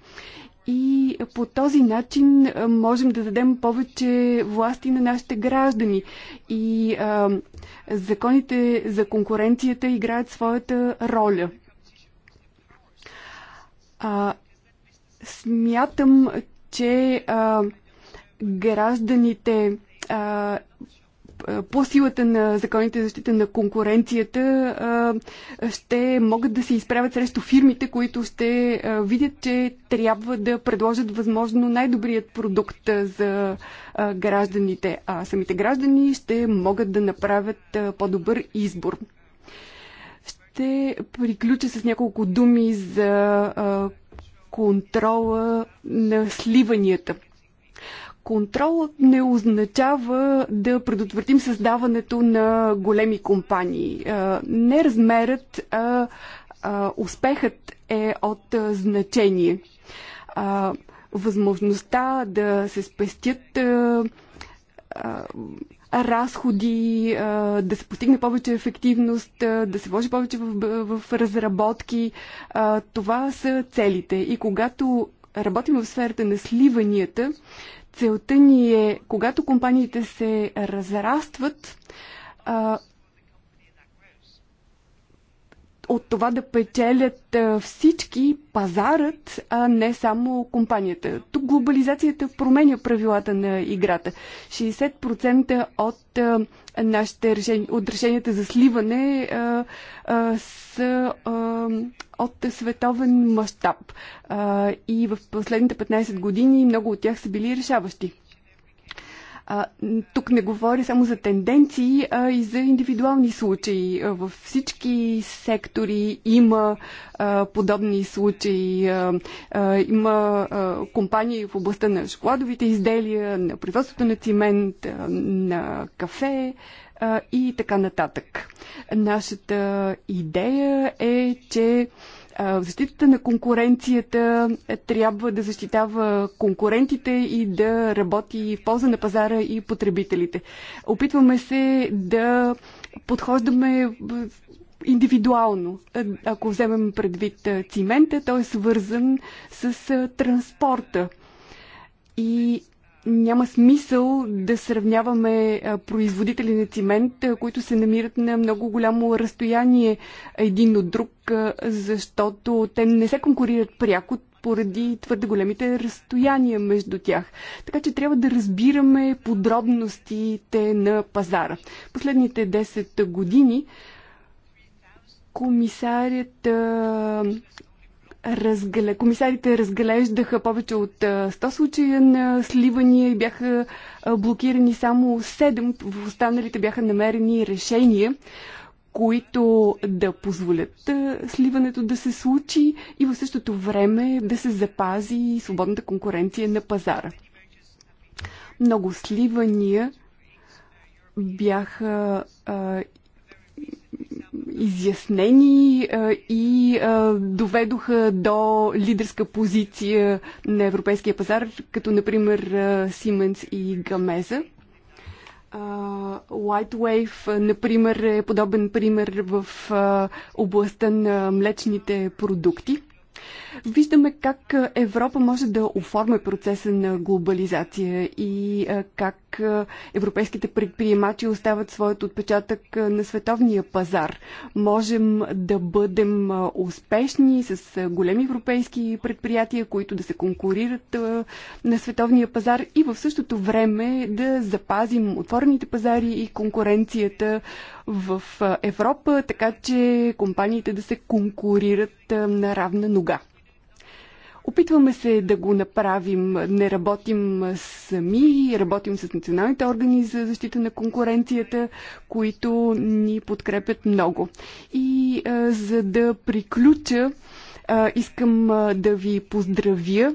и по този начин можем да дадем повече власти на нашите граждани. И а, законите за конкуренцията играят своята роля. А, смятам, че а, гражданите а, е, по силата на законите за защита на конкуренцията е, ще могат да се изправят срещу фирмите, които ще е, видят, че трябва да предложат възможно най-добрият продукт за гражданите, а самите граждани ще могат да направят по-добър избор. Ще приключа с няколко думи за контрола на сливанията – Контрол не означава да предотвратим създаването на големи компании. Не размерът, а успехът е от значение. Възможността да се спестят разходи, да се постигне повече ефективност, да се вложи повече в, в разработки. Това са целите. И когато работим в сферата на сливанията, Целта ни е, когато компаниите се разрастват, от това да печелят всички пазарът, а не само компанията. Тук глобализацията променя правилата на играта. 60% от, нашите решения, от решенията за сливане а, а, са а, от световен мащаб. И в последните 15 години много от тях са били решаващи. А, тук не говоря само за тенденции, а и за индивидуални случаи. Във всички сектори има а, подобни случаи. А, а, има а, компании в областта на шоколадовите изделия, на производството на цимент, а, на кафе а, и така нататък. Нашата идея е, че а, Защитата на конкуренцията е, трябва да защитава конкурентите и да работи в полза на пазара и потребителите. Опитваме се да подхождаме индивидуално. Е, ако вземем предвид е, цимента, той е свързан с транспорта. И няма смисъл да сравняваме производители на цимент, които се намират на много голямо разстояние един от друг, защото те не се конкурират пряко поради твърде големите разстояния между тях. Така че трябва да разбираме подробностите на пазара. Последните 10 години комисарят Разгле... Комисарите разглеждаха повече от 100 случая на сливания и бяха блокирани само 7. В останалите бяха намерени решения, които да позволят сливането да се случи и в същото време да се запази свободната конкуренция на пазара. Много сливания бяха а, изяснени и доведоха до лидерска позиция на европейския пазар, като например Siemens и Гамеза. Lightwave, например, е подобен пример в областта на млечните продукти. Виждаме как Европа може да оформя процеса на глобализация и как как европейските предприемачи остават своят отпечатък на световния пазар. Можем да бъдем успешни с големи европейски предприятия, които да се конкурират на световния пазар и в същото време да запазим отворените пазари и конкуренцията в Европа, така че компаниите да се конкурират на равна нога. Опитваме се да го направим. Не работим сами, работим с националните органи за защита на конкуренцията, които ни подкрепят много. И а, за да приключа, а, искам а, да ви поздравя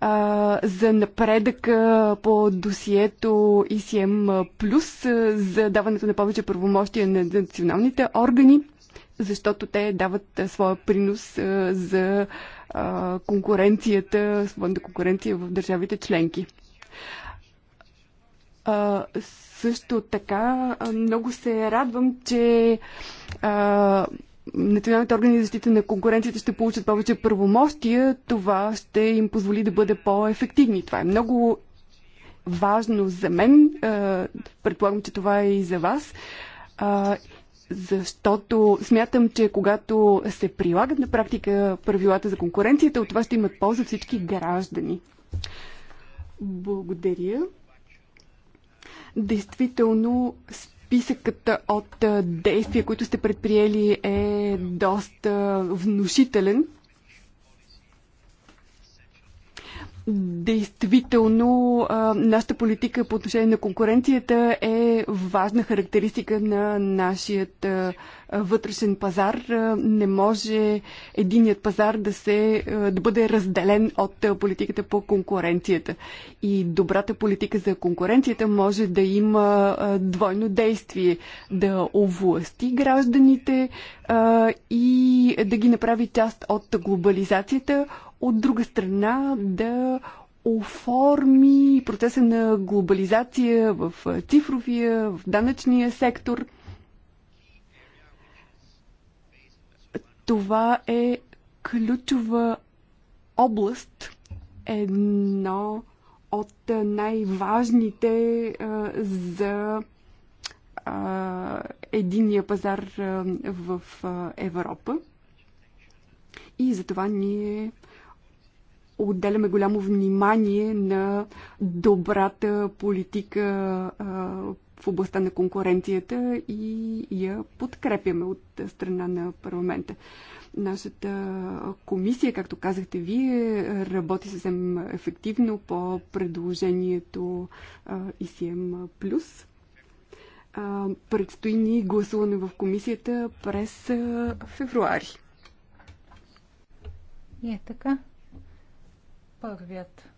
а, за напредъка по досието ECM+, за даването на повече правомощия на националните органи, защото те дават своя принос а, за конкуренцията, свободната конкуренция в държавите членки. А, също така много се радвам, че а, националните органи за защита на конкуренцията ще получат повече правомощия. Това ще им позволи да бъде по-ефективни. Това е много важно за мен. А, предполагам, че това е и за вас. А, защото смятам, че когато се прилагат на практика правилата за конкуренцията, от това ще имат полза всички граждани. Благодаря. Действително, списъкът от действия, които сте предприели е доста внушителен. Действително, нашата политика по отношение на конкуренцията е важна характеристика на нашият вътрешен пазар. Не може единият пазар да, се, да бъде разделен от политиката по конкуренцията. И добрата политика за конкуренцията може да има двойно действие, да овласти гражданите и да ги направи част от глобализацията, от друга страна да оформи процеса на глобализация в цифровия, в данъчния сектор – Това е ключова област, едно от най-важните за единия пазар в Европа. И затова ние отделяме голямо внимание на добрата политика в областта на конкуренцията и я подкрепяме от страна на парламента. Нашата комисия, както казахте вие, работи съвсем ефективно по предложението ICM+. Предстои ни гласуване в комисията през февруари. И е така. Първият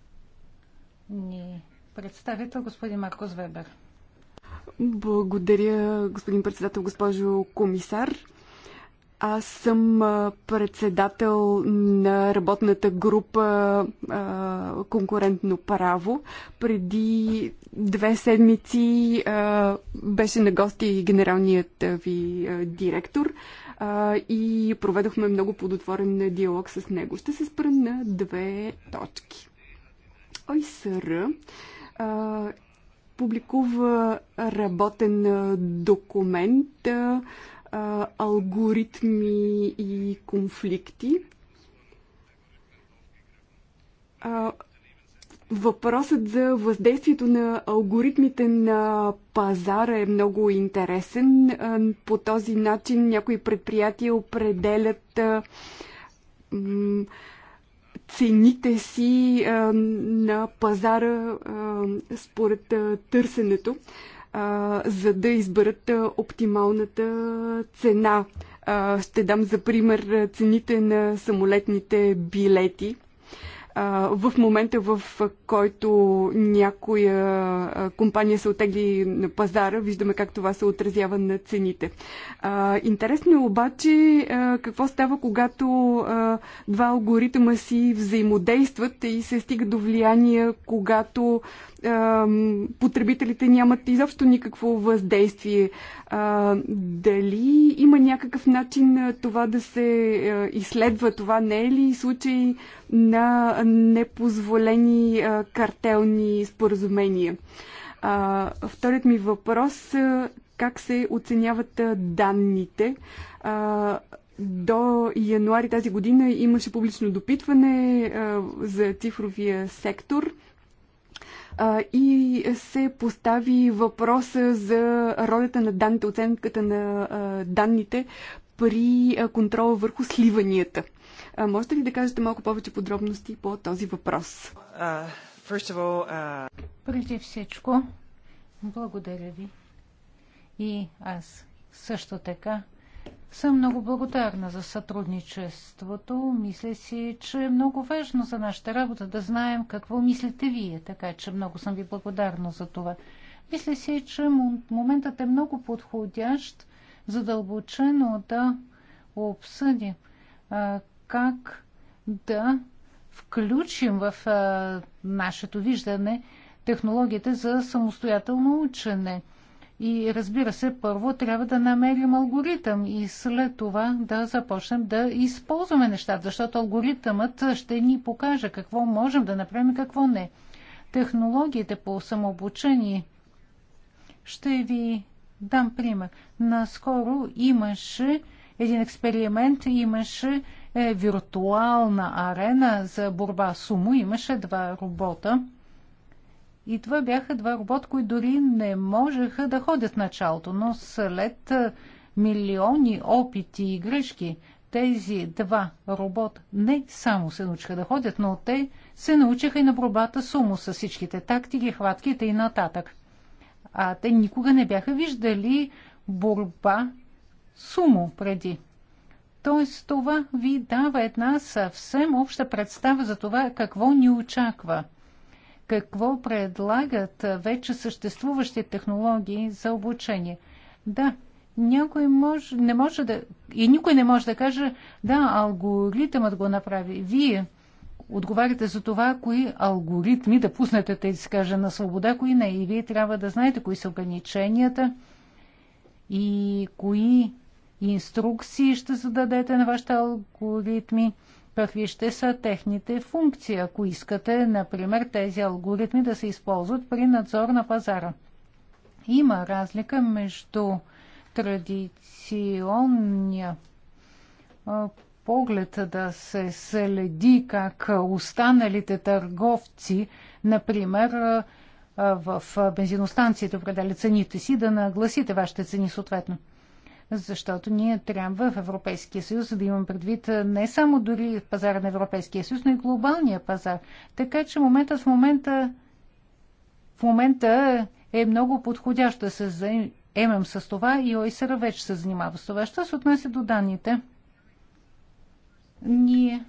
ни представител господин Маркос Вебер. Благодаря, господин председател, госпожо комисар. Аз съм председател на работната група а, Конкурентно право. Преди две седмици а, беше на гости генералният ви а, директор а, и проведохме много плодотворен диалог с него. Ще се спра на две точки. ОИСР а, публикува работен документ алгоритми и конфликти. Въпросът за въздействието на алгоритмите на пазара е много интересен. По този начин някои предприятия определят цените си на пазара според търсенето, за да изберат оптималната цена. Ще дам за пример цените на самолетните билети в момента, в който някоя компания се отегли на пазара, виждаме как това се отразява на цените. Интересно е обаче какво става, когато два алгоритъма си взаимодействат и се стига до влияние, когато потребителите нямат изобщо никакво въздействие. Дали има някакъв начин това да се изследва? Това не е ли случай на непозволени картелни споразумения. Вторият ми въпрос как се оценяват данните. До януари тази година имаше публично допитване за цифровия сектор и се постави въпроса за ролята на данните, оценката на данните при контрола върху сливанията. А, можете ли да кажете малко повече подробности по този въпрос? Uh, all, uh... Преди всичко, благодаря ви. И аз също така съм много благодарна за сътрудничеството. Мисля си, че е много важно за нашата работа да знаем какво мислите вие, така че много съм ви благодарна за това. Мисля си, че моментът е много подходящ задълбочено да обсъдим как да включим в а, нашето виждане технологията за самостоятелно учене. И разбира се, първо трябва да намерим алгоритъм и след това да започнем да използваме нещата, защото алгоритъмът ще ни покаже какво можем да направим и какво не. Технологиите по самообучение ще ви дам пример. Наскоро имаше един експеримент, имаше е виртуална арена за борба с умо. Имаше два робота. И това бяха два робота, които дори не можеха да ходят в началото, но след милиони опити и грешки, тези два робота не само се научиха да ходят, но те се научиха и на борбата с умо, с всичките тактики, хватките и нататък. А те никога не бяха виждали борба сумо преди. Тоест това ви дава една съвсем обща представа за това какво ни очаква, какво предлагат вече съществуващи технологии за обучение. Да, някой мож, не може да, и никой не може да каже, да, алгоритъмът го направи. Вие отговаряте за това, кои алгоритми да пуснете, те да кажа, на свобода, кои не. И вие трябва да знаете кои са ограниченията и кои инструкции ще зададете на вашите алгоритми? Какви ще са техните функции, ако искате, например, тези алгоритми да се използват при надзор на пазара? Има разлика между традиционния поглед да се следи как останалите търговци, например, в бензиностанциите определят цените си, да нагласите вашите цени съответно защото ние трябва в Европейския съюз да имам предвид не само дори пазара на Европейския съюз, но и глобалния пазар. Така че момента в момента, в момента е много подходящо да се заемем с това и ОИСР вече се занимава с това. Що се отнася до данните? Ние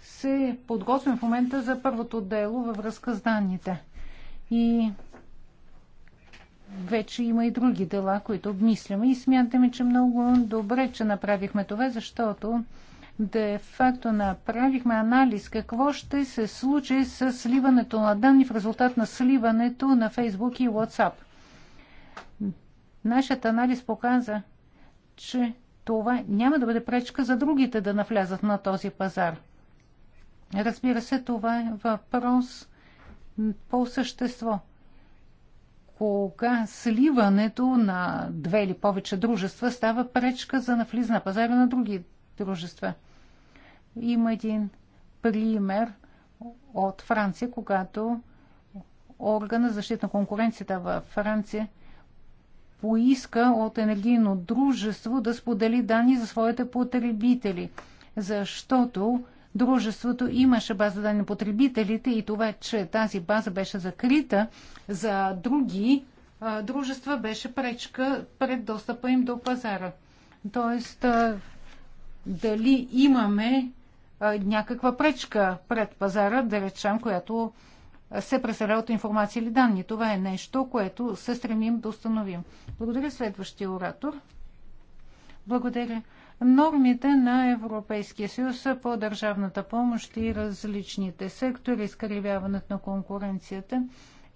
се подготвим в момента за първото дело във връзка с данните. И вече има и други дела, които обмисляме и смятаме, че много добре, че направихме това, защото де-факто направихме анализ какво ще се случи с сливането на данни в резултат на сливането на Facebook и WhatsApp. Нашият анализ показа, че това няма да бъде пречка за другите да навлязат на този пазар. Разбира се, това е въпрос по същество – кога сливането на две или повече дружества става пречка за навлизане на пазара на други дружества. Има един пример от Франция, когато органа за защита на конкуренцията във Франция поиска от енергийно дружество да сподели данни за своите потребители, защото дружеството имаше база данни на потребителите и това, че тази база беше закрита за други а, дружества, беше пречка пред достъпа им до пазара. Тоест, а, дали имаме а, някаква пречка пред пазара, да речем, която се преселя от информация или данни. Това е нещо, което се стремим да установим. Благодаря следващия оратор. Благодаря нормите на Европейския съюз по държавната помощ и различните сектори, изкривяването на конкуренцията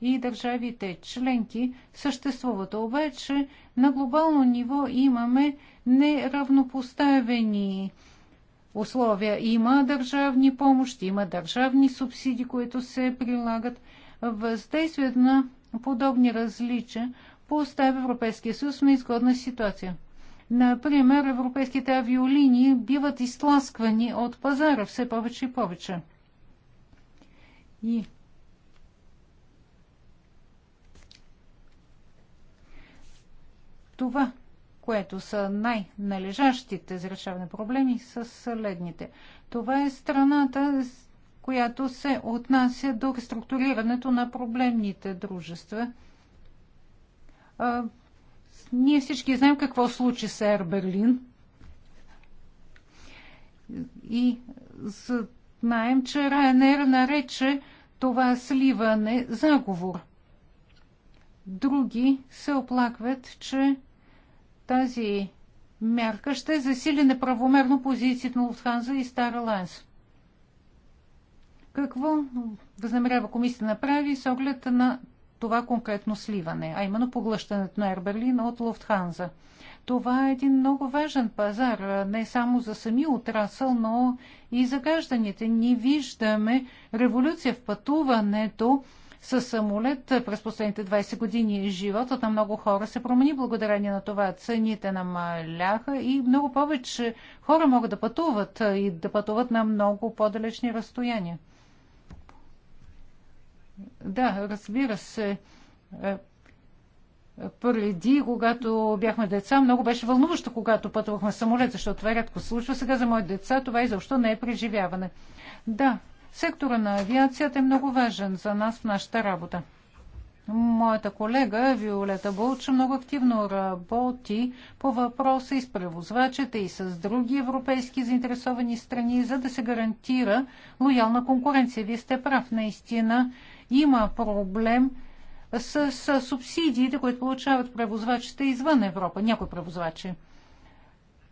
и държавите членки съществуват. Обаче на глобално ниво имаме неравнопоставени условия. Има държавни помощи, има държавни субсидии, които се прилагат. Въздействието на подобни различия поставя Европейския съюз на изгодна ситуация. Например, европейските авиолинии биват изтласквани от пазара все повече и повече. И това, което са най-належащите за решаване проблеми, са следните. Това е страната, която се отнася до реструктурирането на проблемните дружества ние всички знаем какво случи с Ер Берлин. И знаем, че Ryanair нарече това сливане заговор. Други се оплакват, че тази мярка ще засили неправомерно позицията на Луфтханза и Стар Лайнс. Какво възнамерява комисията направи с оглед на това конкретно сливане, а именно поглъщането на Ерберлин от Луфтханза. Това е един много важен пазар, не само за сами отрасъл, но и за гражданите. Ние виждаме революция в пътуването с самолет през последните 20 години. Животът на много хора се промени благодарение на това. Цените намаляха и много повече хора могат да пътуват и да пътуват на много по-далечни разстояния. Да, разбира се. Е, е, преди, когато бяхме деца, много беше вълнуващо, когато пътувахме самолет, защото това рядко случва. Сега за мои деца това изобщо не е преживяване. Да, сектора на авиацията е много важен за нас в нашата работа. Моята колега Виолета Болча много активно работи по въпроса и с превозвачите, и с други европейски заинтересовани страни, за да се гарантира лоялна конкуренция. Вие сте прав, наистина има проблем с, с субсидиите, които получават превозвачите извън Европа, някои превозвачи.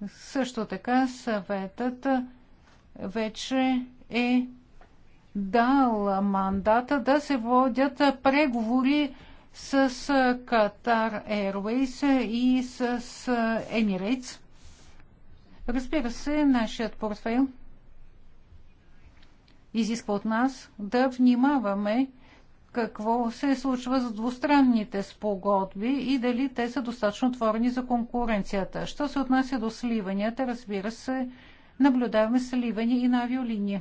Също така съветът вече е дал мандата да се водят преговори с Qatar Airways и с Emirates. Разбира се, нашият портфейл изисква от нас да внимаваме какво се случва с двустранните спогодби и дали те са достатъчно отворени за конкуренцията. Що се отнася до сливанията, разбира се, наблюдаваме сливане и на авиолинии.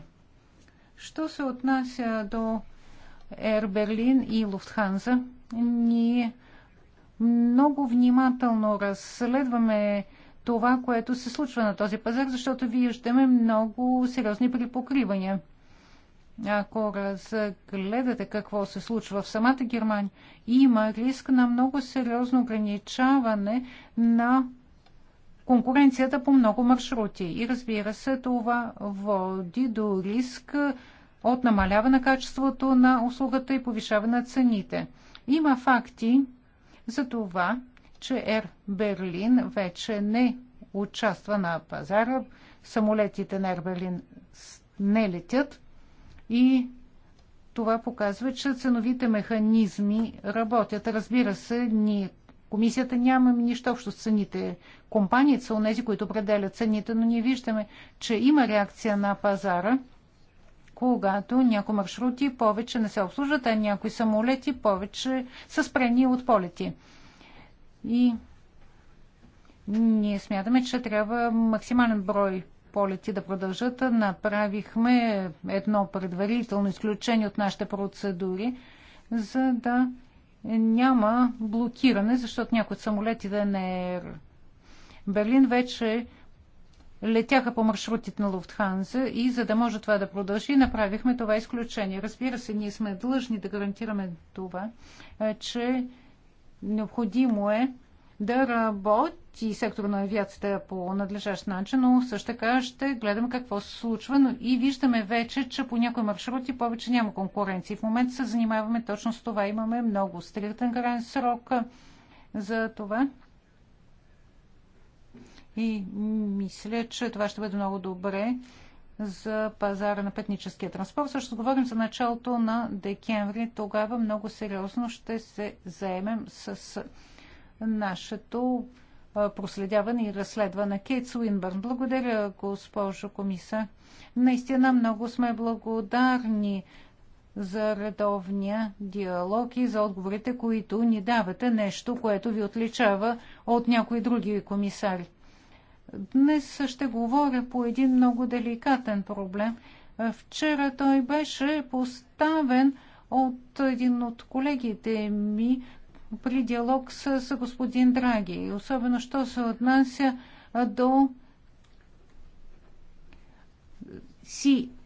Що се отнася до Ер Берлин и Луфтханза, ние много внимателно разследваме това, което се случва на този пазар, защото виждаме много сериозни припокривания – ако разгледате какво се случва в самата Германия, има риск на много сериозно ограничаване на конкуренцията по много маршрути. И разбира се, това води до риск от намаляване на качеството на услугата и повишаване на цените. Има факти за това, че Ер Берлин вече не участва на пазара. Самолетите на Ер Берлин не летят и това показва, че ценовите механизми работят. Разбира се, ние Комисията няма нищо общо с цените. Компаниите са тези, които определят цените, но ние виждаме, че има реакция на пазара, когато някои маршрути повече не се обслужват, а някои самолети повече са спрени от полети. И ние смятаме, че трябва максимален брой полети да продължат, направихме едно предварително изключение от нашите процедури, за да няма блокиране, защото някои от самолетите не. Е Берлин вече летяха по маршрутите на Луфтханза и за да може това да продължи, направихме това изключение. Разбира се, ние сме длъжни да гарантираме това, че необходимо е да работи сектор на авиацията по надлежащ начин, но също така ще гледаме какво се случва. Но и виждаме вече, че по някои маршрути повече няма конкуренции. В момента се занимаваме точно с това. Имаме много стриктен крайен срок за това. И мисля, че това ще бъде много добре за пазара на пътническия транспорт. Също говорим за началото на декември. Тогава много сериозно ще се заемем с нашето проследяване и разследване. Кейт Суинбърн, благодаря, госпожо комисар. Наистина много сме благодарни за редовния диалог и за отговорите, които ни давате нещо, което ви отличава от някои други комисари. Днес ще говоря по един много деликатен проблем. Вчера той беше поставен от един от колегите ми при диалог с, с господин Драги, особено що се отнася до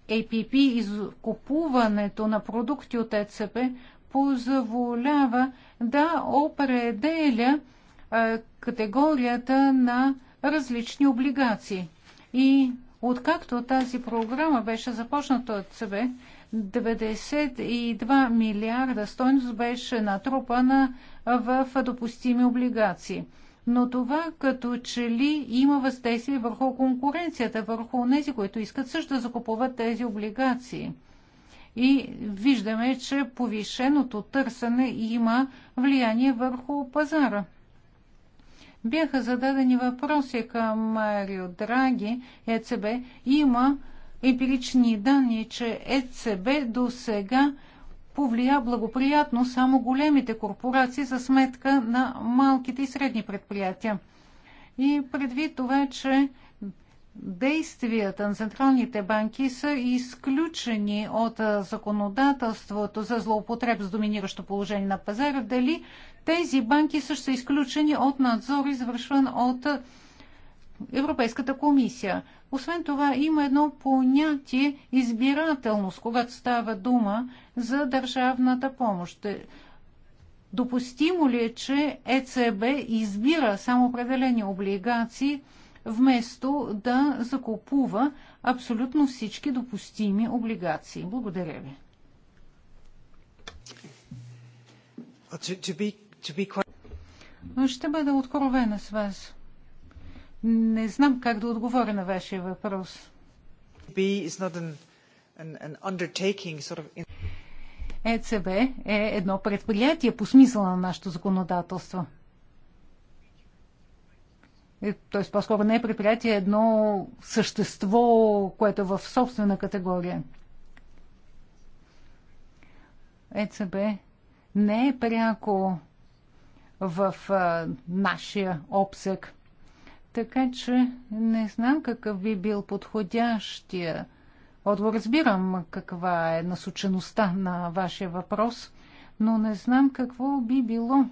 CAPP, изкупуването на продукти от ЕЦП, позволява да определя категорията на различни облигации. И откакто тази програма беше започната от е ЦБ, 92 милиарда стойност беше натрупана в допустими облигации. Но това като че ли има въздействие върху конкуренцията, върху тези, които искат също да закупуват тези облигации. И виждаме, че повишеното търсене има влияние върху пазара. Бяха зададени въпроси към Марио Драги, ЕЦБ. Има емпирични данни, че ЕЦБ до сега повлия благоприятно само големите корпорации за сметка на малките и средни предприятия. И предвид това, че действията на централните банки са изключени от законодателството за злоупотреб с доминиращо положение на пазара, дали тези банки също са изключени от надзор, извършван от Европейската комисия. Освен това, има едно понятие избирателност, когато става дума за държавната помощ. Допустимо ли е, че ЕЦБ избира само определени облигации, вместо да закупува абсолютно всички допустими облигации? Благодаря ви. Ще бъда откровена с вас. Не знам как да отговоря на вашия въпрос. ЕЦБ е едно предприятие по смисъла на нашето законодателство. Т.е. по-скоро не е предприятие, е едно същество, което е в собствена категория. ЕЦБ не е пряко в а, нашия обсек. Така че не знам какъв би бил подходящия отговор. Разбирам каква е насочеността на вашия въпрос, но не знам какво би било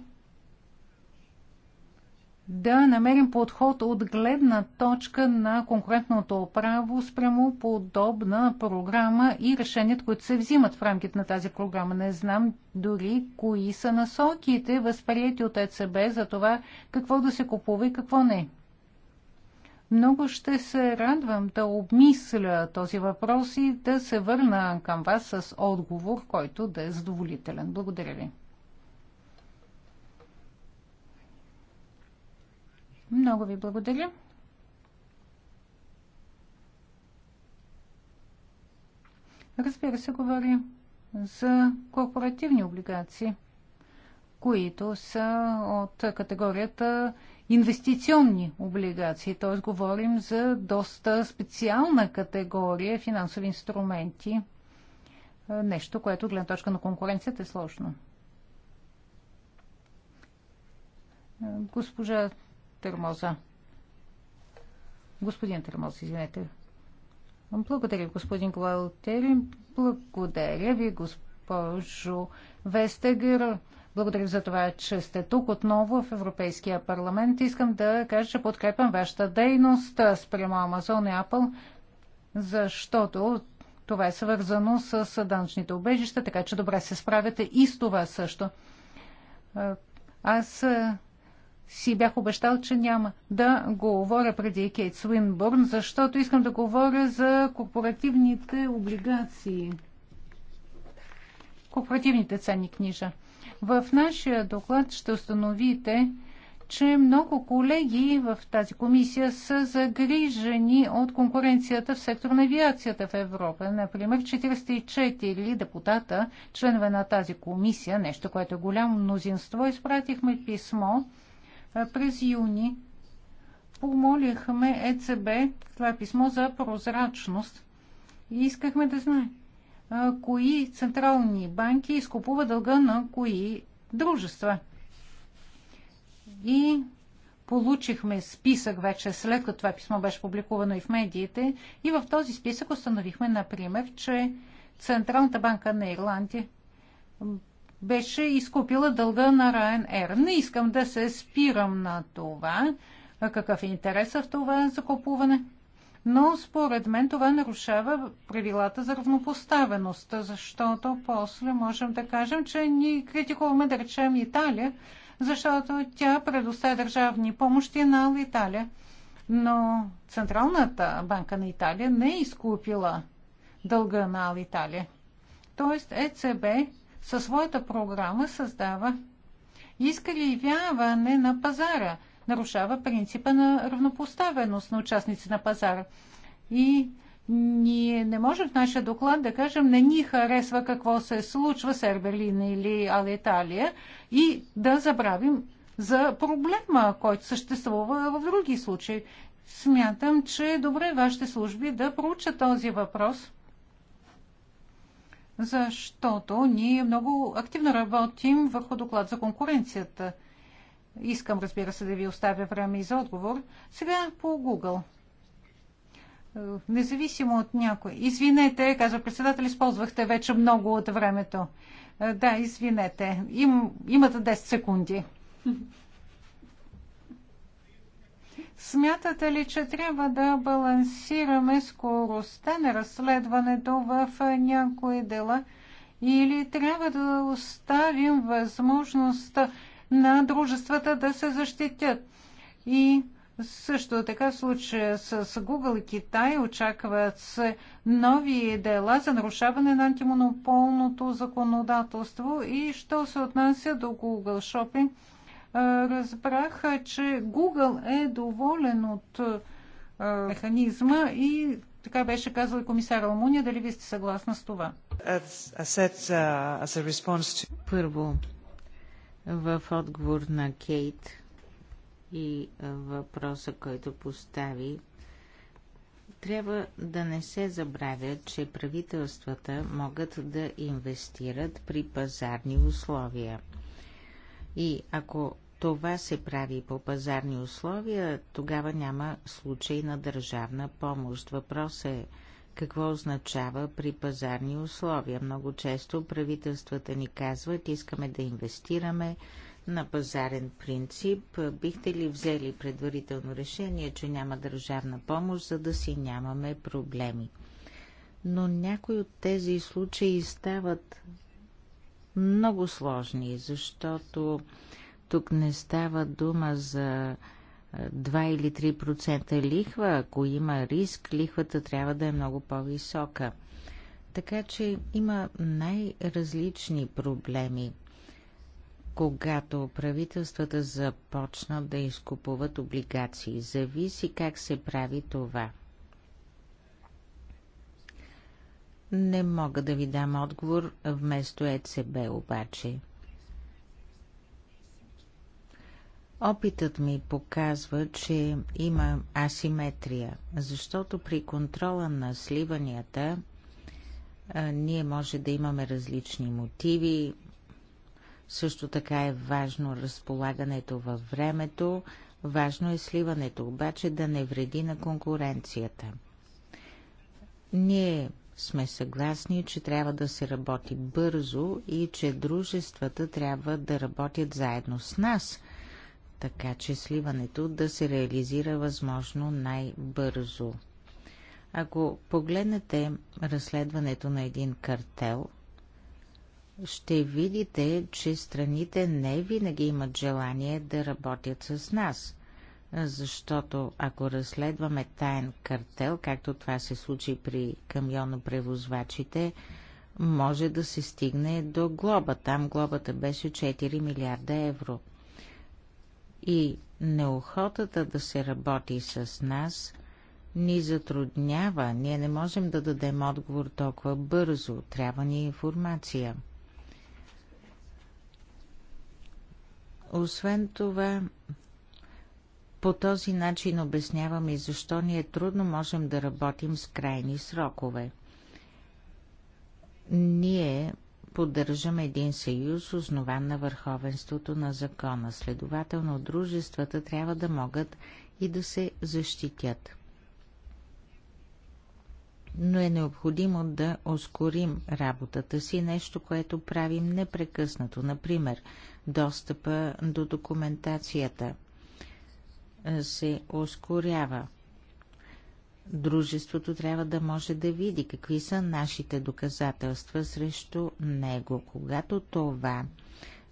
да намерим подход от гледна точка на конкурентното право спрямо подобна програма и решенията, които се взимат в рамките на тази програма. Не знам дори кои са насоките, възприяти от ЕЦБ за това какво да се купува и какво не. Много ще се радвам да обмисля този въпрос и да се върна към вас с отговор, който да е задоволителен. Благодаря ви. Много ви благодаря. Разбира се, говори за корпоративни облигации, които са от категорията инвестиционни облигации, т.е. говорим за доста специална категория финансови инструменти, е, нещо, което гледна точка на конкуренцията е сложно. Е, госпожа Термоза. Господин Термоз, извинете. Благодаря, господин Гуалтери. Благодаря ви, госпожо Вестегер. Благодаря за това, че сте тук отново в Европейския парламент. Искам да кажа, че подкрепям вашата дейност спрямо Амазон и Apple, защото това е свързано с данъчните убежища, така че добре се справяте и с това също. Аз си бях обещал, че няма да говоря преди Кейт Свинбурн, защото искам да говоря за корпоративните облигации, корпоративните ценни книжа. В нашия доклад ще установите, че много колеги в тази комисия са загрижени от конкуренцията в сектор на авиацията в Европа. Например, 44 депутата, членове на тази комисия, нещо, което е голямо мнозинство, изпратихме писмо през юни. Помолихме ЕЦБ, това е писмо за прозрачност, и искахме да знаем кои централни банки изкупува дълга на кои дружества. И получихме списък вече след като това писмо беше публикувано и в медиите. И в този списък установихме, например, че Централната банка на Ирландия беше изкупила дълга на Ryanair. Не искам да се спирам на това, какъв е интересът в това закупуване но според мен това нарушава правилата за равнопоставеност, защото после можем да кажем, че ни критикуваме, да речем, Италия, защото тя предоставя държавни помощи на Италия. Но Централната банка на Италия не е изкупила дълга на Италия. Тоест ЕЦБ със своята програма създава изкривяване на пазара – нарушава принципа на равнопоставеност на участници на пазара. И ние не можем в нашия доклад да кажем не ни харесва какво се случва с Ерберлин или Алиталия и да забравим за проблема, който съществува в други случаи. Смятам, че е добре вашите служби да проучат този въпрос, защото ние много активно работим върху доклад за конкуренцията – Искам, разбира се, да ви оставя време и за отговор. Сега по Google. Е, независимо от някой. Извинете, казва председател, използвахте вече много от времето. Е, да, извинете. Им, имате 10 секунди. Смятате ли, че трябва да балансираме скоростта на разследването в някои дела или трябва да оставим възможността на дружествата да се защитят. И също така в случая с Google и Китай очакват се нови дела за нарушаване на антимонополното законодателство и що се отнася до Google Shopping, разбрах, че Google е доволен от механизма и така беше казал и комисар Алмуния. Дали ви сте съгласна с това? Uh, Първо, в отговор на Кейт и въпроса, който постави, трябва да не се забравя, че правителствата могат да инвестират при пазарни условия. И ако това се прави по пазарни условия, тогава няма случай на държавна помощ. Въпрос е какво означава при пазарни условия? Много често правителствата ни казват, искаме да инвестираме на пазарен принцип. Бихте ли взели предварително решение, че няма държавна помощ, за да си нямаме проблеми? Но някои от тези случаи стават много сложни, защото тук не става дума за 2 или 3% лихва. Ако има риск, лихвата трябва да е много по-висока. Така че има най-различни проблеми. Когато правителствата започнат да изкупуват облигации, зависи как се прави това. Не мога да ви дам отговор вместо ЕЦБ обаче – Опитът ми показва, че има асиметрия, защото при контрола на сливанията а, ние може да имаме различни мотиви. Също така е важно разполагането във времето, важно е сливането, обаче да не вреди на конкуренцията. Ние сме съгласни, че трябва да се работи бързо и че дружествата трябва да работят заедно с нас – така че сливането да се реализира възможно най-бързо. Ако погледнете разследването на един картел, ще видите, че страните не винаги имат желание да работят с нас, защото ако разследваме таен картел, както това се случи при камионопревозвачите, може да се стигне до глоба. Там глобата беше 4 милиарда евро – и неохотата да се работи с нас ни затруднява. Ние не можем да дадем отговор толкова бързо. Трябва ни информация. Освен това, по този начин обясняваме и защо ни е трудно можем да работим с крайни срокове. Ние поддържаме един съюз, основан на върховенството на закона. Следователно, дружествата трябва да могат и да се защитят. Но е необходимо да ускорим работата си, нещо, което правим непрекъснато, например, достъпа до документацията се ускорява дружеството трябва да може да види какви са нашите доказателства срещу него. Когато това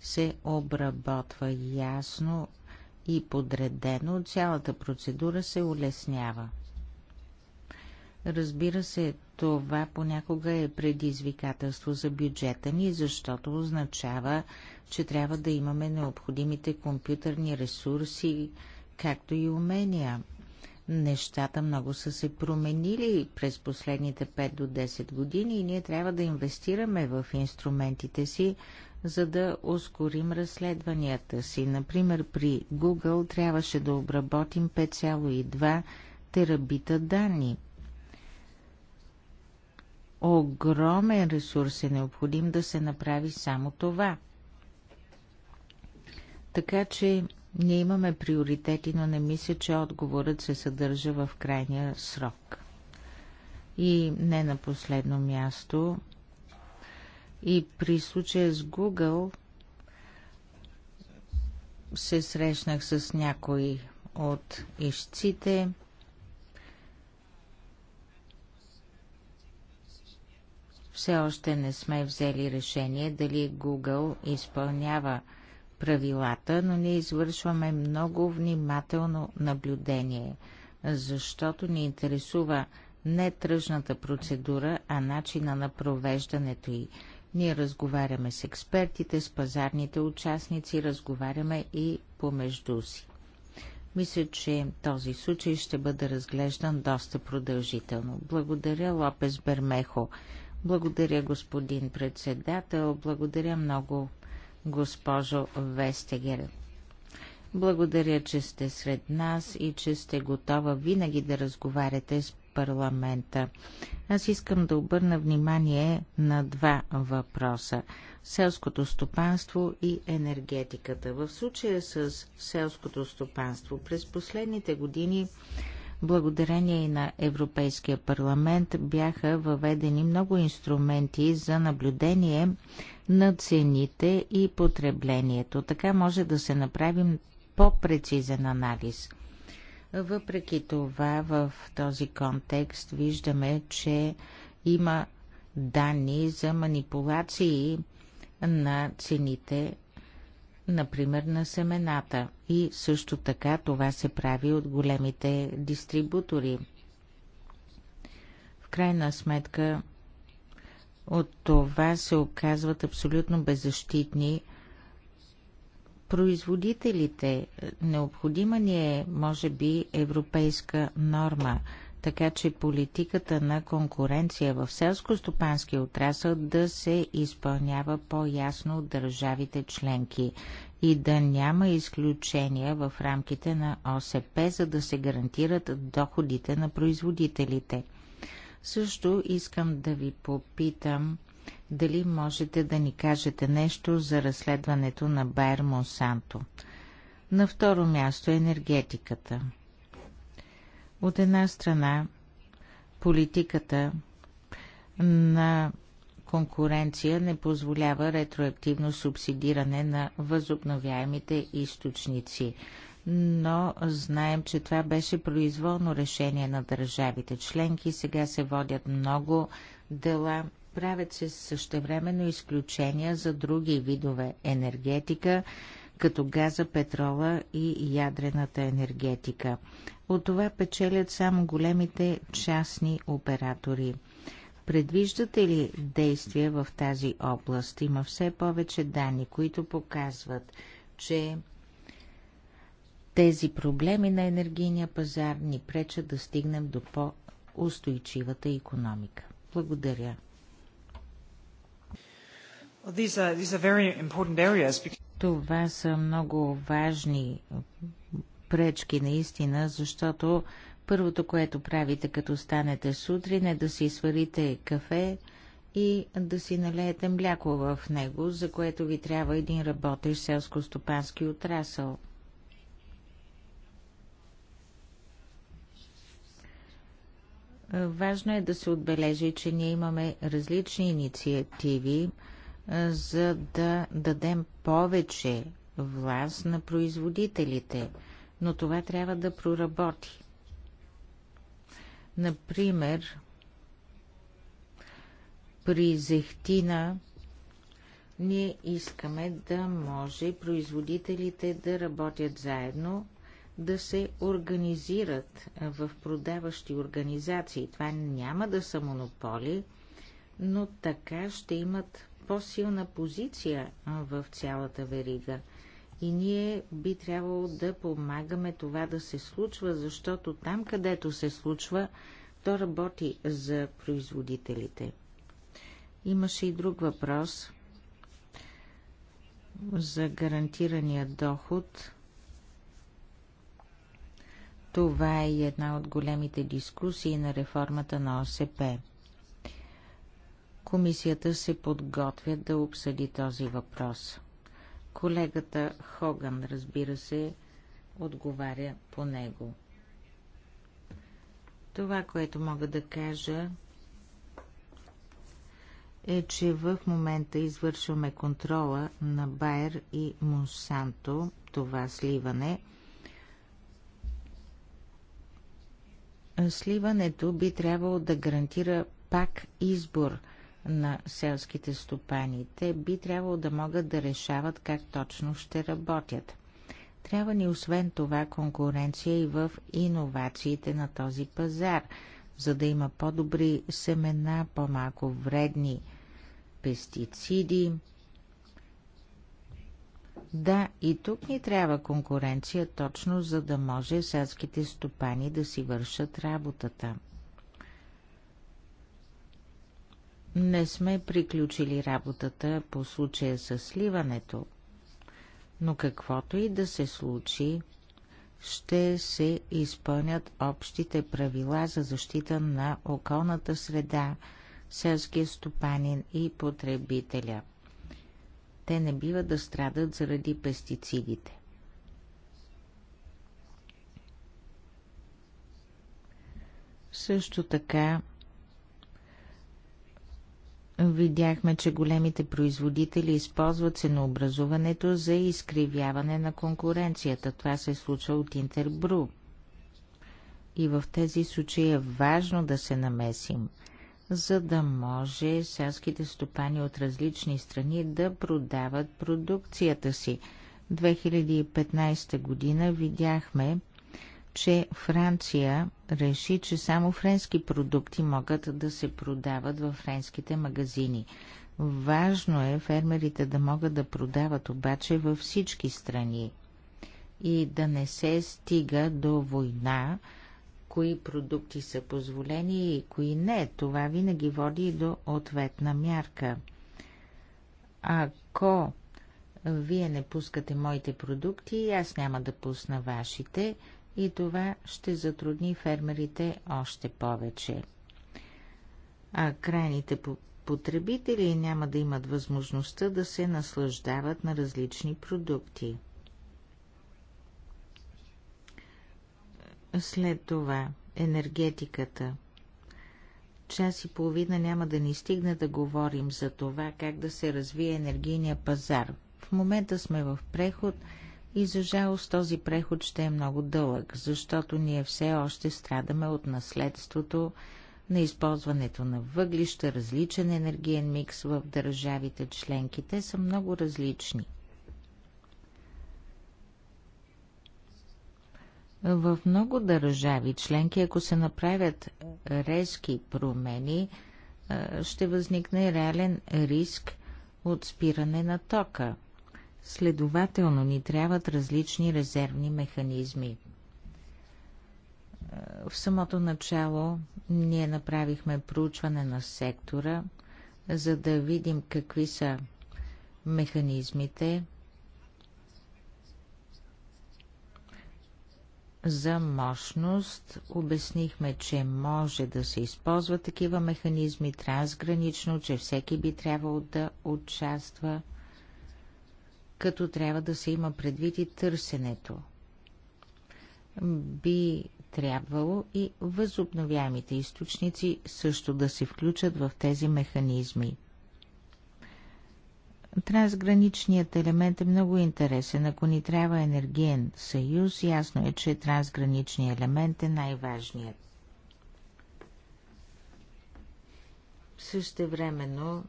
се обработва ясно и подредено, цялата процедура се улеснява. Разбира се, това понякога е предизвикателство за бюджета ни, защото означава, че трябва да имаме необходимите компютърни ресурси, както и умения – нещата много са се променили през последните 5 до 10 години и ние трябва да инвестираме в инструментите си, за да ускорим разследванията си. Например, при Google трябваше да обработим 5,2 терабита данни. Огромен ресурс е необходим да се направи само това. Така че ние имаме приоритети, но не мисля, че отговорът се съдържа в крайния срок. И не на последно място. И при случая с Google се срещнах с някои от ищците. Все още не сме взели решение дали Google изпълнява правилата, но ние извършваме много внимателно наблюдение, защото ни интересува не тръжната процедура, а начина на провеждането й. Ние разговаряме с експертите, с пазарните участници, разговаряме и помежду си. Мисля, че този случай ще бъде разглеждан доста продължително. Благодаря, Лопес Бермехо. Благодаря, господин председател. Благодаря много госпожо Вестегер. Благодаря, че сте сред нас и че сте готова винаги да разговаряте с парламента. Аз искам да обърна внимание на два въпроса – селското стопанство и енергетиката. В случая с селското стопанство през последните години – благодарение на Европейския парламент бяха въведени много инструменти за наблюдение на цените и потреблението. Така може да се направим по-прецизен анализ. Въпреки това, в този контекст виждаме, че има данни за манипулации на цените например на семената. И също така това се прави от големите дистрибутори. В крайна сметка от това се оказват абсолютно беззащитни производителите. Необходима ни е, може би, европейска норма – така че политиката на конкуренция в селско стопански отрасъл да се изпълнява по-ясно от държавите членки и да няма изключения в рамките на ОСП, за да се гарантират доходите на производителите. Също искам да ви попитам дали можете да ни кажете нещо за разследването на Байер Монсанто. На второ място е енергетиката – от една страна, политиката на конкуренция не позволява ретроактивно субсидиране на възобновяемите източници. Но знаем, че това беше произволно решение на държавите членки. Сега се водят много дела. Правят се същевременно изключения за други видове енергетика, като газа, петрола и ядрената енергетика. От това печелят само големите частни оператори. Предвиждате ли действия в тази област? Има все повече данни, които показват, че тези проблеми на енергийния пазар ни пречат да стигнем до по-устойчивата економика. Благодаря. Well, these are, these are areas, because... Това са много важни пречки наистина, защото първото, което правите като станете сутрин е да си сварите кафе и да си налеете мляко в него, за което ви трябва един работещ селско-стопански отрасъл. Важно е да се отбележи, че ние имаме различни инициативи – за да дадем повече власт на производителите, но това трябва да проработи. Например, при зехтина ние искаме да може производителите да работят заедно, да се организират в продаващи организации. Това няма да са монополи, но така ще имат по-силна позиция в цялата верига. И ние би трябвало да помагаме това да се случва, защото там, където се случва, то работи за производителите. Имаше и друг въпрос за гарантирания доход. Това е една от големите дискусии на реформата на ОСП. Комисията се подготвя да обсъди този въпрос. Колегата Хоган, разбира се, отговаря по него. Това, което мога да кажа, е, че в момента извършваме контрола на Байер и Монсанто, това сливане. Сливането би трябвало да гарантира пак избор – на селските стопани. Те би трябвало да могат да решават как точно ще работят. Трябва ни освен това конкуренция и в иновациите на този пазар, за да има по-добри семена, по-малко вредни пестициди. Да, и тук ни трябва конкуренция точно, за да може селските стопани да си вършат работата. Не сме приключили работата по случая с сливането, но каквото и да се случи, ще се изпълнят общите правила за защита на околната среда, селския стопанин и потребителя. Те не бива да страдат заради пестицидите. Също така Видяхме, че големите производители използват ценообразуването за изкривяване на конкуренцията. Това се случва от Интербру. И в тези случаи е важно да се намесим, за да може селските стопани от различни страни да продават продукцията си. 2015 година видяхме, че Франция реши, че само френски продукти могат да се продават във френските магазини. Важно е фермерите да могат да продават обаче във всички страни и да не се стига до война, кои продукти са позволени и кои не. Това винаги води до ответна мярка. Ако вие не пускате моите продукти, аз няма да пусна вашите, и това ще затрудни фермерите още повече. А крайните потребители няма да имат възможността да се наслаждават на различни продукти. След това енергетиката. Час и половина няма да ни стигне да говорим за това как да се развие енергийния пазар. В момента сме в преход – и за жалост този преход ще е много дълъг, защото ние все още страдаме от наследството на използването на въглища, различен енергиен микс в държавите членки. Те са много различни. В много държави членки, ако се направят резки промени, ще възникне реален риск от спиране на тока. Следователно ни трябват различни резервни механизми. Е, в самото начало ние направихме проучване на сектора, за да видим какви са механизмите за мощност. Обяснихме, че може да се използват такива механизми трансгранично, че всеки би трябвало да участва – като трябва да се има предвид и търсенето. Би трябвало и възобновяемите източници също да се включат в тези механизми. Трансграничният елемент е много интересен. Ако ни трябва енергиен съюз, ясно е, че трансграничният елемент е най-важният. Същевременно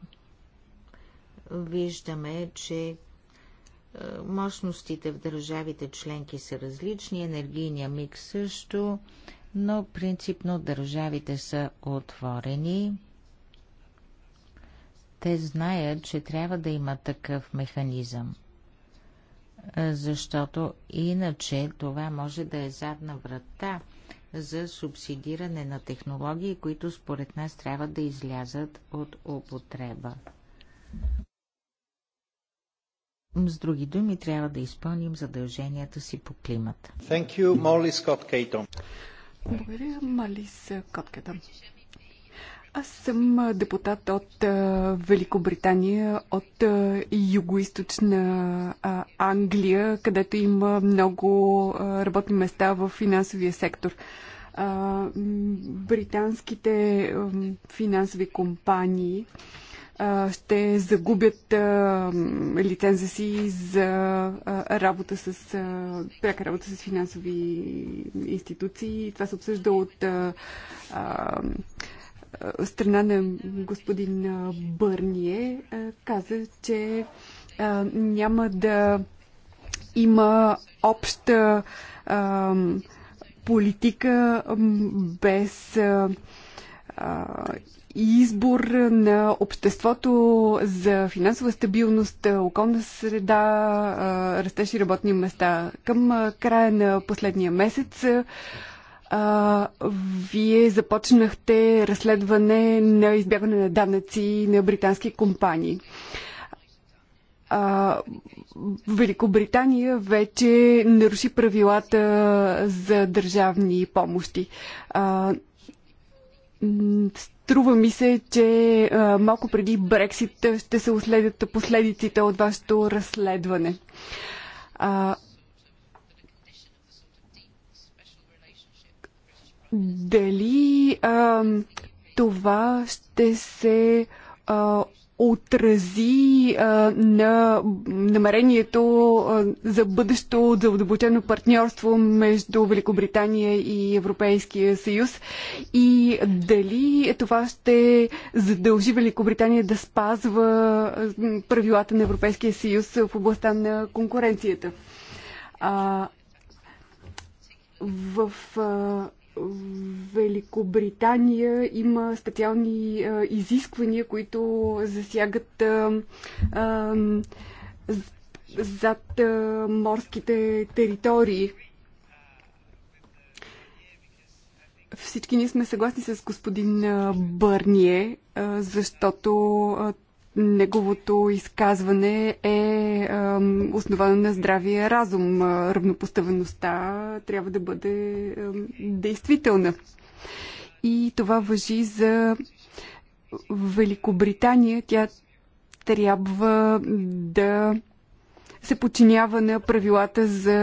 виждаме, че е, мощностите в държавите членки са различни, енергийния микс също, но принципно държавите са отворени. Те знаят, че трябва да има такъв механизъм, е, защото иначе това може да е задна врата за субсидиране на технологии, които според нас трябва да излязат от употреба. С други думи, трябва да изпълним задълженията си по климата. Thank you, Molly Scott Cato. Благодаря, Малис Коткета. Аз съм депутат от Великобритания, от югоисточна Англия, където има много работни места в финансовия сектор. британските финансови компании ще загубят лиценза си за работа с пряка работа с финансови институции. Това се обсъжда от страна на господин Бърние. Каза, че няма да има обща политика без избор на обществото за финансова стабилност, околна среда, растеж и работни места. Към края на последния месец а, вие започнахте разследване на избягване на данъци на британски компании. А, Великобритания вече наруши правилата за държавни помощи. А, Струва ми се, че малко преди Брексит ще се уследят последиците от вашето разследване. дали а, това ще се а, отрази а, на намерението а, за бъдещо задълбочено партньорство между Великобритания и Европейския съюз и дали това ще задължи Великобритания да спазва правилата на Европейския съюз в областта на конкуренцията. А, в а, Великобритания има специални а, изисквания, които засягат а, а, зад а, морските територии. Всички ние сме съгласни с господин Бърние, защото неговото изказване е основано на здравия разум. Равнопоставеността трябва да бъде действителна. И това въжи за Великобритания. Тя трябва да се подчинява на правилата за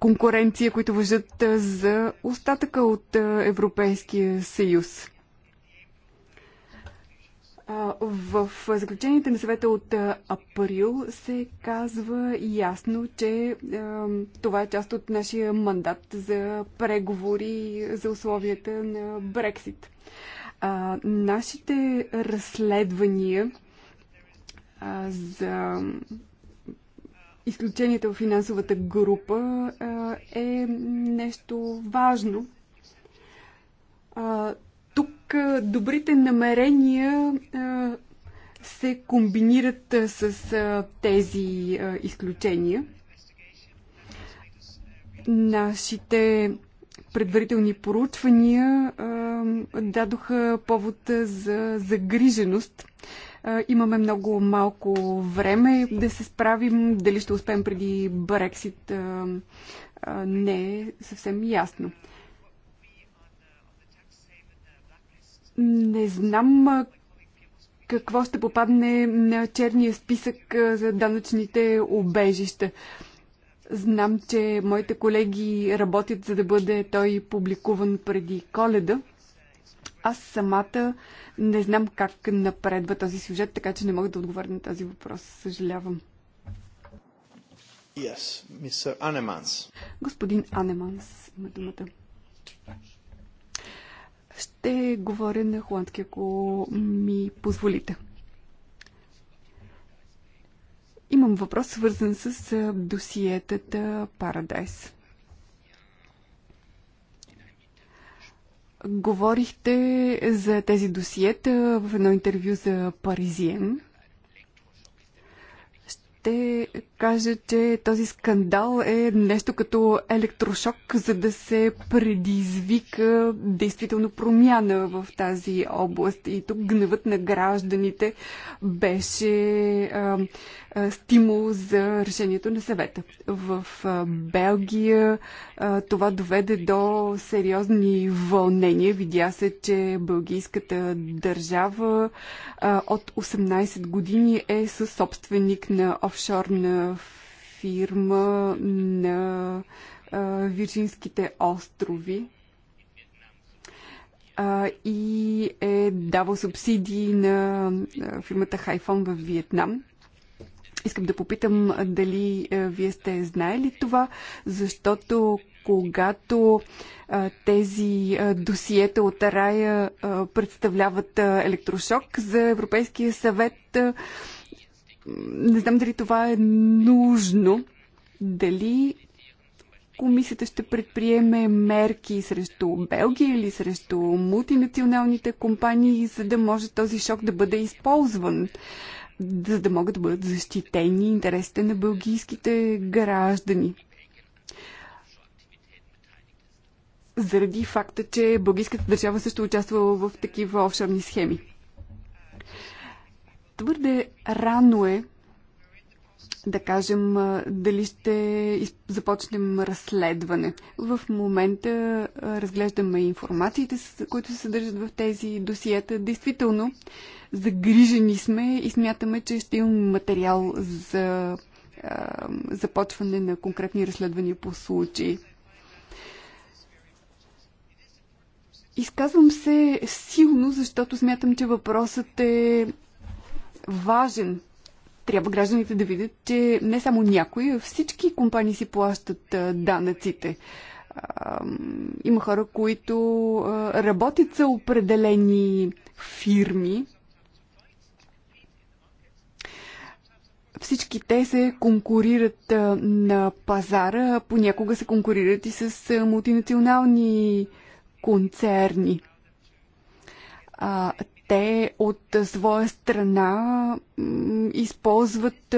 конкуренция, които въжат за остатъка от Европейския съюз. В заключенията на съвета от април се казва ясно, че това е част от нашия мандат за преговори за условията на Брексит. Нашите разследвания за изключенията в финансовата група е нещо важно тук добрите намерения се комбинират с тези изключения. Нашите предварителни поручвания дадоха повод за загриженост. Имаме много малко време да се справим. Дали ще успеем преди Брексит, не е съвсем ясно. Не знам какво ще попадне на черния списък за данъчните обежища. Знам, че моите колеги работят за да бъде той публикуван преди коледа. Аз самата не знам как напредва този сюжет, така че не мога да отговоря на този въпрос. Съжалявам. Yes, Mr. Anemans. Господин Анеманс има думата. Ще говоря на холандски, ако ми позволите. Имам въпрос, свързан с досиетата Парадайс. Говорихте за тези досиета в едно интервю за Паризиен ще кажа, че този скандал е нещо като електрошок, за да се предизвика действително промяна в тази област. И тук гневът на гражданите беше а, стимул за решението на съвета. В Белгия това доведе до сериозни вълнения. Видя се, че бългийската държава от 18 години е със собственик на офшорна фирма на Вирджинските острови и е давал субсидии на фирмата Хайфон в Виетнам. Искам да попитам дали вие сте знаели това, защото когато тези досиета от рая представляват електрошок за Европейския съвет, не знам дали това е нужно, дали комисията ще предприеме мерки срещу Белгия или срещу мултинационалните компании, за да може този шок да бъде използван за да могат да бъдат защитени интересите на бългийските граждани. Заради факта, че бългийската държава също участва в такива офшорни схеми. Твърде рано е да кажем, дали ще започнем разследване. В момента разглеждаме информациите, които се съдържат в тези досиета. Действително, загрижени сме и смятаме, че ще имаме материал за започване на конкретни разследвания по случаи. Изказвам се силно, защото смятам, че въпросът е важен трябва гражданите да видят, че не само някои, а всички компании си плащат данъците. Има хора, които работят за определени фирми, всички те се конкурират на пазара, понякога се конкурират и с мултинационални концерни те от своя страна използват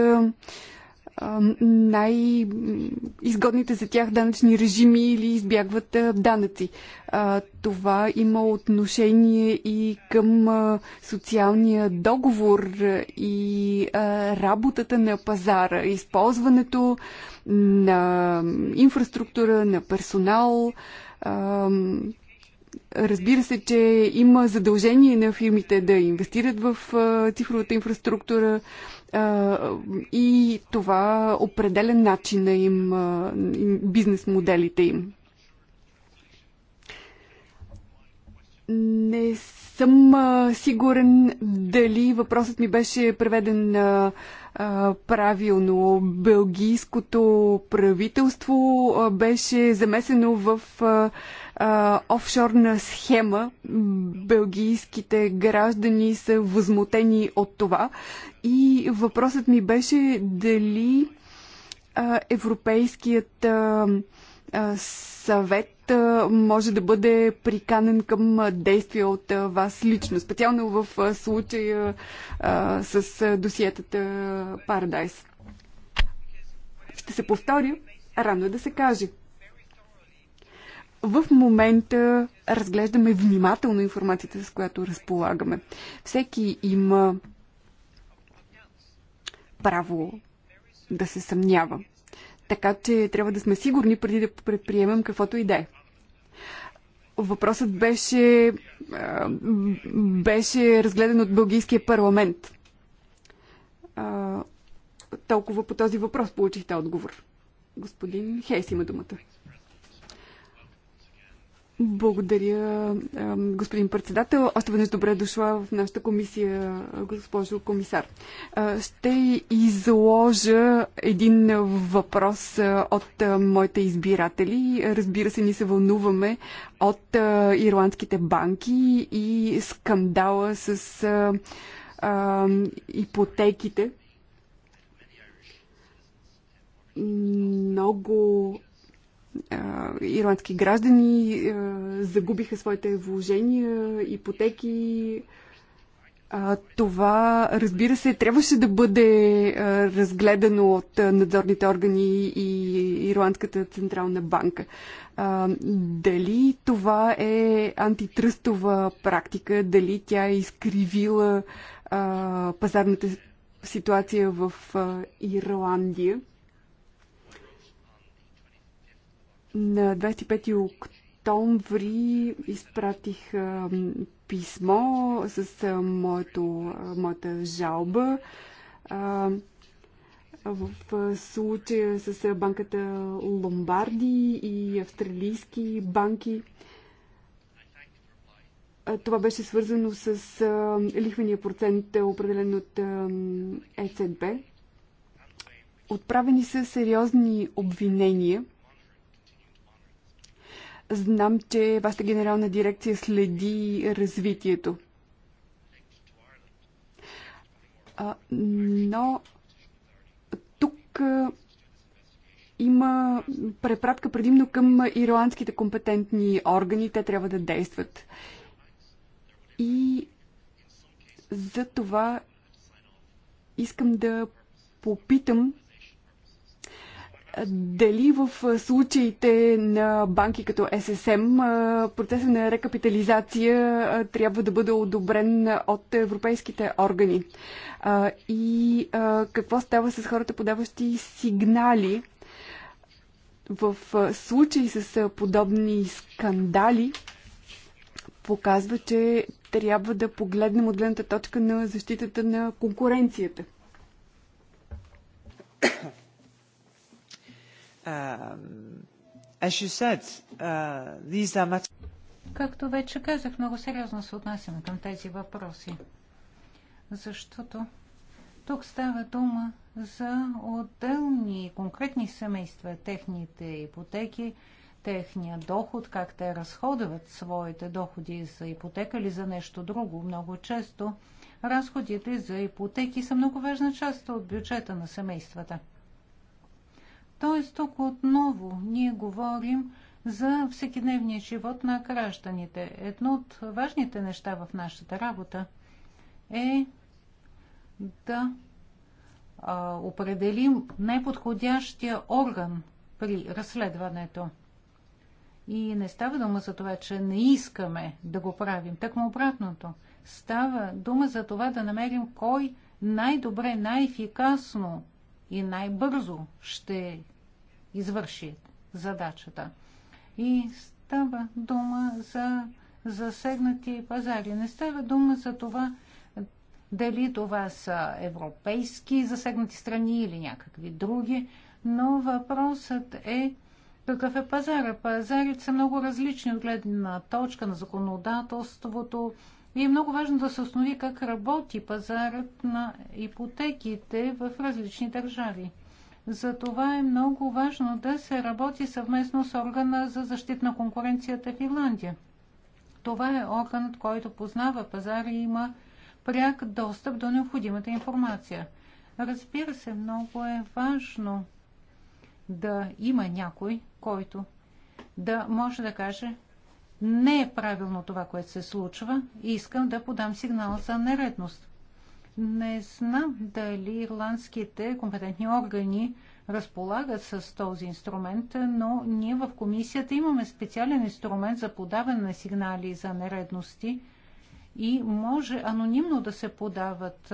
най-изгодните за тях данъчни режими или избягват данъци. Това има отношение и към социалния договор и работата на пазара, използването на инфраструктура, на персонал, Разбира се, че има задължение на фирмите да инвестират в цифровата инфраструктура и това определя начина им, бизнес моделите им. Не съм сигурен дали въпросът ми беше преведен правилно. Белгийското правителство беше замесено в а, офшорна схема. Белгийските граждани са възмутени от това. И въпросът ми беше дали а, Европейският а, съвет а, може да бъде приканен към действия от а, вас лично, специално в а, случая а, с досиетата Парадайс. Ще се повторя, рано е да се каже в момента разглеждаме внимателно информацията, с която разполагаме. Всеки има право да се съмнява. Така че трябва да сме сигурни преди да предприемем каквото и да е. Въпросът беше, беше разгледан от Бългийския парламент. толкова по този въпрос получихте отговор. Господин Хейс има думата. Благодаря, господин председател. Още веднъж добре дошла в нашата комисия, госпожо комисар. Ще изложа един въпрос от моите избиратели. Разбира се, ни се вълнуваме от ирландските банки и скандала с ипотеките. Много ирландски граждани загубиха своите вложения, ипотеки. Това, разбира се, трябваше да бъде разгледано от надзорните органи и Ирландската централна банка. Дали това е антитръстова практика, дали тя е изкривила пазарната ситуация в Ирландия? На 25 октомври изпратих писмо с моето, моята жалба. В случая с банката Ломбарди и австралийски банки това беше свързано с а, лихвения процент, определен от а, ЕЦБ. Отправени са сериозни обвинения – Знам, че вашата генерална дирекция следи развитието. но тук има препратка предимно към ирландските компетентни органи. Те трябва да действат. И за това искам да попитам дали в случаите на банки като ССМ процеса на рекапитализация трябва да бъде одобрен от европейските органи? И какво става с хората, подаващи сигнали? В случаи с подобни скандали показва, че трябва да погледнем от гледната точка на защитата на конкуренцията. Um, uh, Както вече казах, много сериозно се отнасяме към тези въпроси, защото тук става дума за отделни конкретни семейства, техните ипотеки, техния доход, как те разходват своите доходи за ипотека или за нещо друго. Много често разходите за ипотеки са много важна част от бюджета на семействата – Тоест, тук отново ние говорим за всекидневния живот на гражданите. Едно от важните неща в нашата работа е да а, определим най-подходящия орган при разследването. И не става дума за това, че не искаме да го правим. му обратното. Става дума за това да намерим кой най-добре, най-ефикасно и най-бързо ще извърши задачата. И става дума за засегнати пазари. Не става дума за това дали това са европейски засегнати страни или някакви други, но въпросът е какъв е пазара. Пазарите са много различни от гледна точка на законодателството, и е много важно да се основи как работи пазарът на ипотеките в различни държави. Затова е много важно да се работи съвместно с органа за защита на конкуренцията в Ирландия. Това е органът, който познава пазара и има пряк достъп до необходимата информация. Разбира се, много е важно да има някой, който да може да каже не е правилно това, което се случва и искам да подам сигнал за нередност. Не знам дали ирландските компетентни органи разполагат с този инструмент, но ние в комисията имаме специален инструмент за подаване на сигнали за нередности и може анонимно да се подават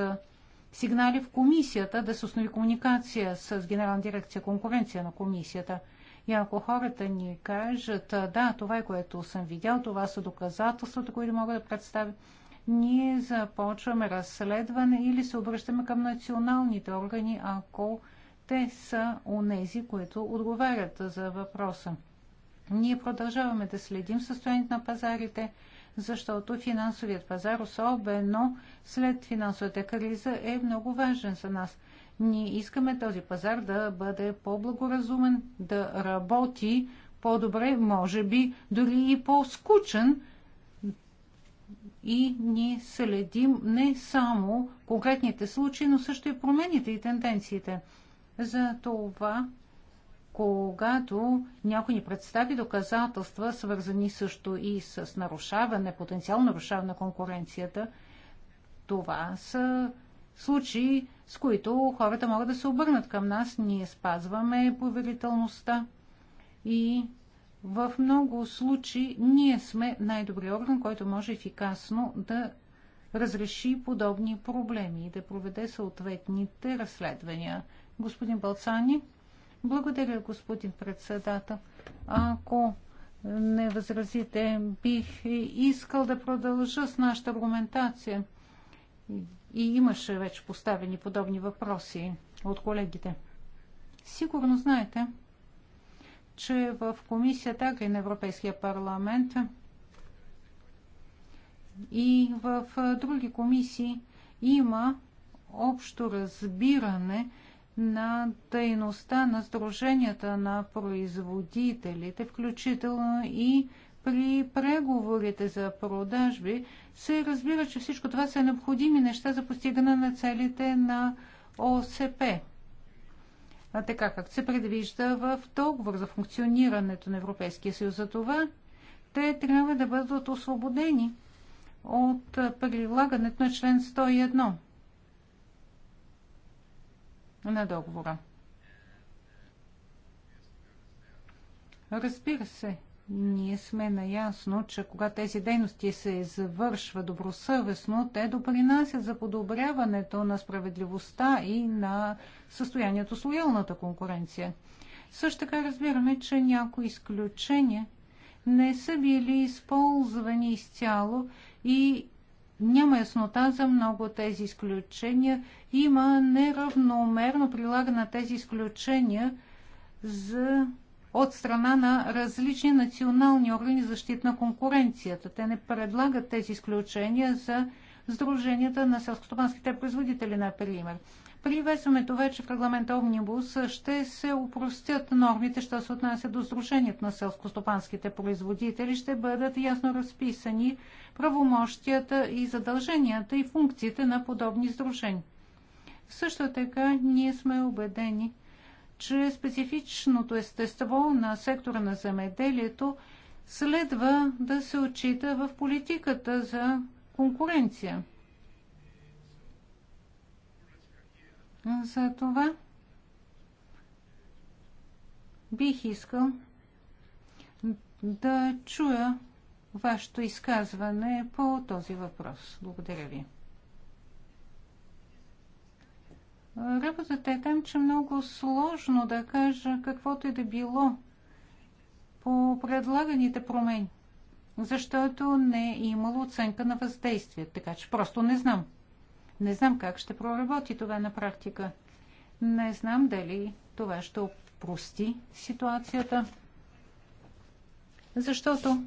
сигнали в комисията, да се установи комуникация с Генерална дирекция конкуренция на комисията – и ако хората ни кажат, да, това е което съм видял, това са доказателствата, които мога да представя, ние започваме разследване или се обръщаме към националните органи, ако те са онези, които отговарят за въпроса. Ние продължаваме да следим състоянието на пазарите, защото финансовият пазар, особено след финансовата криза, е много важен за нас. Ние искаме този пазар да бъде по-благоразумен, да работи по-добре, може би дори и по-скучен. И ние следим не само конкретните случаи, но също и промените и тенденциите. За това когато някой ни представи доказателства, свързани също и с нарушаване, потенциално нарушаване на конкуренцията, това са случаи, с които хората могат да се обърнат към нас. Ние спазваме повелителността, и в много случаи ние сме най-добрият орган, който може ефикасно да разреши подобни проблеми и да проведе съответните разследвания. Господин Балцани, благодаря, господин председател. Ако не възразите, бих искал да продължа с нашата аргументация. И имаше вече поставени подобни въпроси от колегите. Сигурно знаете, че в комисията Агри на Европейския парламент и в други комисии има общо разбиране на дейността на сдруженията на производителите, включително и при преговорите за продажби се разбира, че всичко това са необходими неща за постигане на целите на ОСП. А така как се предвижда в договор за функционирането на Европейския съюз. За това те трябва да бъдат освободени от прилагането на член 101 на договора. Разбира се, ние сме наясно, че когато тези дейности се завършва добросъвестно, те допринасят за подобряването на справедливостта и на състоянието с лоялната конкуренция. Също така разбираме, че някои изключения не са били използвани изцяло и няма яснота за много от тези изключения. Има неравномерно прилагане на тези изключения за от страна на различни национални органи защита на конкуренцията. Те не предлагат тези изключения за Сдруженията на селскостопанските производители, например. Приветстваме това, че в регламента Омнибус ще се упростят нормите, що се отнася до сдруженията на селскостопанските производители, ще бъдат ясно разписани правомощията и задълженията и функциите на подобни сдружения. Също така ние сме убедени, че специфичното естество на сектора на земеделието следва да се отчита в политиката за конкуренция. За това бих искал да чуя вашето изказване по този въпрос. Благодаря ви. Работата е там, че много сложно да кажа каквото и е да било по предлаганите промени, защото не е имало оценка на въздействие, така че просто не знам. Не знам как ще проработи това на практика. Не знам дали това ще опрости ситуацията, защото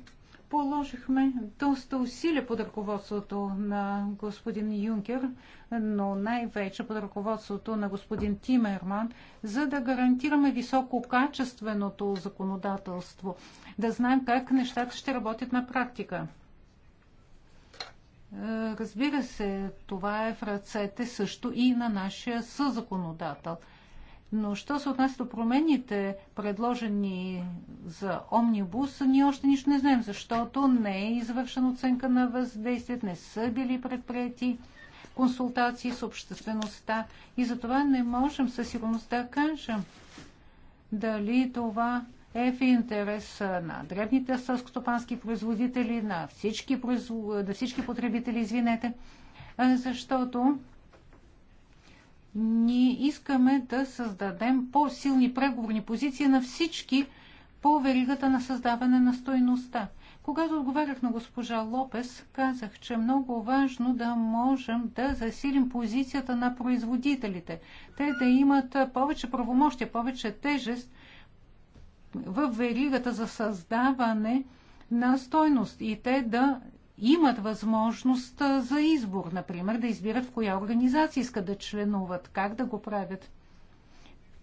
положихме доста усилия под ръководството на господин Юнкер, но най-вече под ръководството на господин Тимерман, за да гарантираме висококачественото законодателство, да знаем как нещата ще работят на практика. Е, разбира се, това е в ръцете също и на нашия съзаконодател – но що се отнася до промените, предложени за омнибус, ние още нищо не знаем, защото не е извършена оценка на въздействието, не са били предприяти консултации с обществеността и затова не можем със сигурност да кажем дали това е в интерес на дребните сълскостопански производители, на всички, производ... на всички потребители, извинете, защото ние искаме да създадем по-силни преговорни позиции на всички по веригата на създаване на стойността. Когато отговарях на госпожа Лопес, казах, че е много важно да можем да засилим позицията на производителите. Те да имат повече правомощия, повече тежест в веригата за създаване на стойност и те да имат възможност за избор, например, да избират в коя организация искат да членуват, как да го правят.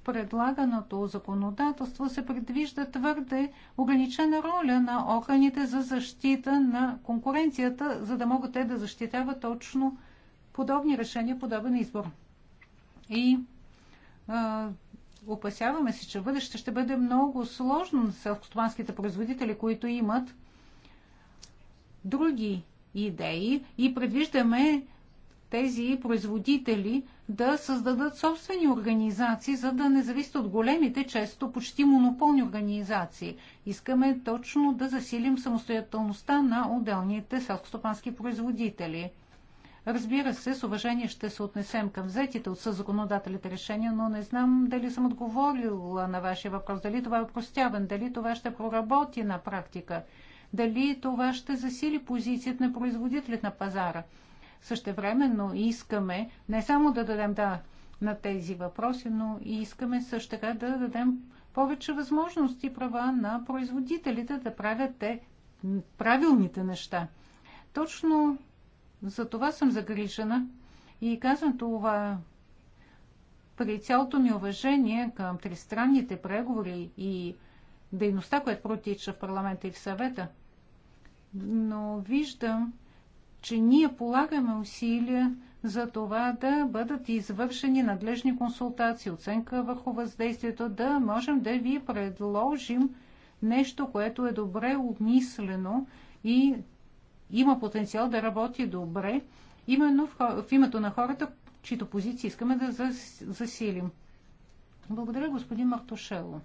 Предлаганото законодателство се предвижда твърде ограничена роля на органите за защита на конкуренцията, за да могат те да защитават точно подобни решения, подобен избор. И а, опасяваме се, че бъдеще ще бъде много сложно на селскостопанските производители, които имат други идеи и предвиждаме тези производители да създадат собствени организации, за да не зависят от големите, често почти монополни организации. Искаме точно да засилим самостоятелността на отделните селскостопански производители. Разбира се, с уважение ще се отнесем към взетите от съзаконодателите решения, но не знам дали съм отговорила на вашия въпрос, дали това е простявен, дали това ще проработи на практика дали това ще засили позицията на производителят на пазара. Същевременно искаме не само да дадем да на тези въпроси, но и искаме също така да дадем повече възможности и права на производителите да правят те правилните неща. Точно за това съм загрижена и казвам това при цялото ми уважение към тристранните преговори и дейността, която протича в парламента и в съвета, но виждам, че ние полагаме усилия за това да бъдат извършени надлежни консултации, оценка върху въздействието, да можем да ви предложим нещо, което е добре обмислено и има потенциал да работи добре, именно в, в името на хората, чието позиции искаме да засилим. Благодаря, господин Мартушело.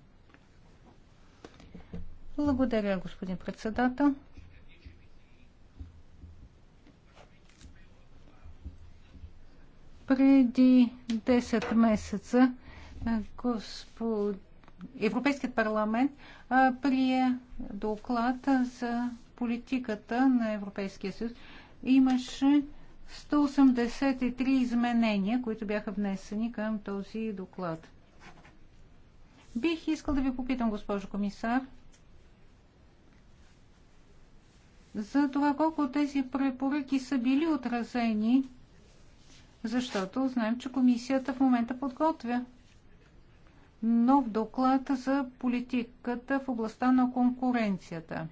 Благодаря, господин председател. Преди 10 месеца господ... Европейският парламент прие доклад за политиката на Европейския съюз. Имаше 183 изменения, които бяха внесени към този доклад. Бих искал да ви попитам, госпожо комисар, за това колко тези препоръки са били отразени, защото знаем, че комисията в момента подготвя нов доклад за политиката в областта на конкуренцията.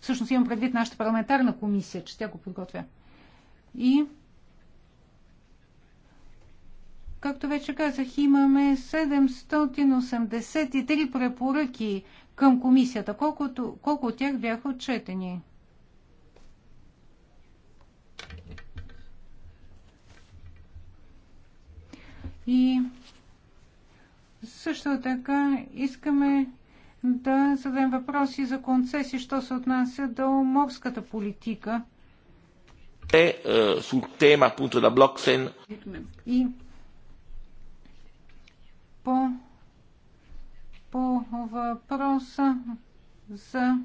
Всъщност имам предвид нашата парламентарна комисия, че тя го подготвя. И Както вече казах, имаме 783 препоръки към комисията. Колкото, колко от тях бяха отчетени? И също така искаме да зададем въпроси за концесии, що се отнася до морската политика. Е, е, тема, пункто, да блоксен. И по, по въпроса за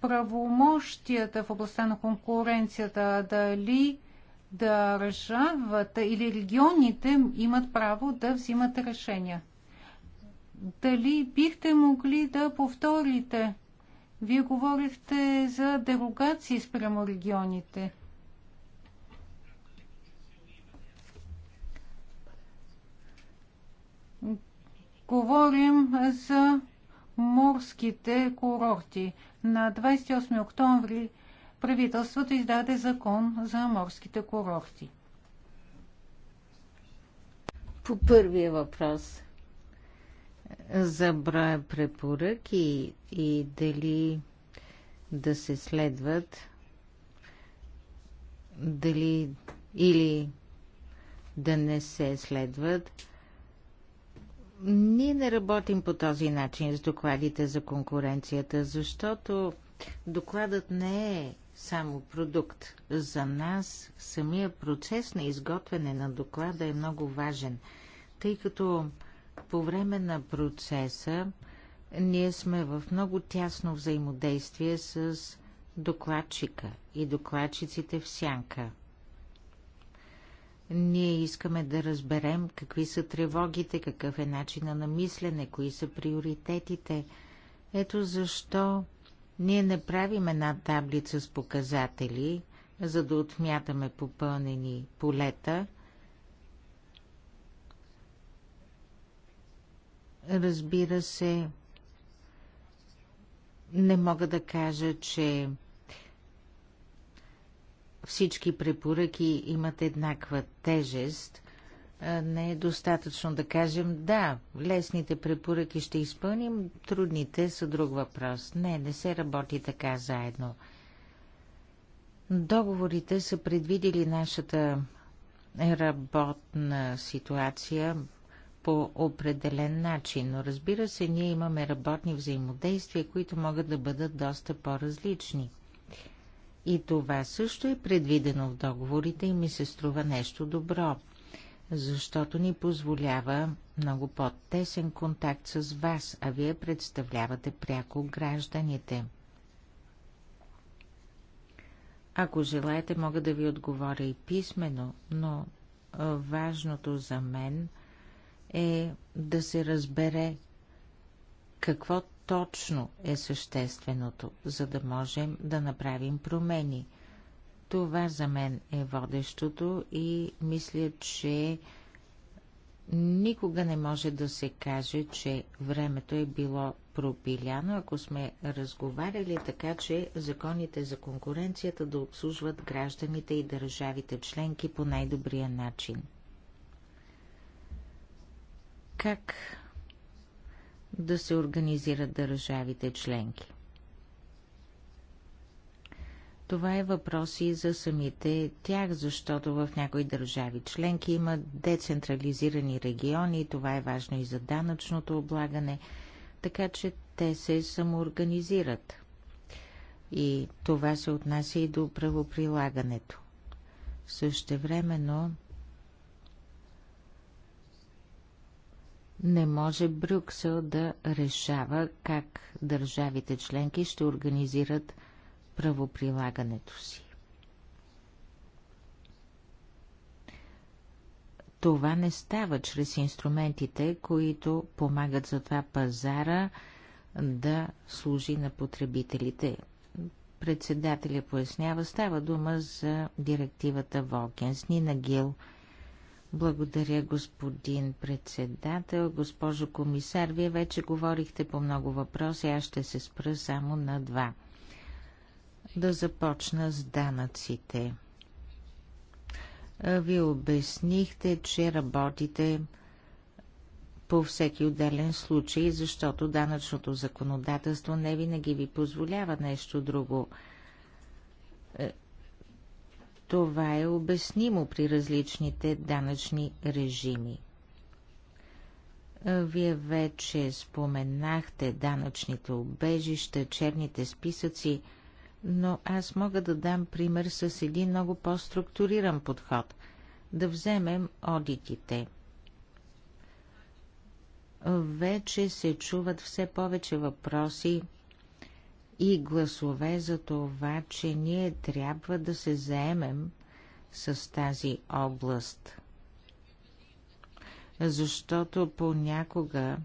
правомощията в областта на конкуренцията, дали държавата или регионите имат право да взимат решения. Дали бихте могли да повторите? Вие говорихте за дерогации спрямо регионите. Говорим за морските курорти. На 28 октомври правителството издаде закон за морските курорти. По първия въпрос за броя препоръки и дали да се следват, дали или да не се следват. Ние не работим по този начин с докладите за конкуренцията, защото докладът не е само продукт. За нас самия процес на изготвяне на доклада е много важен, тъй като по време на процеса ние сме в много тясно взаимодействие с докладчика и докладчиците в сянка – ние искаме да разберем какви са тревогите, какъв е начина на мислене, кои са приоритетите. Ето защо ние не правим една таблица с показатели, за да отмятаме попълнени полета. Разбира се, не мога да кажа, че всички препоръки имат еднаква тежест, не е достатъчно да кажем да, лесните препоръки ще изпълним, трудните са друг въпрос. Не, не се работи така заедно. Договорите са предвидели нашата работна ситуация по определен начин, но разбира се, ние имаме работни взаимодействия, които могат да бъдат доста по-различни – и това също е предвидено в договорите и ми се струва нещо добро, защото ни позволява много по-тесен контакт с вас, а вие представлявате пряко гражданите. Ако желаете, мога да ви отговоря и писменно, но важното за мен е да се разбере какво точно е същественото, за да можем да направим промени. Това за мен е водещото и мисля, че никога не може да се каже, че времето е било пропиляно, ако сме разговаряли така, че законите за конкуренцията да обслужват гражданите и държавите членки по най-добрия начин. Как да се организират държавите членки. Това е въпрос и за самите тях, защото в някои държави членки има децентрализирани региони, това е важно и за данъчното облагане, така че те се самоорганизират. И това се отнася и до правоприлагането. Същевременно, времено Не може Брюксел да решава как държавите членки ще организират правоприлагането си. Това не става чрез инструментите, които помагат за това пазара да служи на потребителите. Председателя пояснява, става дума за директивата Волкенс. Нина Гил – благодаря, господин председател. Госпожо комисар, вие вече говорихте по много въпроси, аз ще се спра само на два. Да започна с данъците. Вие обяснихте, че работите по всеки отделен случай, защото данъчното законодателство не винаги ви позволява нещо друго. Е, това е обяснимо при различните данъчни режими. Вие вече споменахте данъчните обежища, черните списъци, но аз мога да дам пример с един много по-структуриран подход. Да вземем одитите. Вече се чуват все повече въпроси и гласове за това, че ние трябва да се заемем с тази област. Защото понякога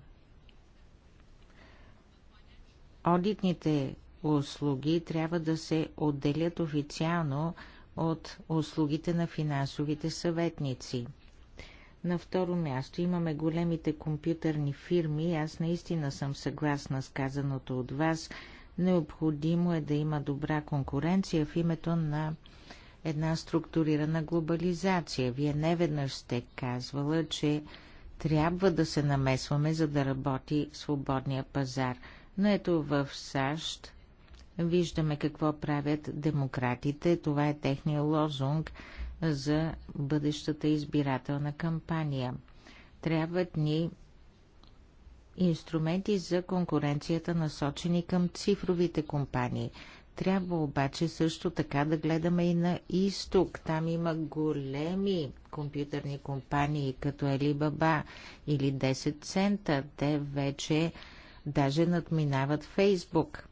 одитните услуги трябва да се отделят официално от услугите на финансовите съветници. На второ място имаме големите компютърни фирми. Аз наистина съм съгласна с казаното от вас. Необходимо е да има добра конкуренция в името на една структурирана глобализация. Вие неведнъж сте казвала, че трябва да се намесваме, за да работи свободния пазар. Но ето в САЩ виждаме какво правят демократите. Това е техния лозунг за бъдещата избирателна кампания. Трябват ни инструменти за конкуренцията, насочени към цифровите компании. Трябва обаче също така да гледаме и на изток. Там има големи компютърни компании, като Alibaba или 10 цента. Те вече даже надминават Фейсбук.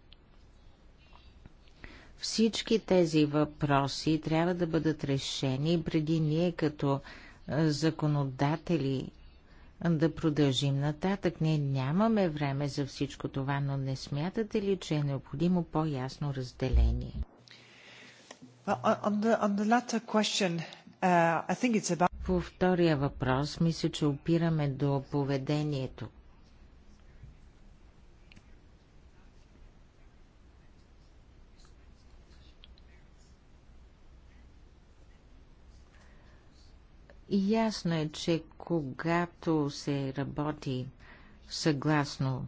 Всички тези въпроси трябва да бъдат решени преди ние като законодатели да продължим нататък. Ние нямаме време за всичко това, но не смятате ли, че е необходимо по-ясно разделение? Uh, По втория въпрос, мисля, че опираме до поведението. Ясно е, че когато се работи съгласно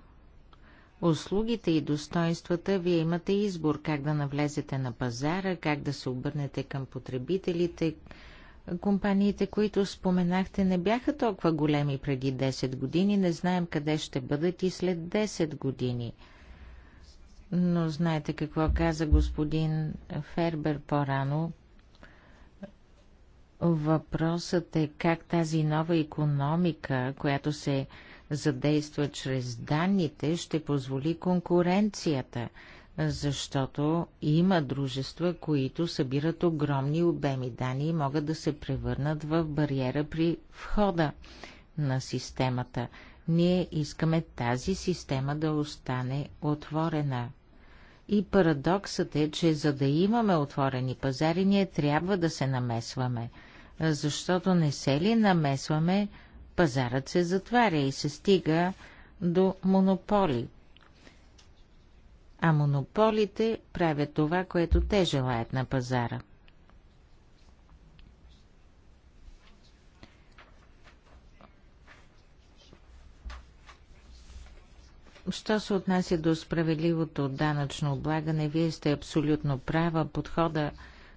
услугите и достоинствата, вие имате избор как да навлезете на пазара, как да се обърнете към потребителите. Компаниите, които споменахте, не бяха толкова големи преди 10 години, не знаем къде ще бъдат и след 10 години. Но знаете какво каза господин Фербер по-рано? Въпросът е как тази нова економика, която се задейства чрез данните, ще позволи конкуренцията, защото има дружества, които събират огромни обеми данни и могат да се превърнат в бариера при входа на системата. Ние искаме тази система да остане отворена. И парадоксът е, че за да имаме отворени пазари, ние трябва да се намесваме – защото не се ли намесваме, пазарът се затваря и се стига до монополи. А монополите правят това, което те желаят на пазара. Що се отнася до справедливото данъчно облагане, вие сте абсолютно права. Подхода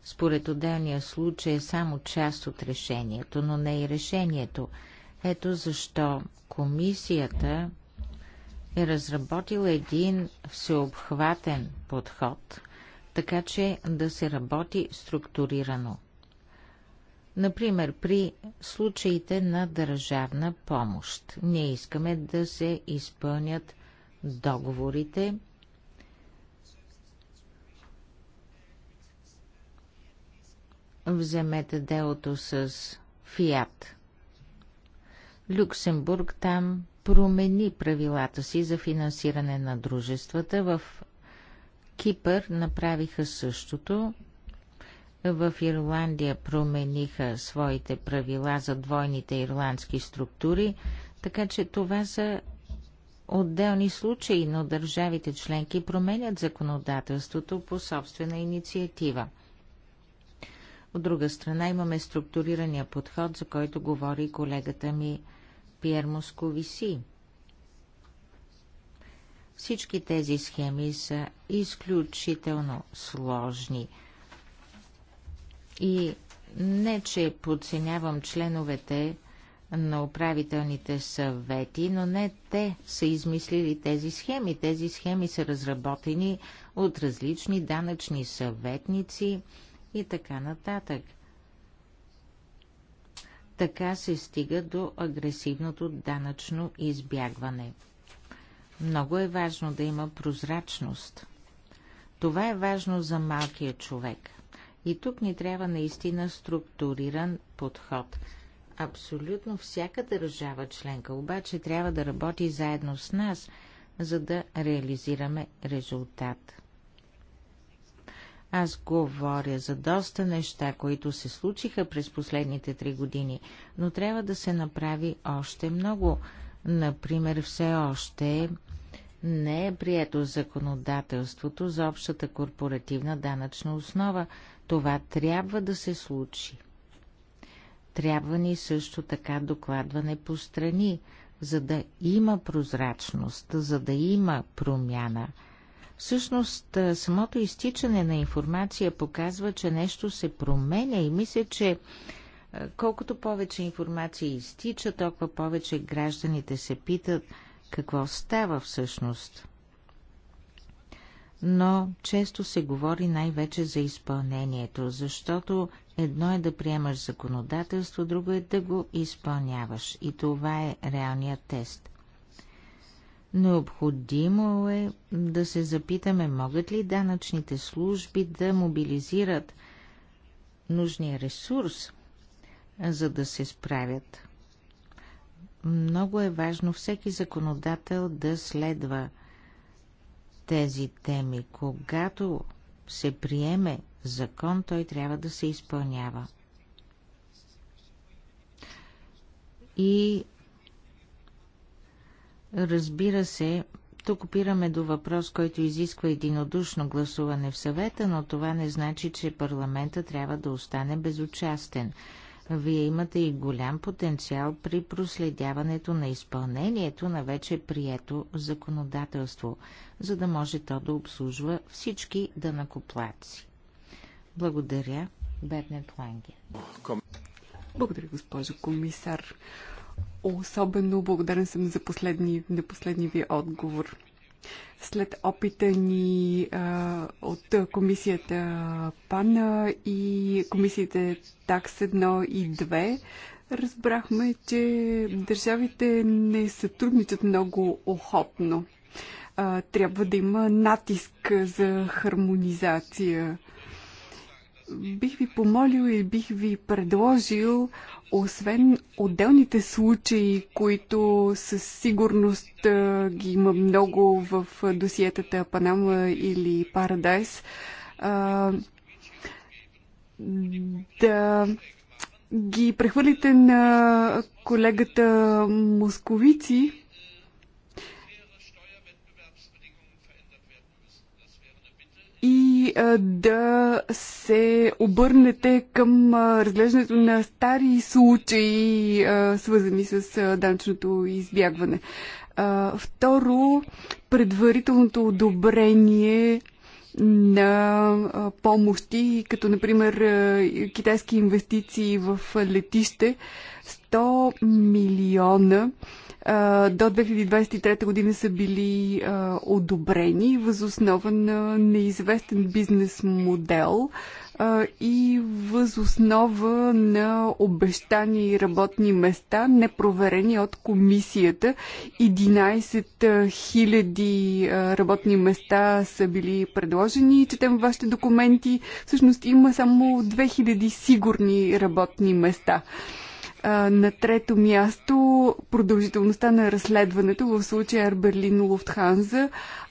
според отделния случай е само част от решението, но не и решението. Ето защо комисията е разработила един всеобхватен подход, така че да се работи структурирано. Например, при случаите на държавна помощ, ние искаме да се изпълнят договорите Вземете делото с Фиат. Люксембург там промени правилата си за финансиране на дружествата. В Кипър направиха същото. В Ирландия промениха своите правила за двойните ирландски структури, така че това са отделни случаи, но държавите членки променят законодателството по собствена инициатива. От друга страна имаме структурирания подход, за който говори колегата ми Пьер Московиси. Всички тези схеми са изключително сложни. И не, че подценявам членовете на управителните съвети, но не те са измислили тези схеми. Тези схеми са разработени от различни данъчни съветници, и така нататък. Така се стига до агресивното данъчно избягване. Много е важно да има прозрачност. Това е важно за малкия човек. И тук ни трябва наистина структуриран подход. Абсолютно всяка държава членка обаче трябва да работи заедно с нас, за да реализираме резултат. Аз говоря за доста неща, които се случиха през последните три години, но трябва да се направи още много. Например, все още не е прието законодателството за общата корпоративна данъчна основа. Това трябва да се случи. Трябва ни също така докладване по страни, за да има прозрачност, за да има промяна – Всъщност, самото изтичане на информация показва, че нещо се променя и мисля, че колкото повече информация изтича, толкова повече гражданите се питат какво става всъщност. Но често се говори най-вече за изпълнението, защото едно е да приемаш законодателство, друго е да го изпълняваш. И това е реалният тест. Необходимо е да се запитаме, могат ли данъчните служби да мобилизират нужния ресурс, за да се справят. Много е важно всеки законодател да следва тези теми. Когато се приеме закон, той трябва да се изпълнява. И Разбира се, тук опираме до въпрос, който изисква единодушно гласуване в съвета, но това не значи, че парламента трябва да остане безучастен. Вие имате и голям потенциал при проследяването на изпълнението на вече прието законодателство, за да може то да обслужва всички данакоплаци. Благодаря, Бернет Ланге. Благодаря, госпожо комисар. Особено благодарен съм за последни, на последния ви отговор. След опита ни а, от комисията ПАНА и комисиите ТАКС 1 и 2, разбрахме, че държавите не сътрудничат много охотно. А, трябва да има натиск за хармонизация. Бих ви помолил и бих ви предложил освен отделните случаи, които със сигурност ги има много в досиетата Панама или Парадайс, да ги прехвърлите на колегата Московици, и да се обърнете към разглеждането на стари случаи, свързани с данчното избягване. Второ, предварителното одобрение на помощи, като например китайски инвестиции в летище, 100 милиона до 2023 година са били а, одобрени възоснова на неизвестен бизнес модел а, и възоснова на обещани работни места, непроверени от комисията. 11 000 работни места са били предложени. Четем вашите документи. Всъщност има само 2000 сигурни работни места. На трето място продължителността на разследването в случая Арберлин Луфтханза.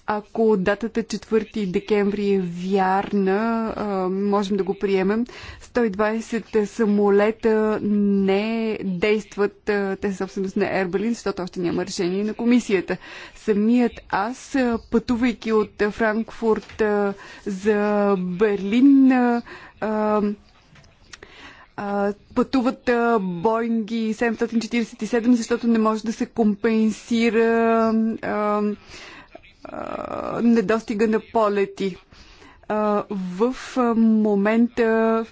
Ако датата 4 декември е вярна, можем да го приемем. 120 самолета не действат, те са собственост на Ербелин, защото още няма решение на комисията. Самият аз, пътувайки от Франкфурт за Берлин, пътуват Боинги 747, защото не може да се компенсира а, а, недостига на полети. А, в момента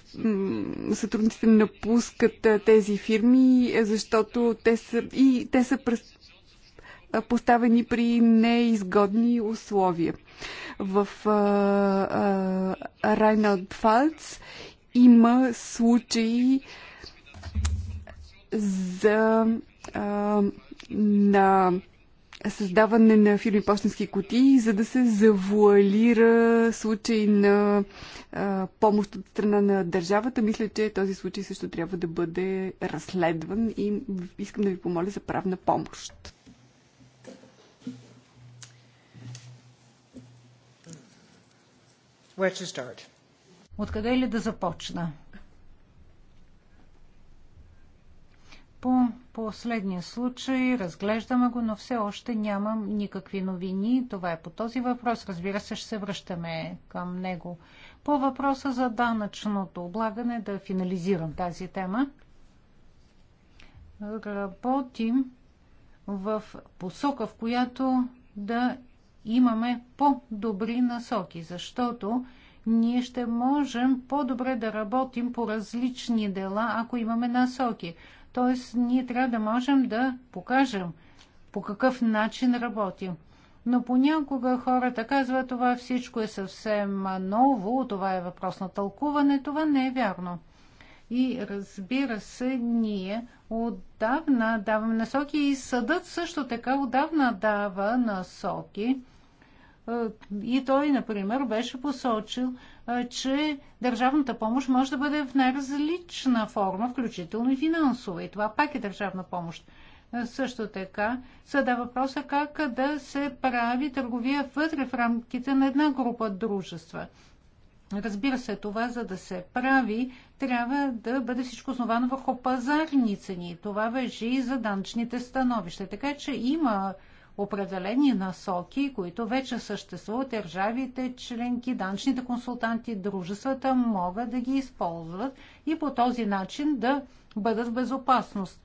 сътрудниците напускат тези фирми, защото те са, и те са през, поставени при неизгодни условия. В Райнауд Фалц има случаи за а, на създаване на фирми почтенски кутии, за да се завуалира случай на а, помощ от страна на държавата. Мисля, че този случай също трябва да бъде разследван и искам да ви помоля за правна помощ. Where to start? Откъде ли да започна? По последния случай разглеждаме го, но все още нямам никакви новини. Това е по този въпрос. Разбира се, ще се връщаме към него. По въпроса за данъчното облагане да финализирам тази тема. Работим в посока, в която да имаме по-добри насоки, защото ние ще можем по-добре да работим по различни дела, ако имаме насоки. Тоест, ние трябва да можем да покажем по какъв начин работим. Но понякога хората казват, това всичко е съвсем ново, това е въпрос на тълкуване, това не е вярно. И разбира се, ние отдавна даваме насоки и съдът също така отдавна дава насоки е, и той, например, беше посочил, е, че държавната помощ може да бъде в най-различна форма, включително и финансова. И това пак е държавна помощ. Е, също така се дава въпроса как да се прави търговия вътре в рамките на една група дружества. Разбира се, това за да се прави, трябва да бъде всичко основано върху пазарни цени. Това въжи и за данъчните становища. Така че има определени насоки, които вече съществуват. Държавите, членки, данчните консултанти, дружествата могат да ги използват и по този начин да бъдат в безопасност.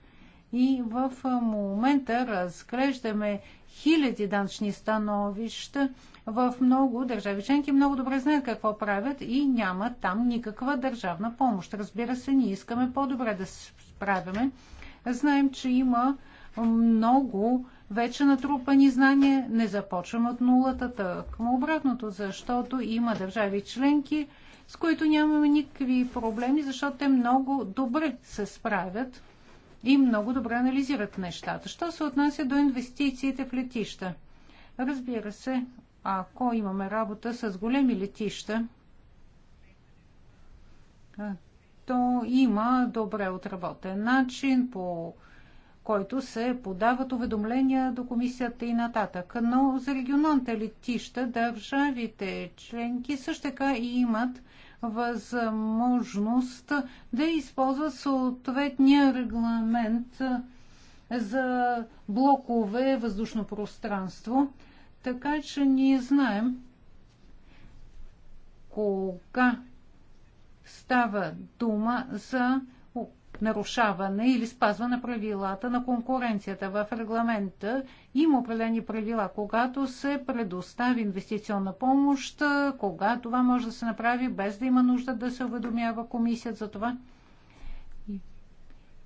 И в момента разглеждаме хиляди данчни становища в много държави членки. Много добре знаят какво правят и няма там никаква държавна помощ. Разбира се, ние искаме по-добре да се справяме. Знаем, че има много вече натрупани знания, не започвам от нулата, му обратното, защото има държави членки, с които нямаме никакви проблеми, защото те много добре се справят и много добре анализират нещата. Що се отнася до инвестициите в летища? Разбира се, ако имаме работа с големи летища, то има добре отработен начин по който се подават уведомления до комисията и нататък. Но за регионалните летища държавите членки също така и имат възможност да използват съответния регламент за блокове въздушно пространство. Така че ние знаем кога става дума за нарушаване или спазване правилата на конкуренцията. В регламента има определени правила, когато се предостави инвестиционна помощ, кога това може да се направи без да има нужда да се уведомява комисията за това.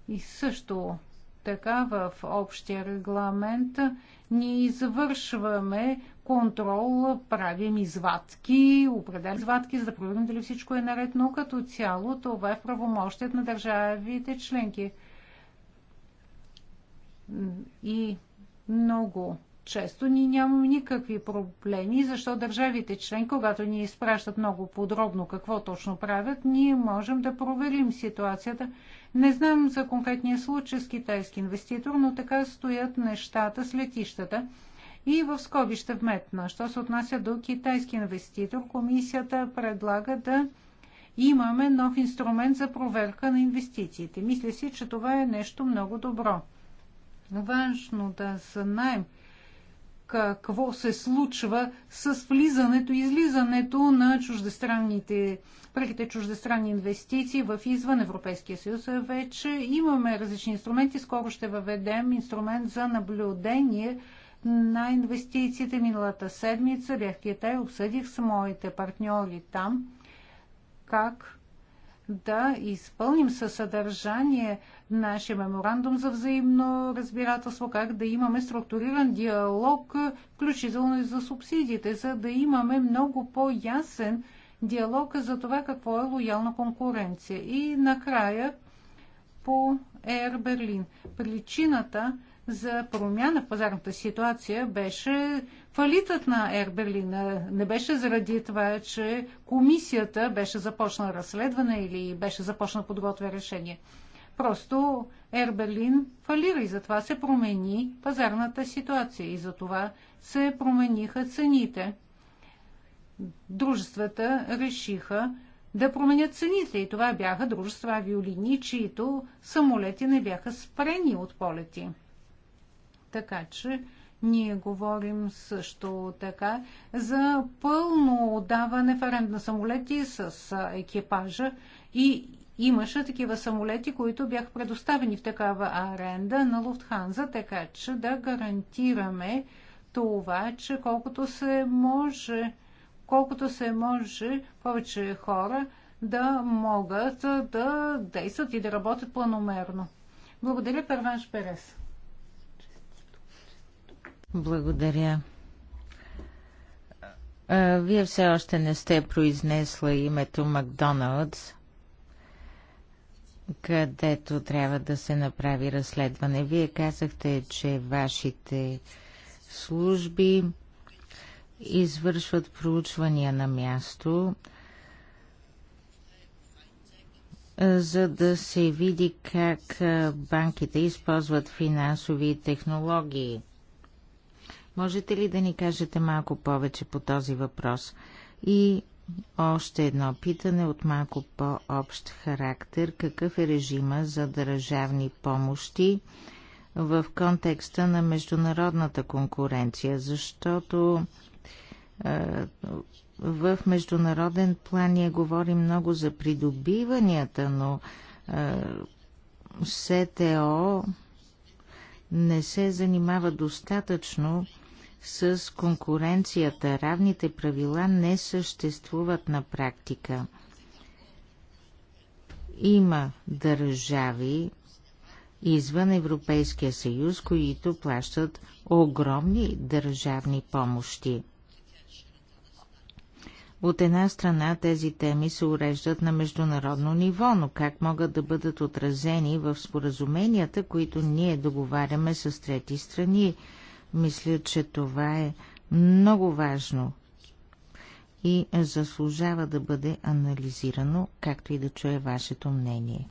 И също така в общия регламент ние извършваме контрол, правим извадки, определяме извадки, за да проверим дали всичко е наред, но като цяло това е правомощият на държавите членки. И много често ние нямаме никакви проблеми, защо държавите член, когато ни изпращат много подробно какво точно правят, ние можем да проверим ситуацията. Не знам за конкретния случай с китайски инвеститор, но така стоят нещата с летищата. И в скоби ще вметна, що се отнася до китайски инвеститор, комисията предлага да имаме нов инструмент за проверка на инвестициите. Мисля си, че това е нещо много добро. Важно да знаем, какво се случва с влизането и излизането на чуждестранните, преките чуждестранни инвестиции в извън Европейския съюз. Вече имаме различни инструменти. Скоро ще въведем инструмент за наблюдение на инвестициите. Миналата седмица бях Китай, обсъдих с моите партньори там как да изпълним със съдържание нашия меморандум за взаимно разбирателство, как да имаме структуриран диалог, включително и за субсидиите, за да имаме много по-ясен диалог за това какво е лоялна конкуренция. И накрая по Air Berlin. Причината за промяна в пазарната ситуация беше фалитът на Air Berlin. Не беше заради това, че комисията беше започна разследване или беше започна подготвя решение. Просто Ербелин фалира и затова се промени пазарната ситуация и затова се промениха цените. Дружествата решиха да променят цените и това бяха дружества авиолини, чието самолети не бяха спрени от полети. Така че ние говорим също така за пълно отдаване в аренда на самолети с екипажа и имаше такива самолети, които бяха предоставени в такава аренда на Луфтханза, така че да гарантираме това, че колкото се може, колкото се може повече хора да могат да действат и да работят планомерно. Благодаря, Перванш Перес. Благодаря. Вие все още не сте произнесла името Макдоналдс където трябва да се направи разследване. Вие казахте, че вашите служби извършват проучвания на място, за да се види как банките използват финансови технологии. Можете ли да ни кажете малко повече по този въпрос? И още едно питане от малко по-общ характер. Какъв е режима за държавни помощи в контекста на международната конкуренция? Защото е, в международен план ние говорим много за придобиванията, но е, СТО не се занимава достатъчно с конкуренцията. Равните правила не съществуват на практика. Има държави извън Европейския съюз, които плащат огромни държавни помощи. От една страна тези теми се уреждат на международно ниво, но как могат да бъдат отразени в споразуменията, които ние договаряме с трети страни? Мисля, че това е много важно и заслужава да бъде анализирано, както и да чуе вашето мнение.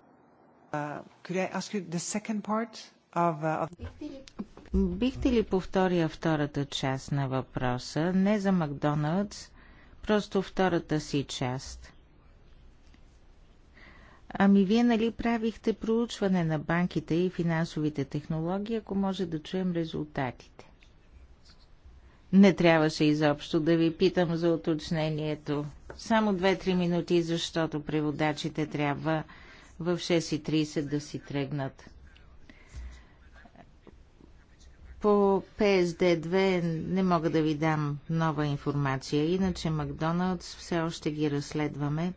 Uh, uh, бихте, ли, бихте ли повторя втората част на въпроса? Не за Макдоналдс, просто втората си част. Ами вие нали правихте проучване на банките и финансовите технологии, ако може да чуем резултатите? Не трябваше изобщо да ви питам за уточнението. Само 2-3 минути, защото преводачите трябва в 6.30 да си тръгнат. По PSD2 не мога да ви дам нова информация, иначе Макдоналдс все още ги разследваме.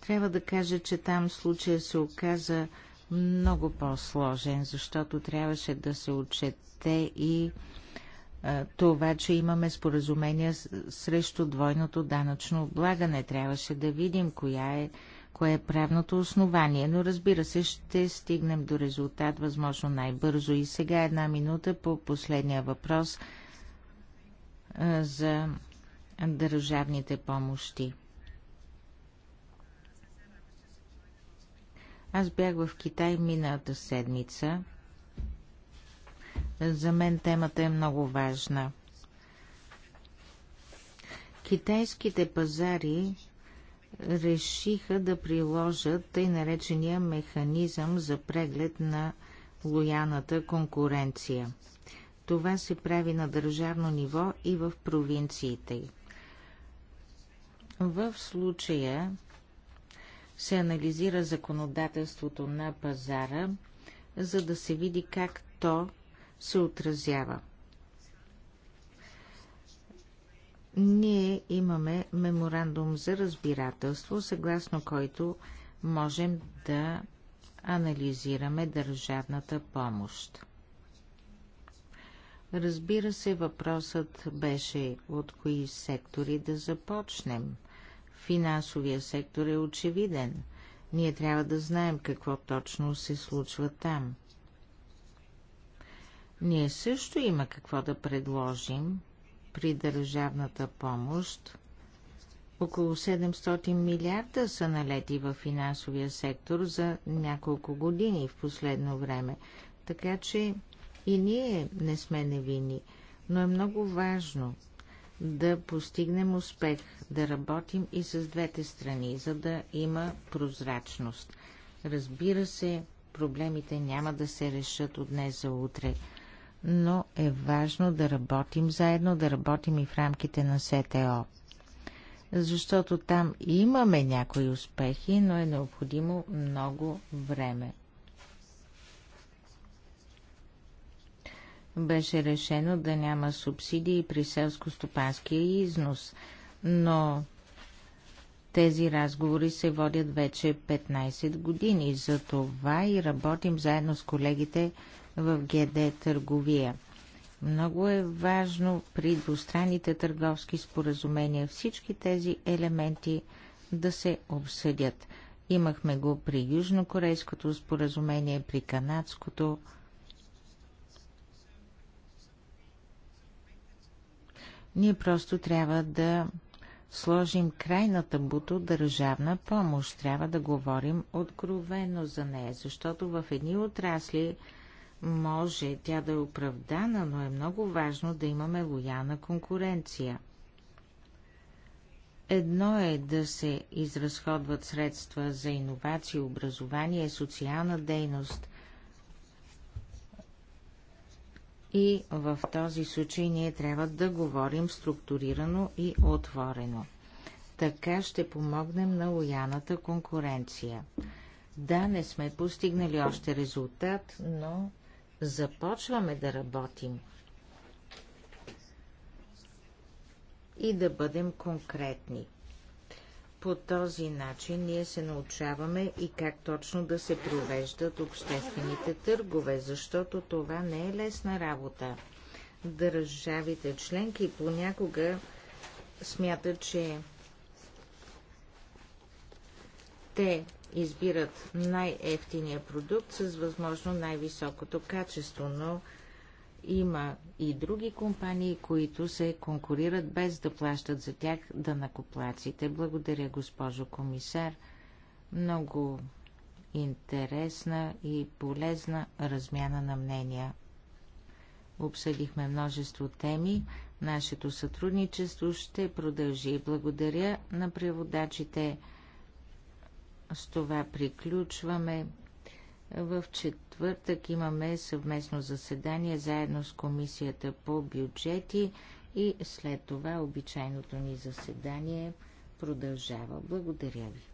Трябва да кажа, че там случая се оказа много по-сложен, защото трябваше да се отчете и това, че имаме споразумения срещу двойното данъчно облагане. Трябваше да видим коя е, кое е правното основание, но разбира се, ще стигнем до резултат възможно най-бързо. И сега една минута по последния въпрос за държавните помощи. Аз бях в Китай миналата седмица. За мен темата е много важна. Китайските пазари решиха да приложат тъй наречения механизъм за преглед на лояната конкуренция. Това се прави на държавно ниво и в провинциите. В случая се анализира законодателството на пазара, за да се види как то се отразява. Ние имаме меморандум за разбирателство, съгласно който можем да анализираме държавната помощ. Разбира се, въпросът беше от кои сектори да започнем – финансовия сектор е очевиден. Ние трябва да знаем какво точно се случва там. Ние също има какво да предложим при държавната помощ. Около 700 милиарда са налети в финансовия сектор за няколко години в последно време. Така че и ние не сме невинни, но е много важно да постигнем успех, да работим и с двете страни, за да има прозрачност. Разбира се, проблемите няма да се решат от днес за утре, но е важно да работим заедно, да работим и в рамките на СТО. Защото там имаме някои успехи, но е необходимо много време. беше решено да няма субсидии при селско-стопанския износ, но тези разговори се водят вече 15 години, за това и работим заедно с колегите в ГД Търговия. Много е важно при двустранните търговски споразумения всички тези елементи да се обсъдят. Имахме го при Южнокорейското споразумение, при Канадското Ние просто трябва да сложим край на табуто държавна помощ. Трябва да говорим откровено за нея, защото в едни отрасли може тя да е оправдана, но е много важно да имаме лояна конкуренция. Едно е да се изразходват средства за иновации, образование, социална дейност, И в този случай ние трябва да говорим структурирано и отворено. Така ще помогнем на лояната конкуренция. Да, не сме постигнали още резултат, но започваме да работим. И да бъдем конкретни. По този начин ние се научаваме и как точно да се провеждат обществените търгове, защото това не е лесна работа. Държавите членки понякога смятат, че те избират най-ефтиния продукт с възможно най-високото качество, но има и други компании, които се конкурират без да плащат за тях данакоплаците. Благодаря, госпожо комисар. Много интересна и полезна размяна на мнения. Обсъдихме множество теми. Нашето сътрудничество ще продължи. Благодаря на преводачите. С това приключваме. В четвъртък четвъртък имаме съвместно заседание заедно с Комисията по бюджети и след това обичайното ни заседание продължава. Благодаря ви.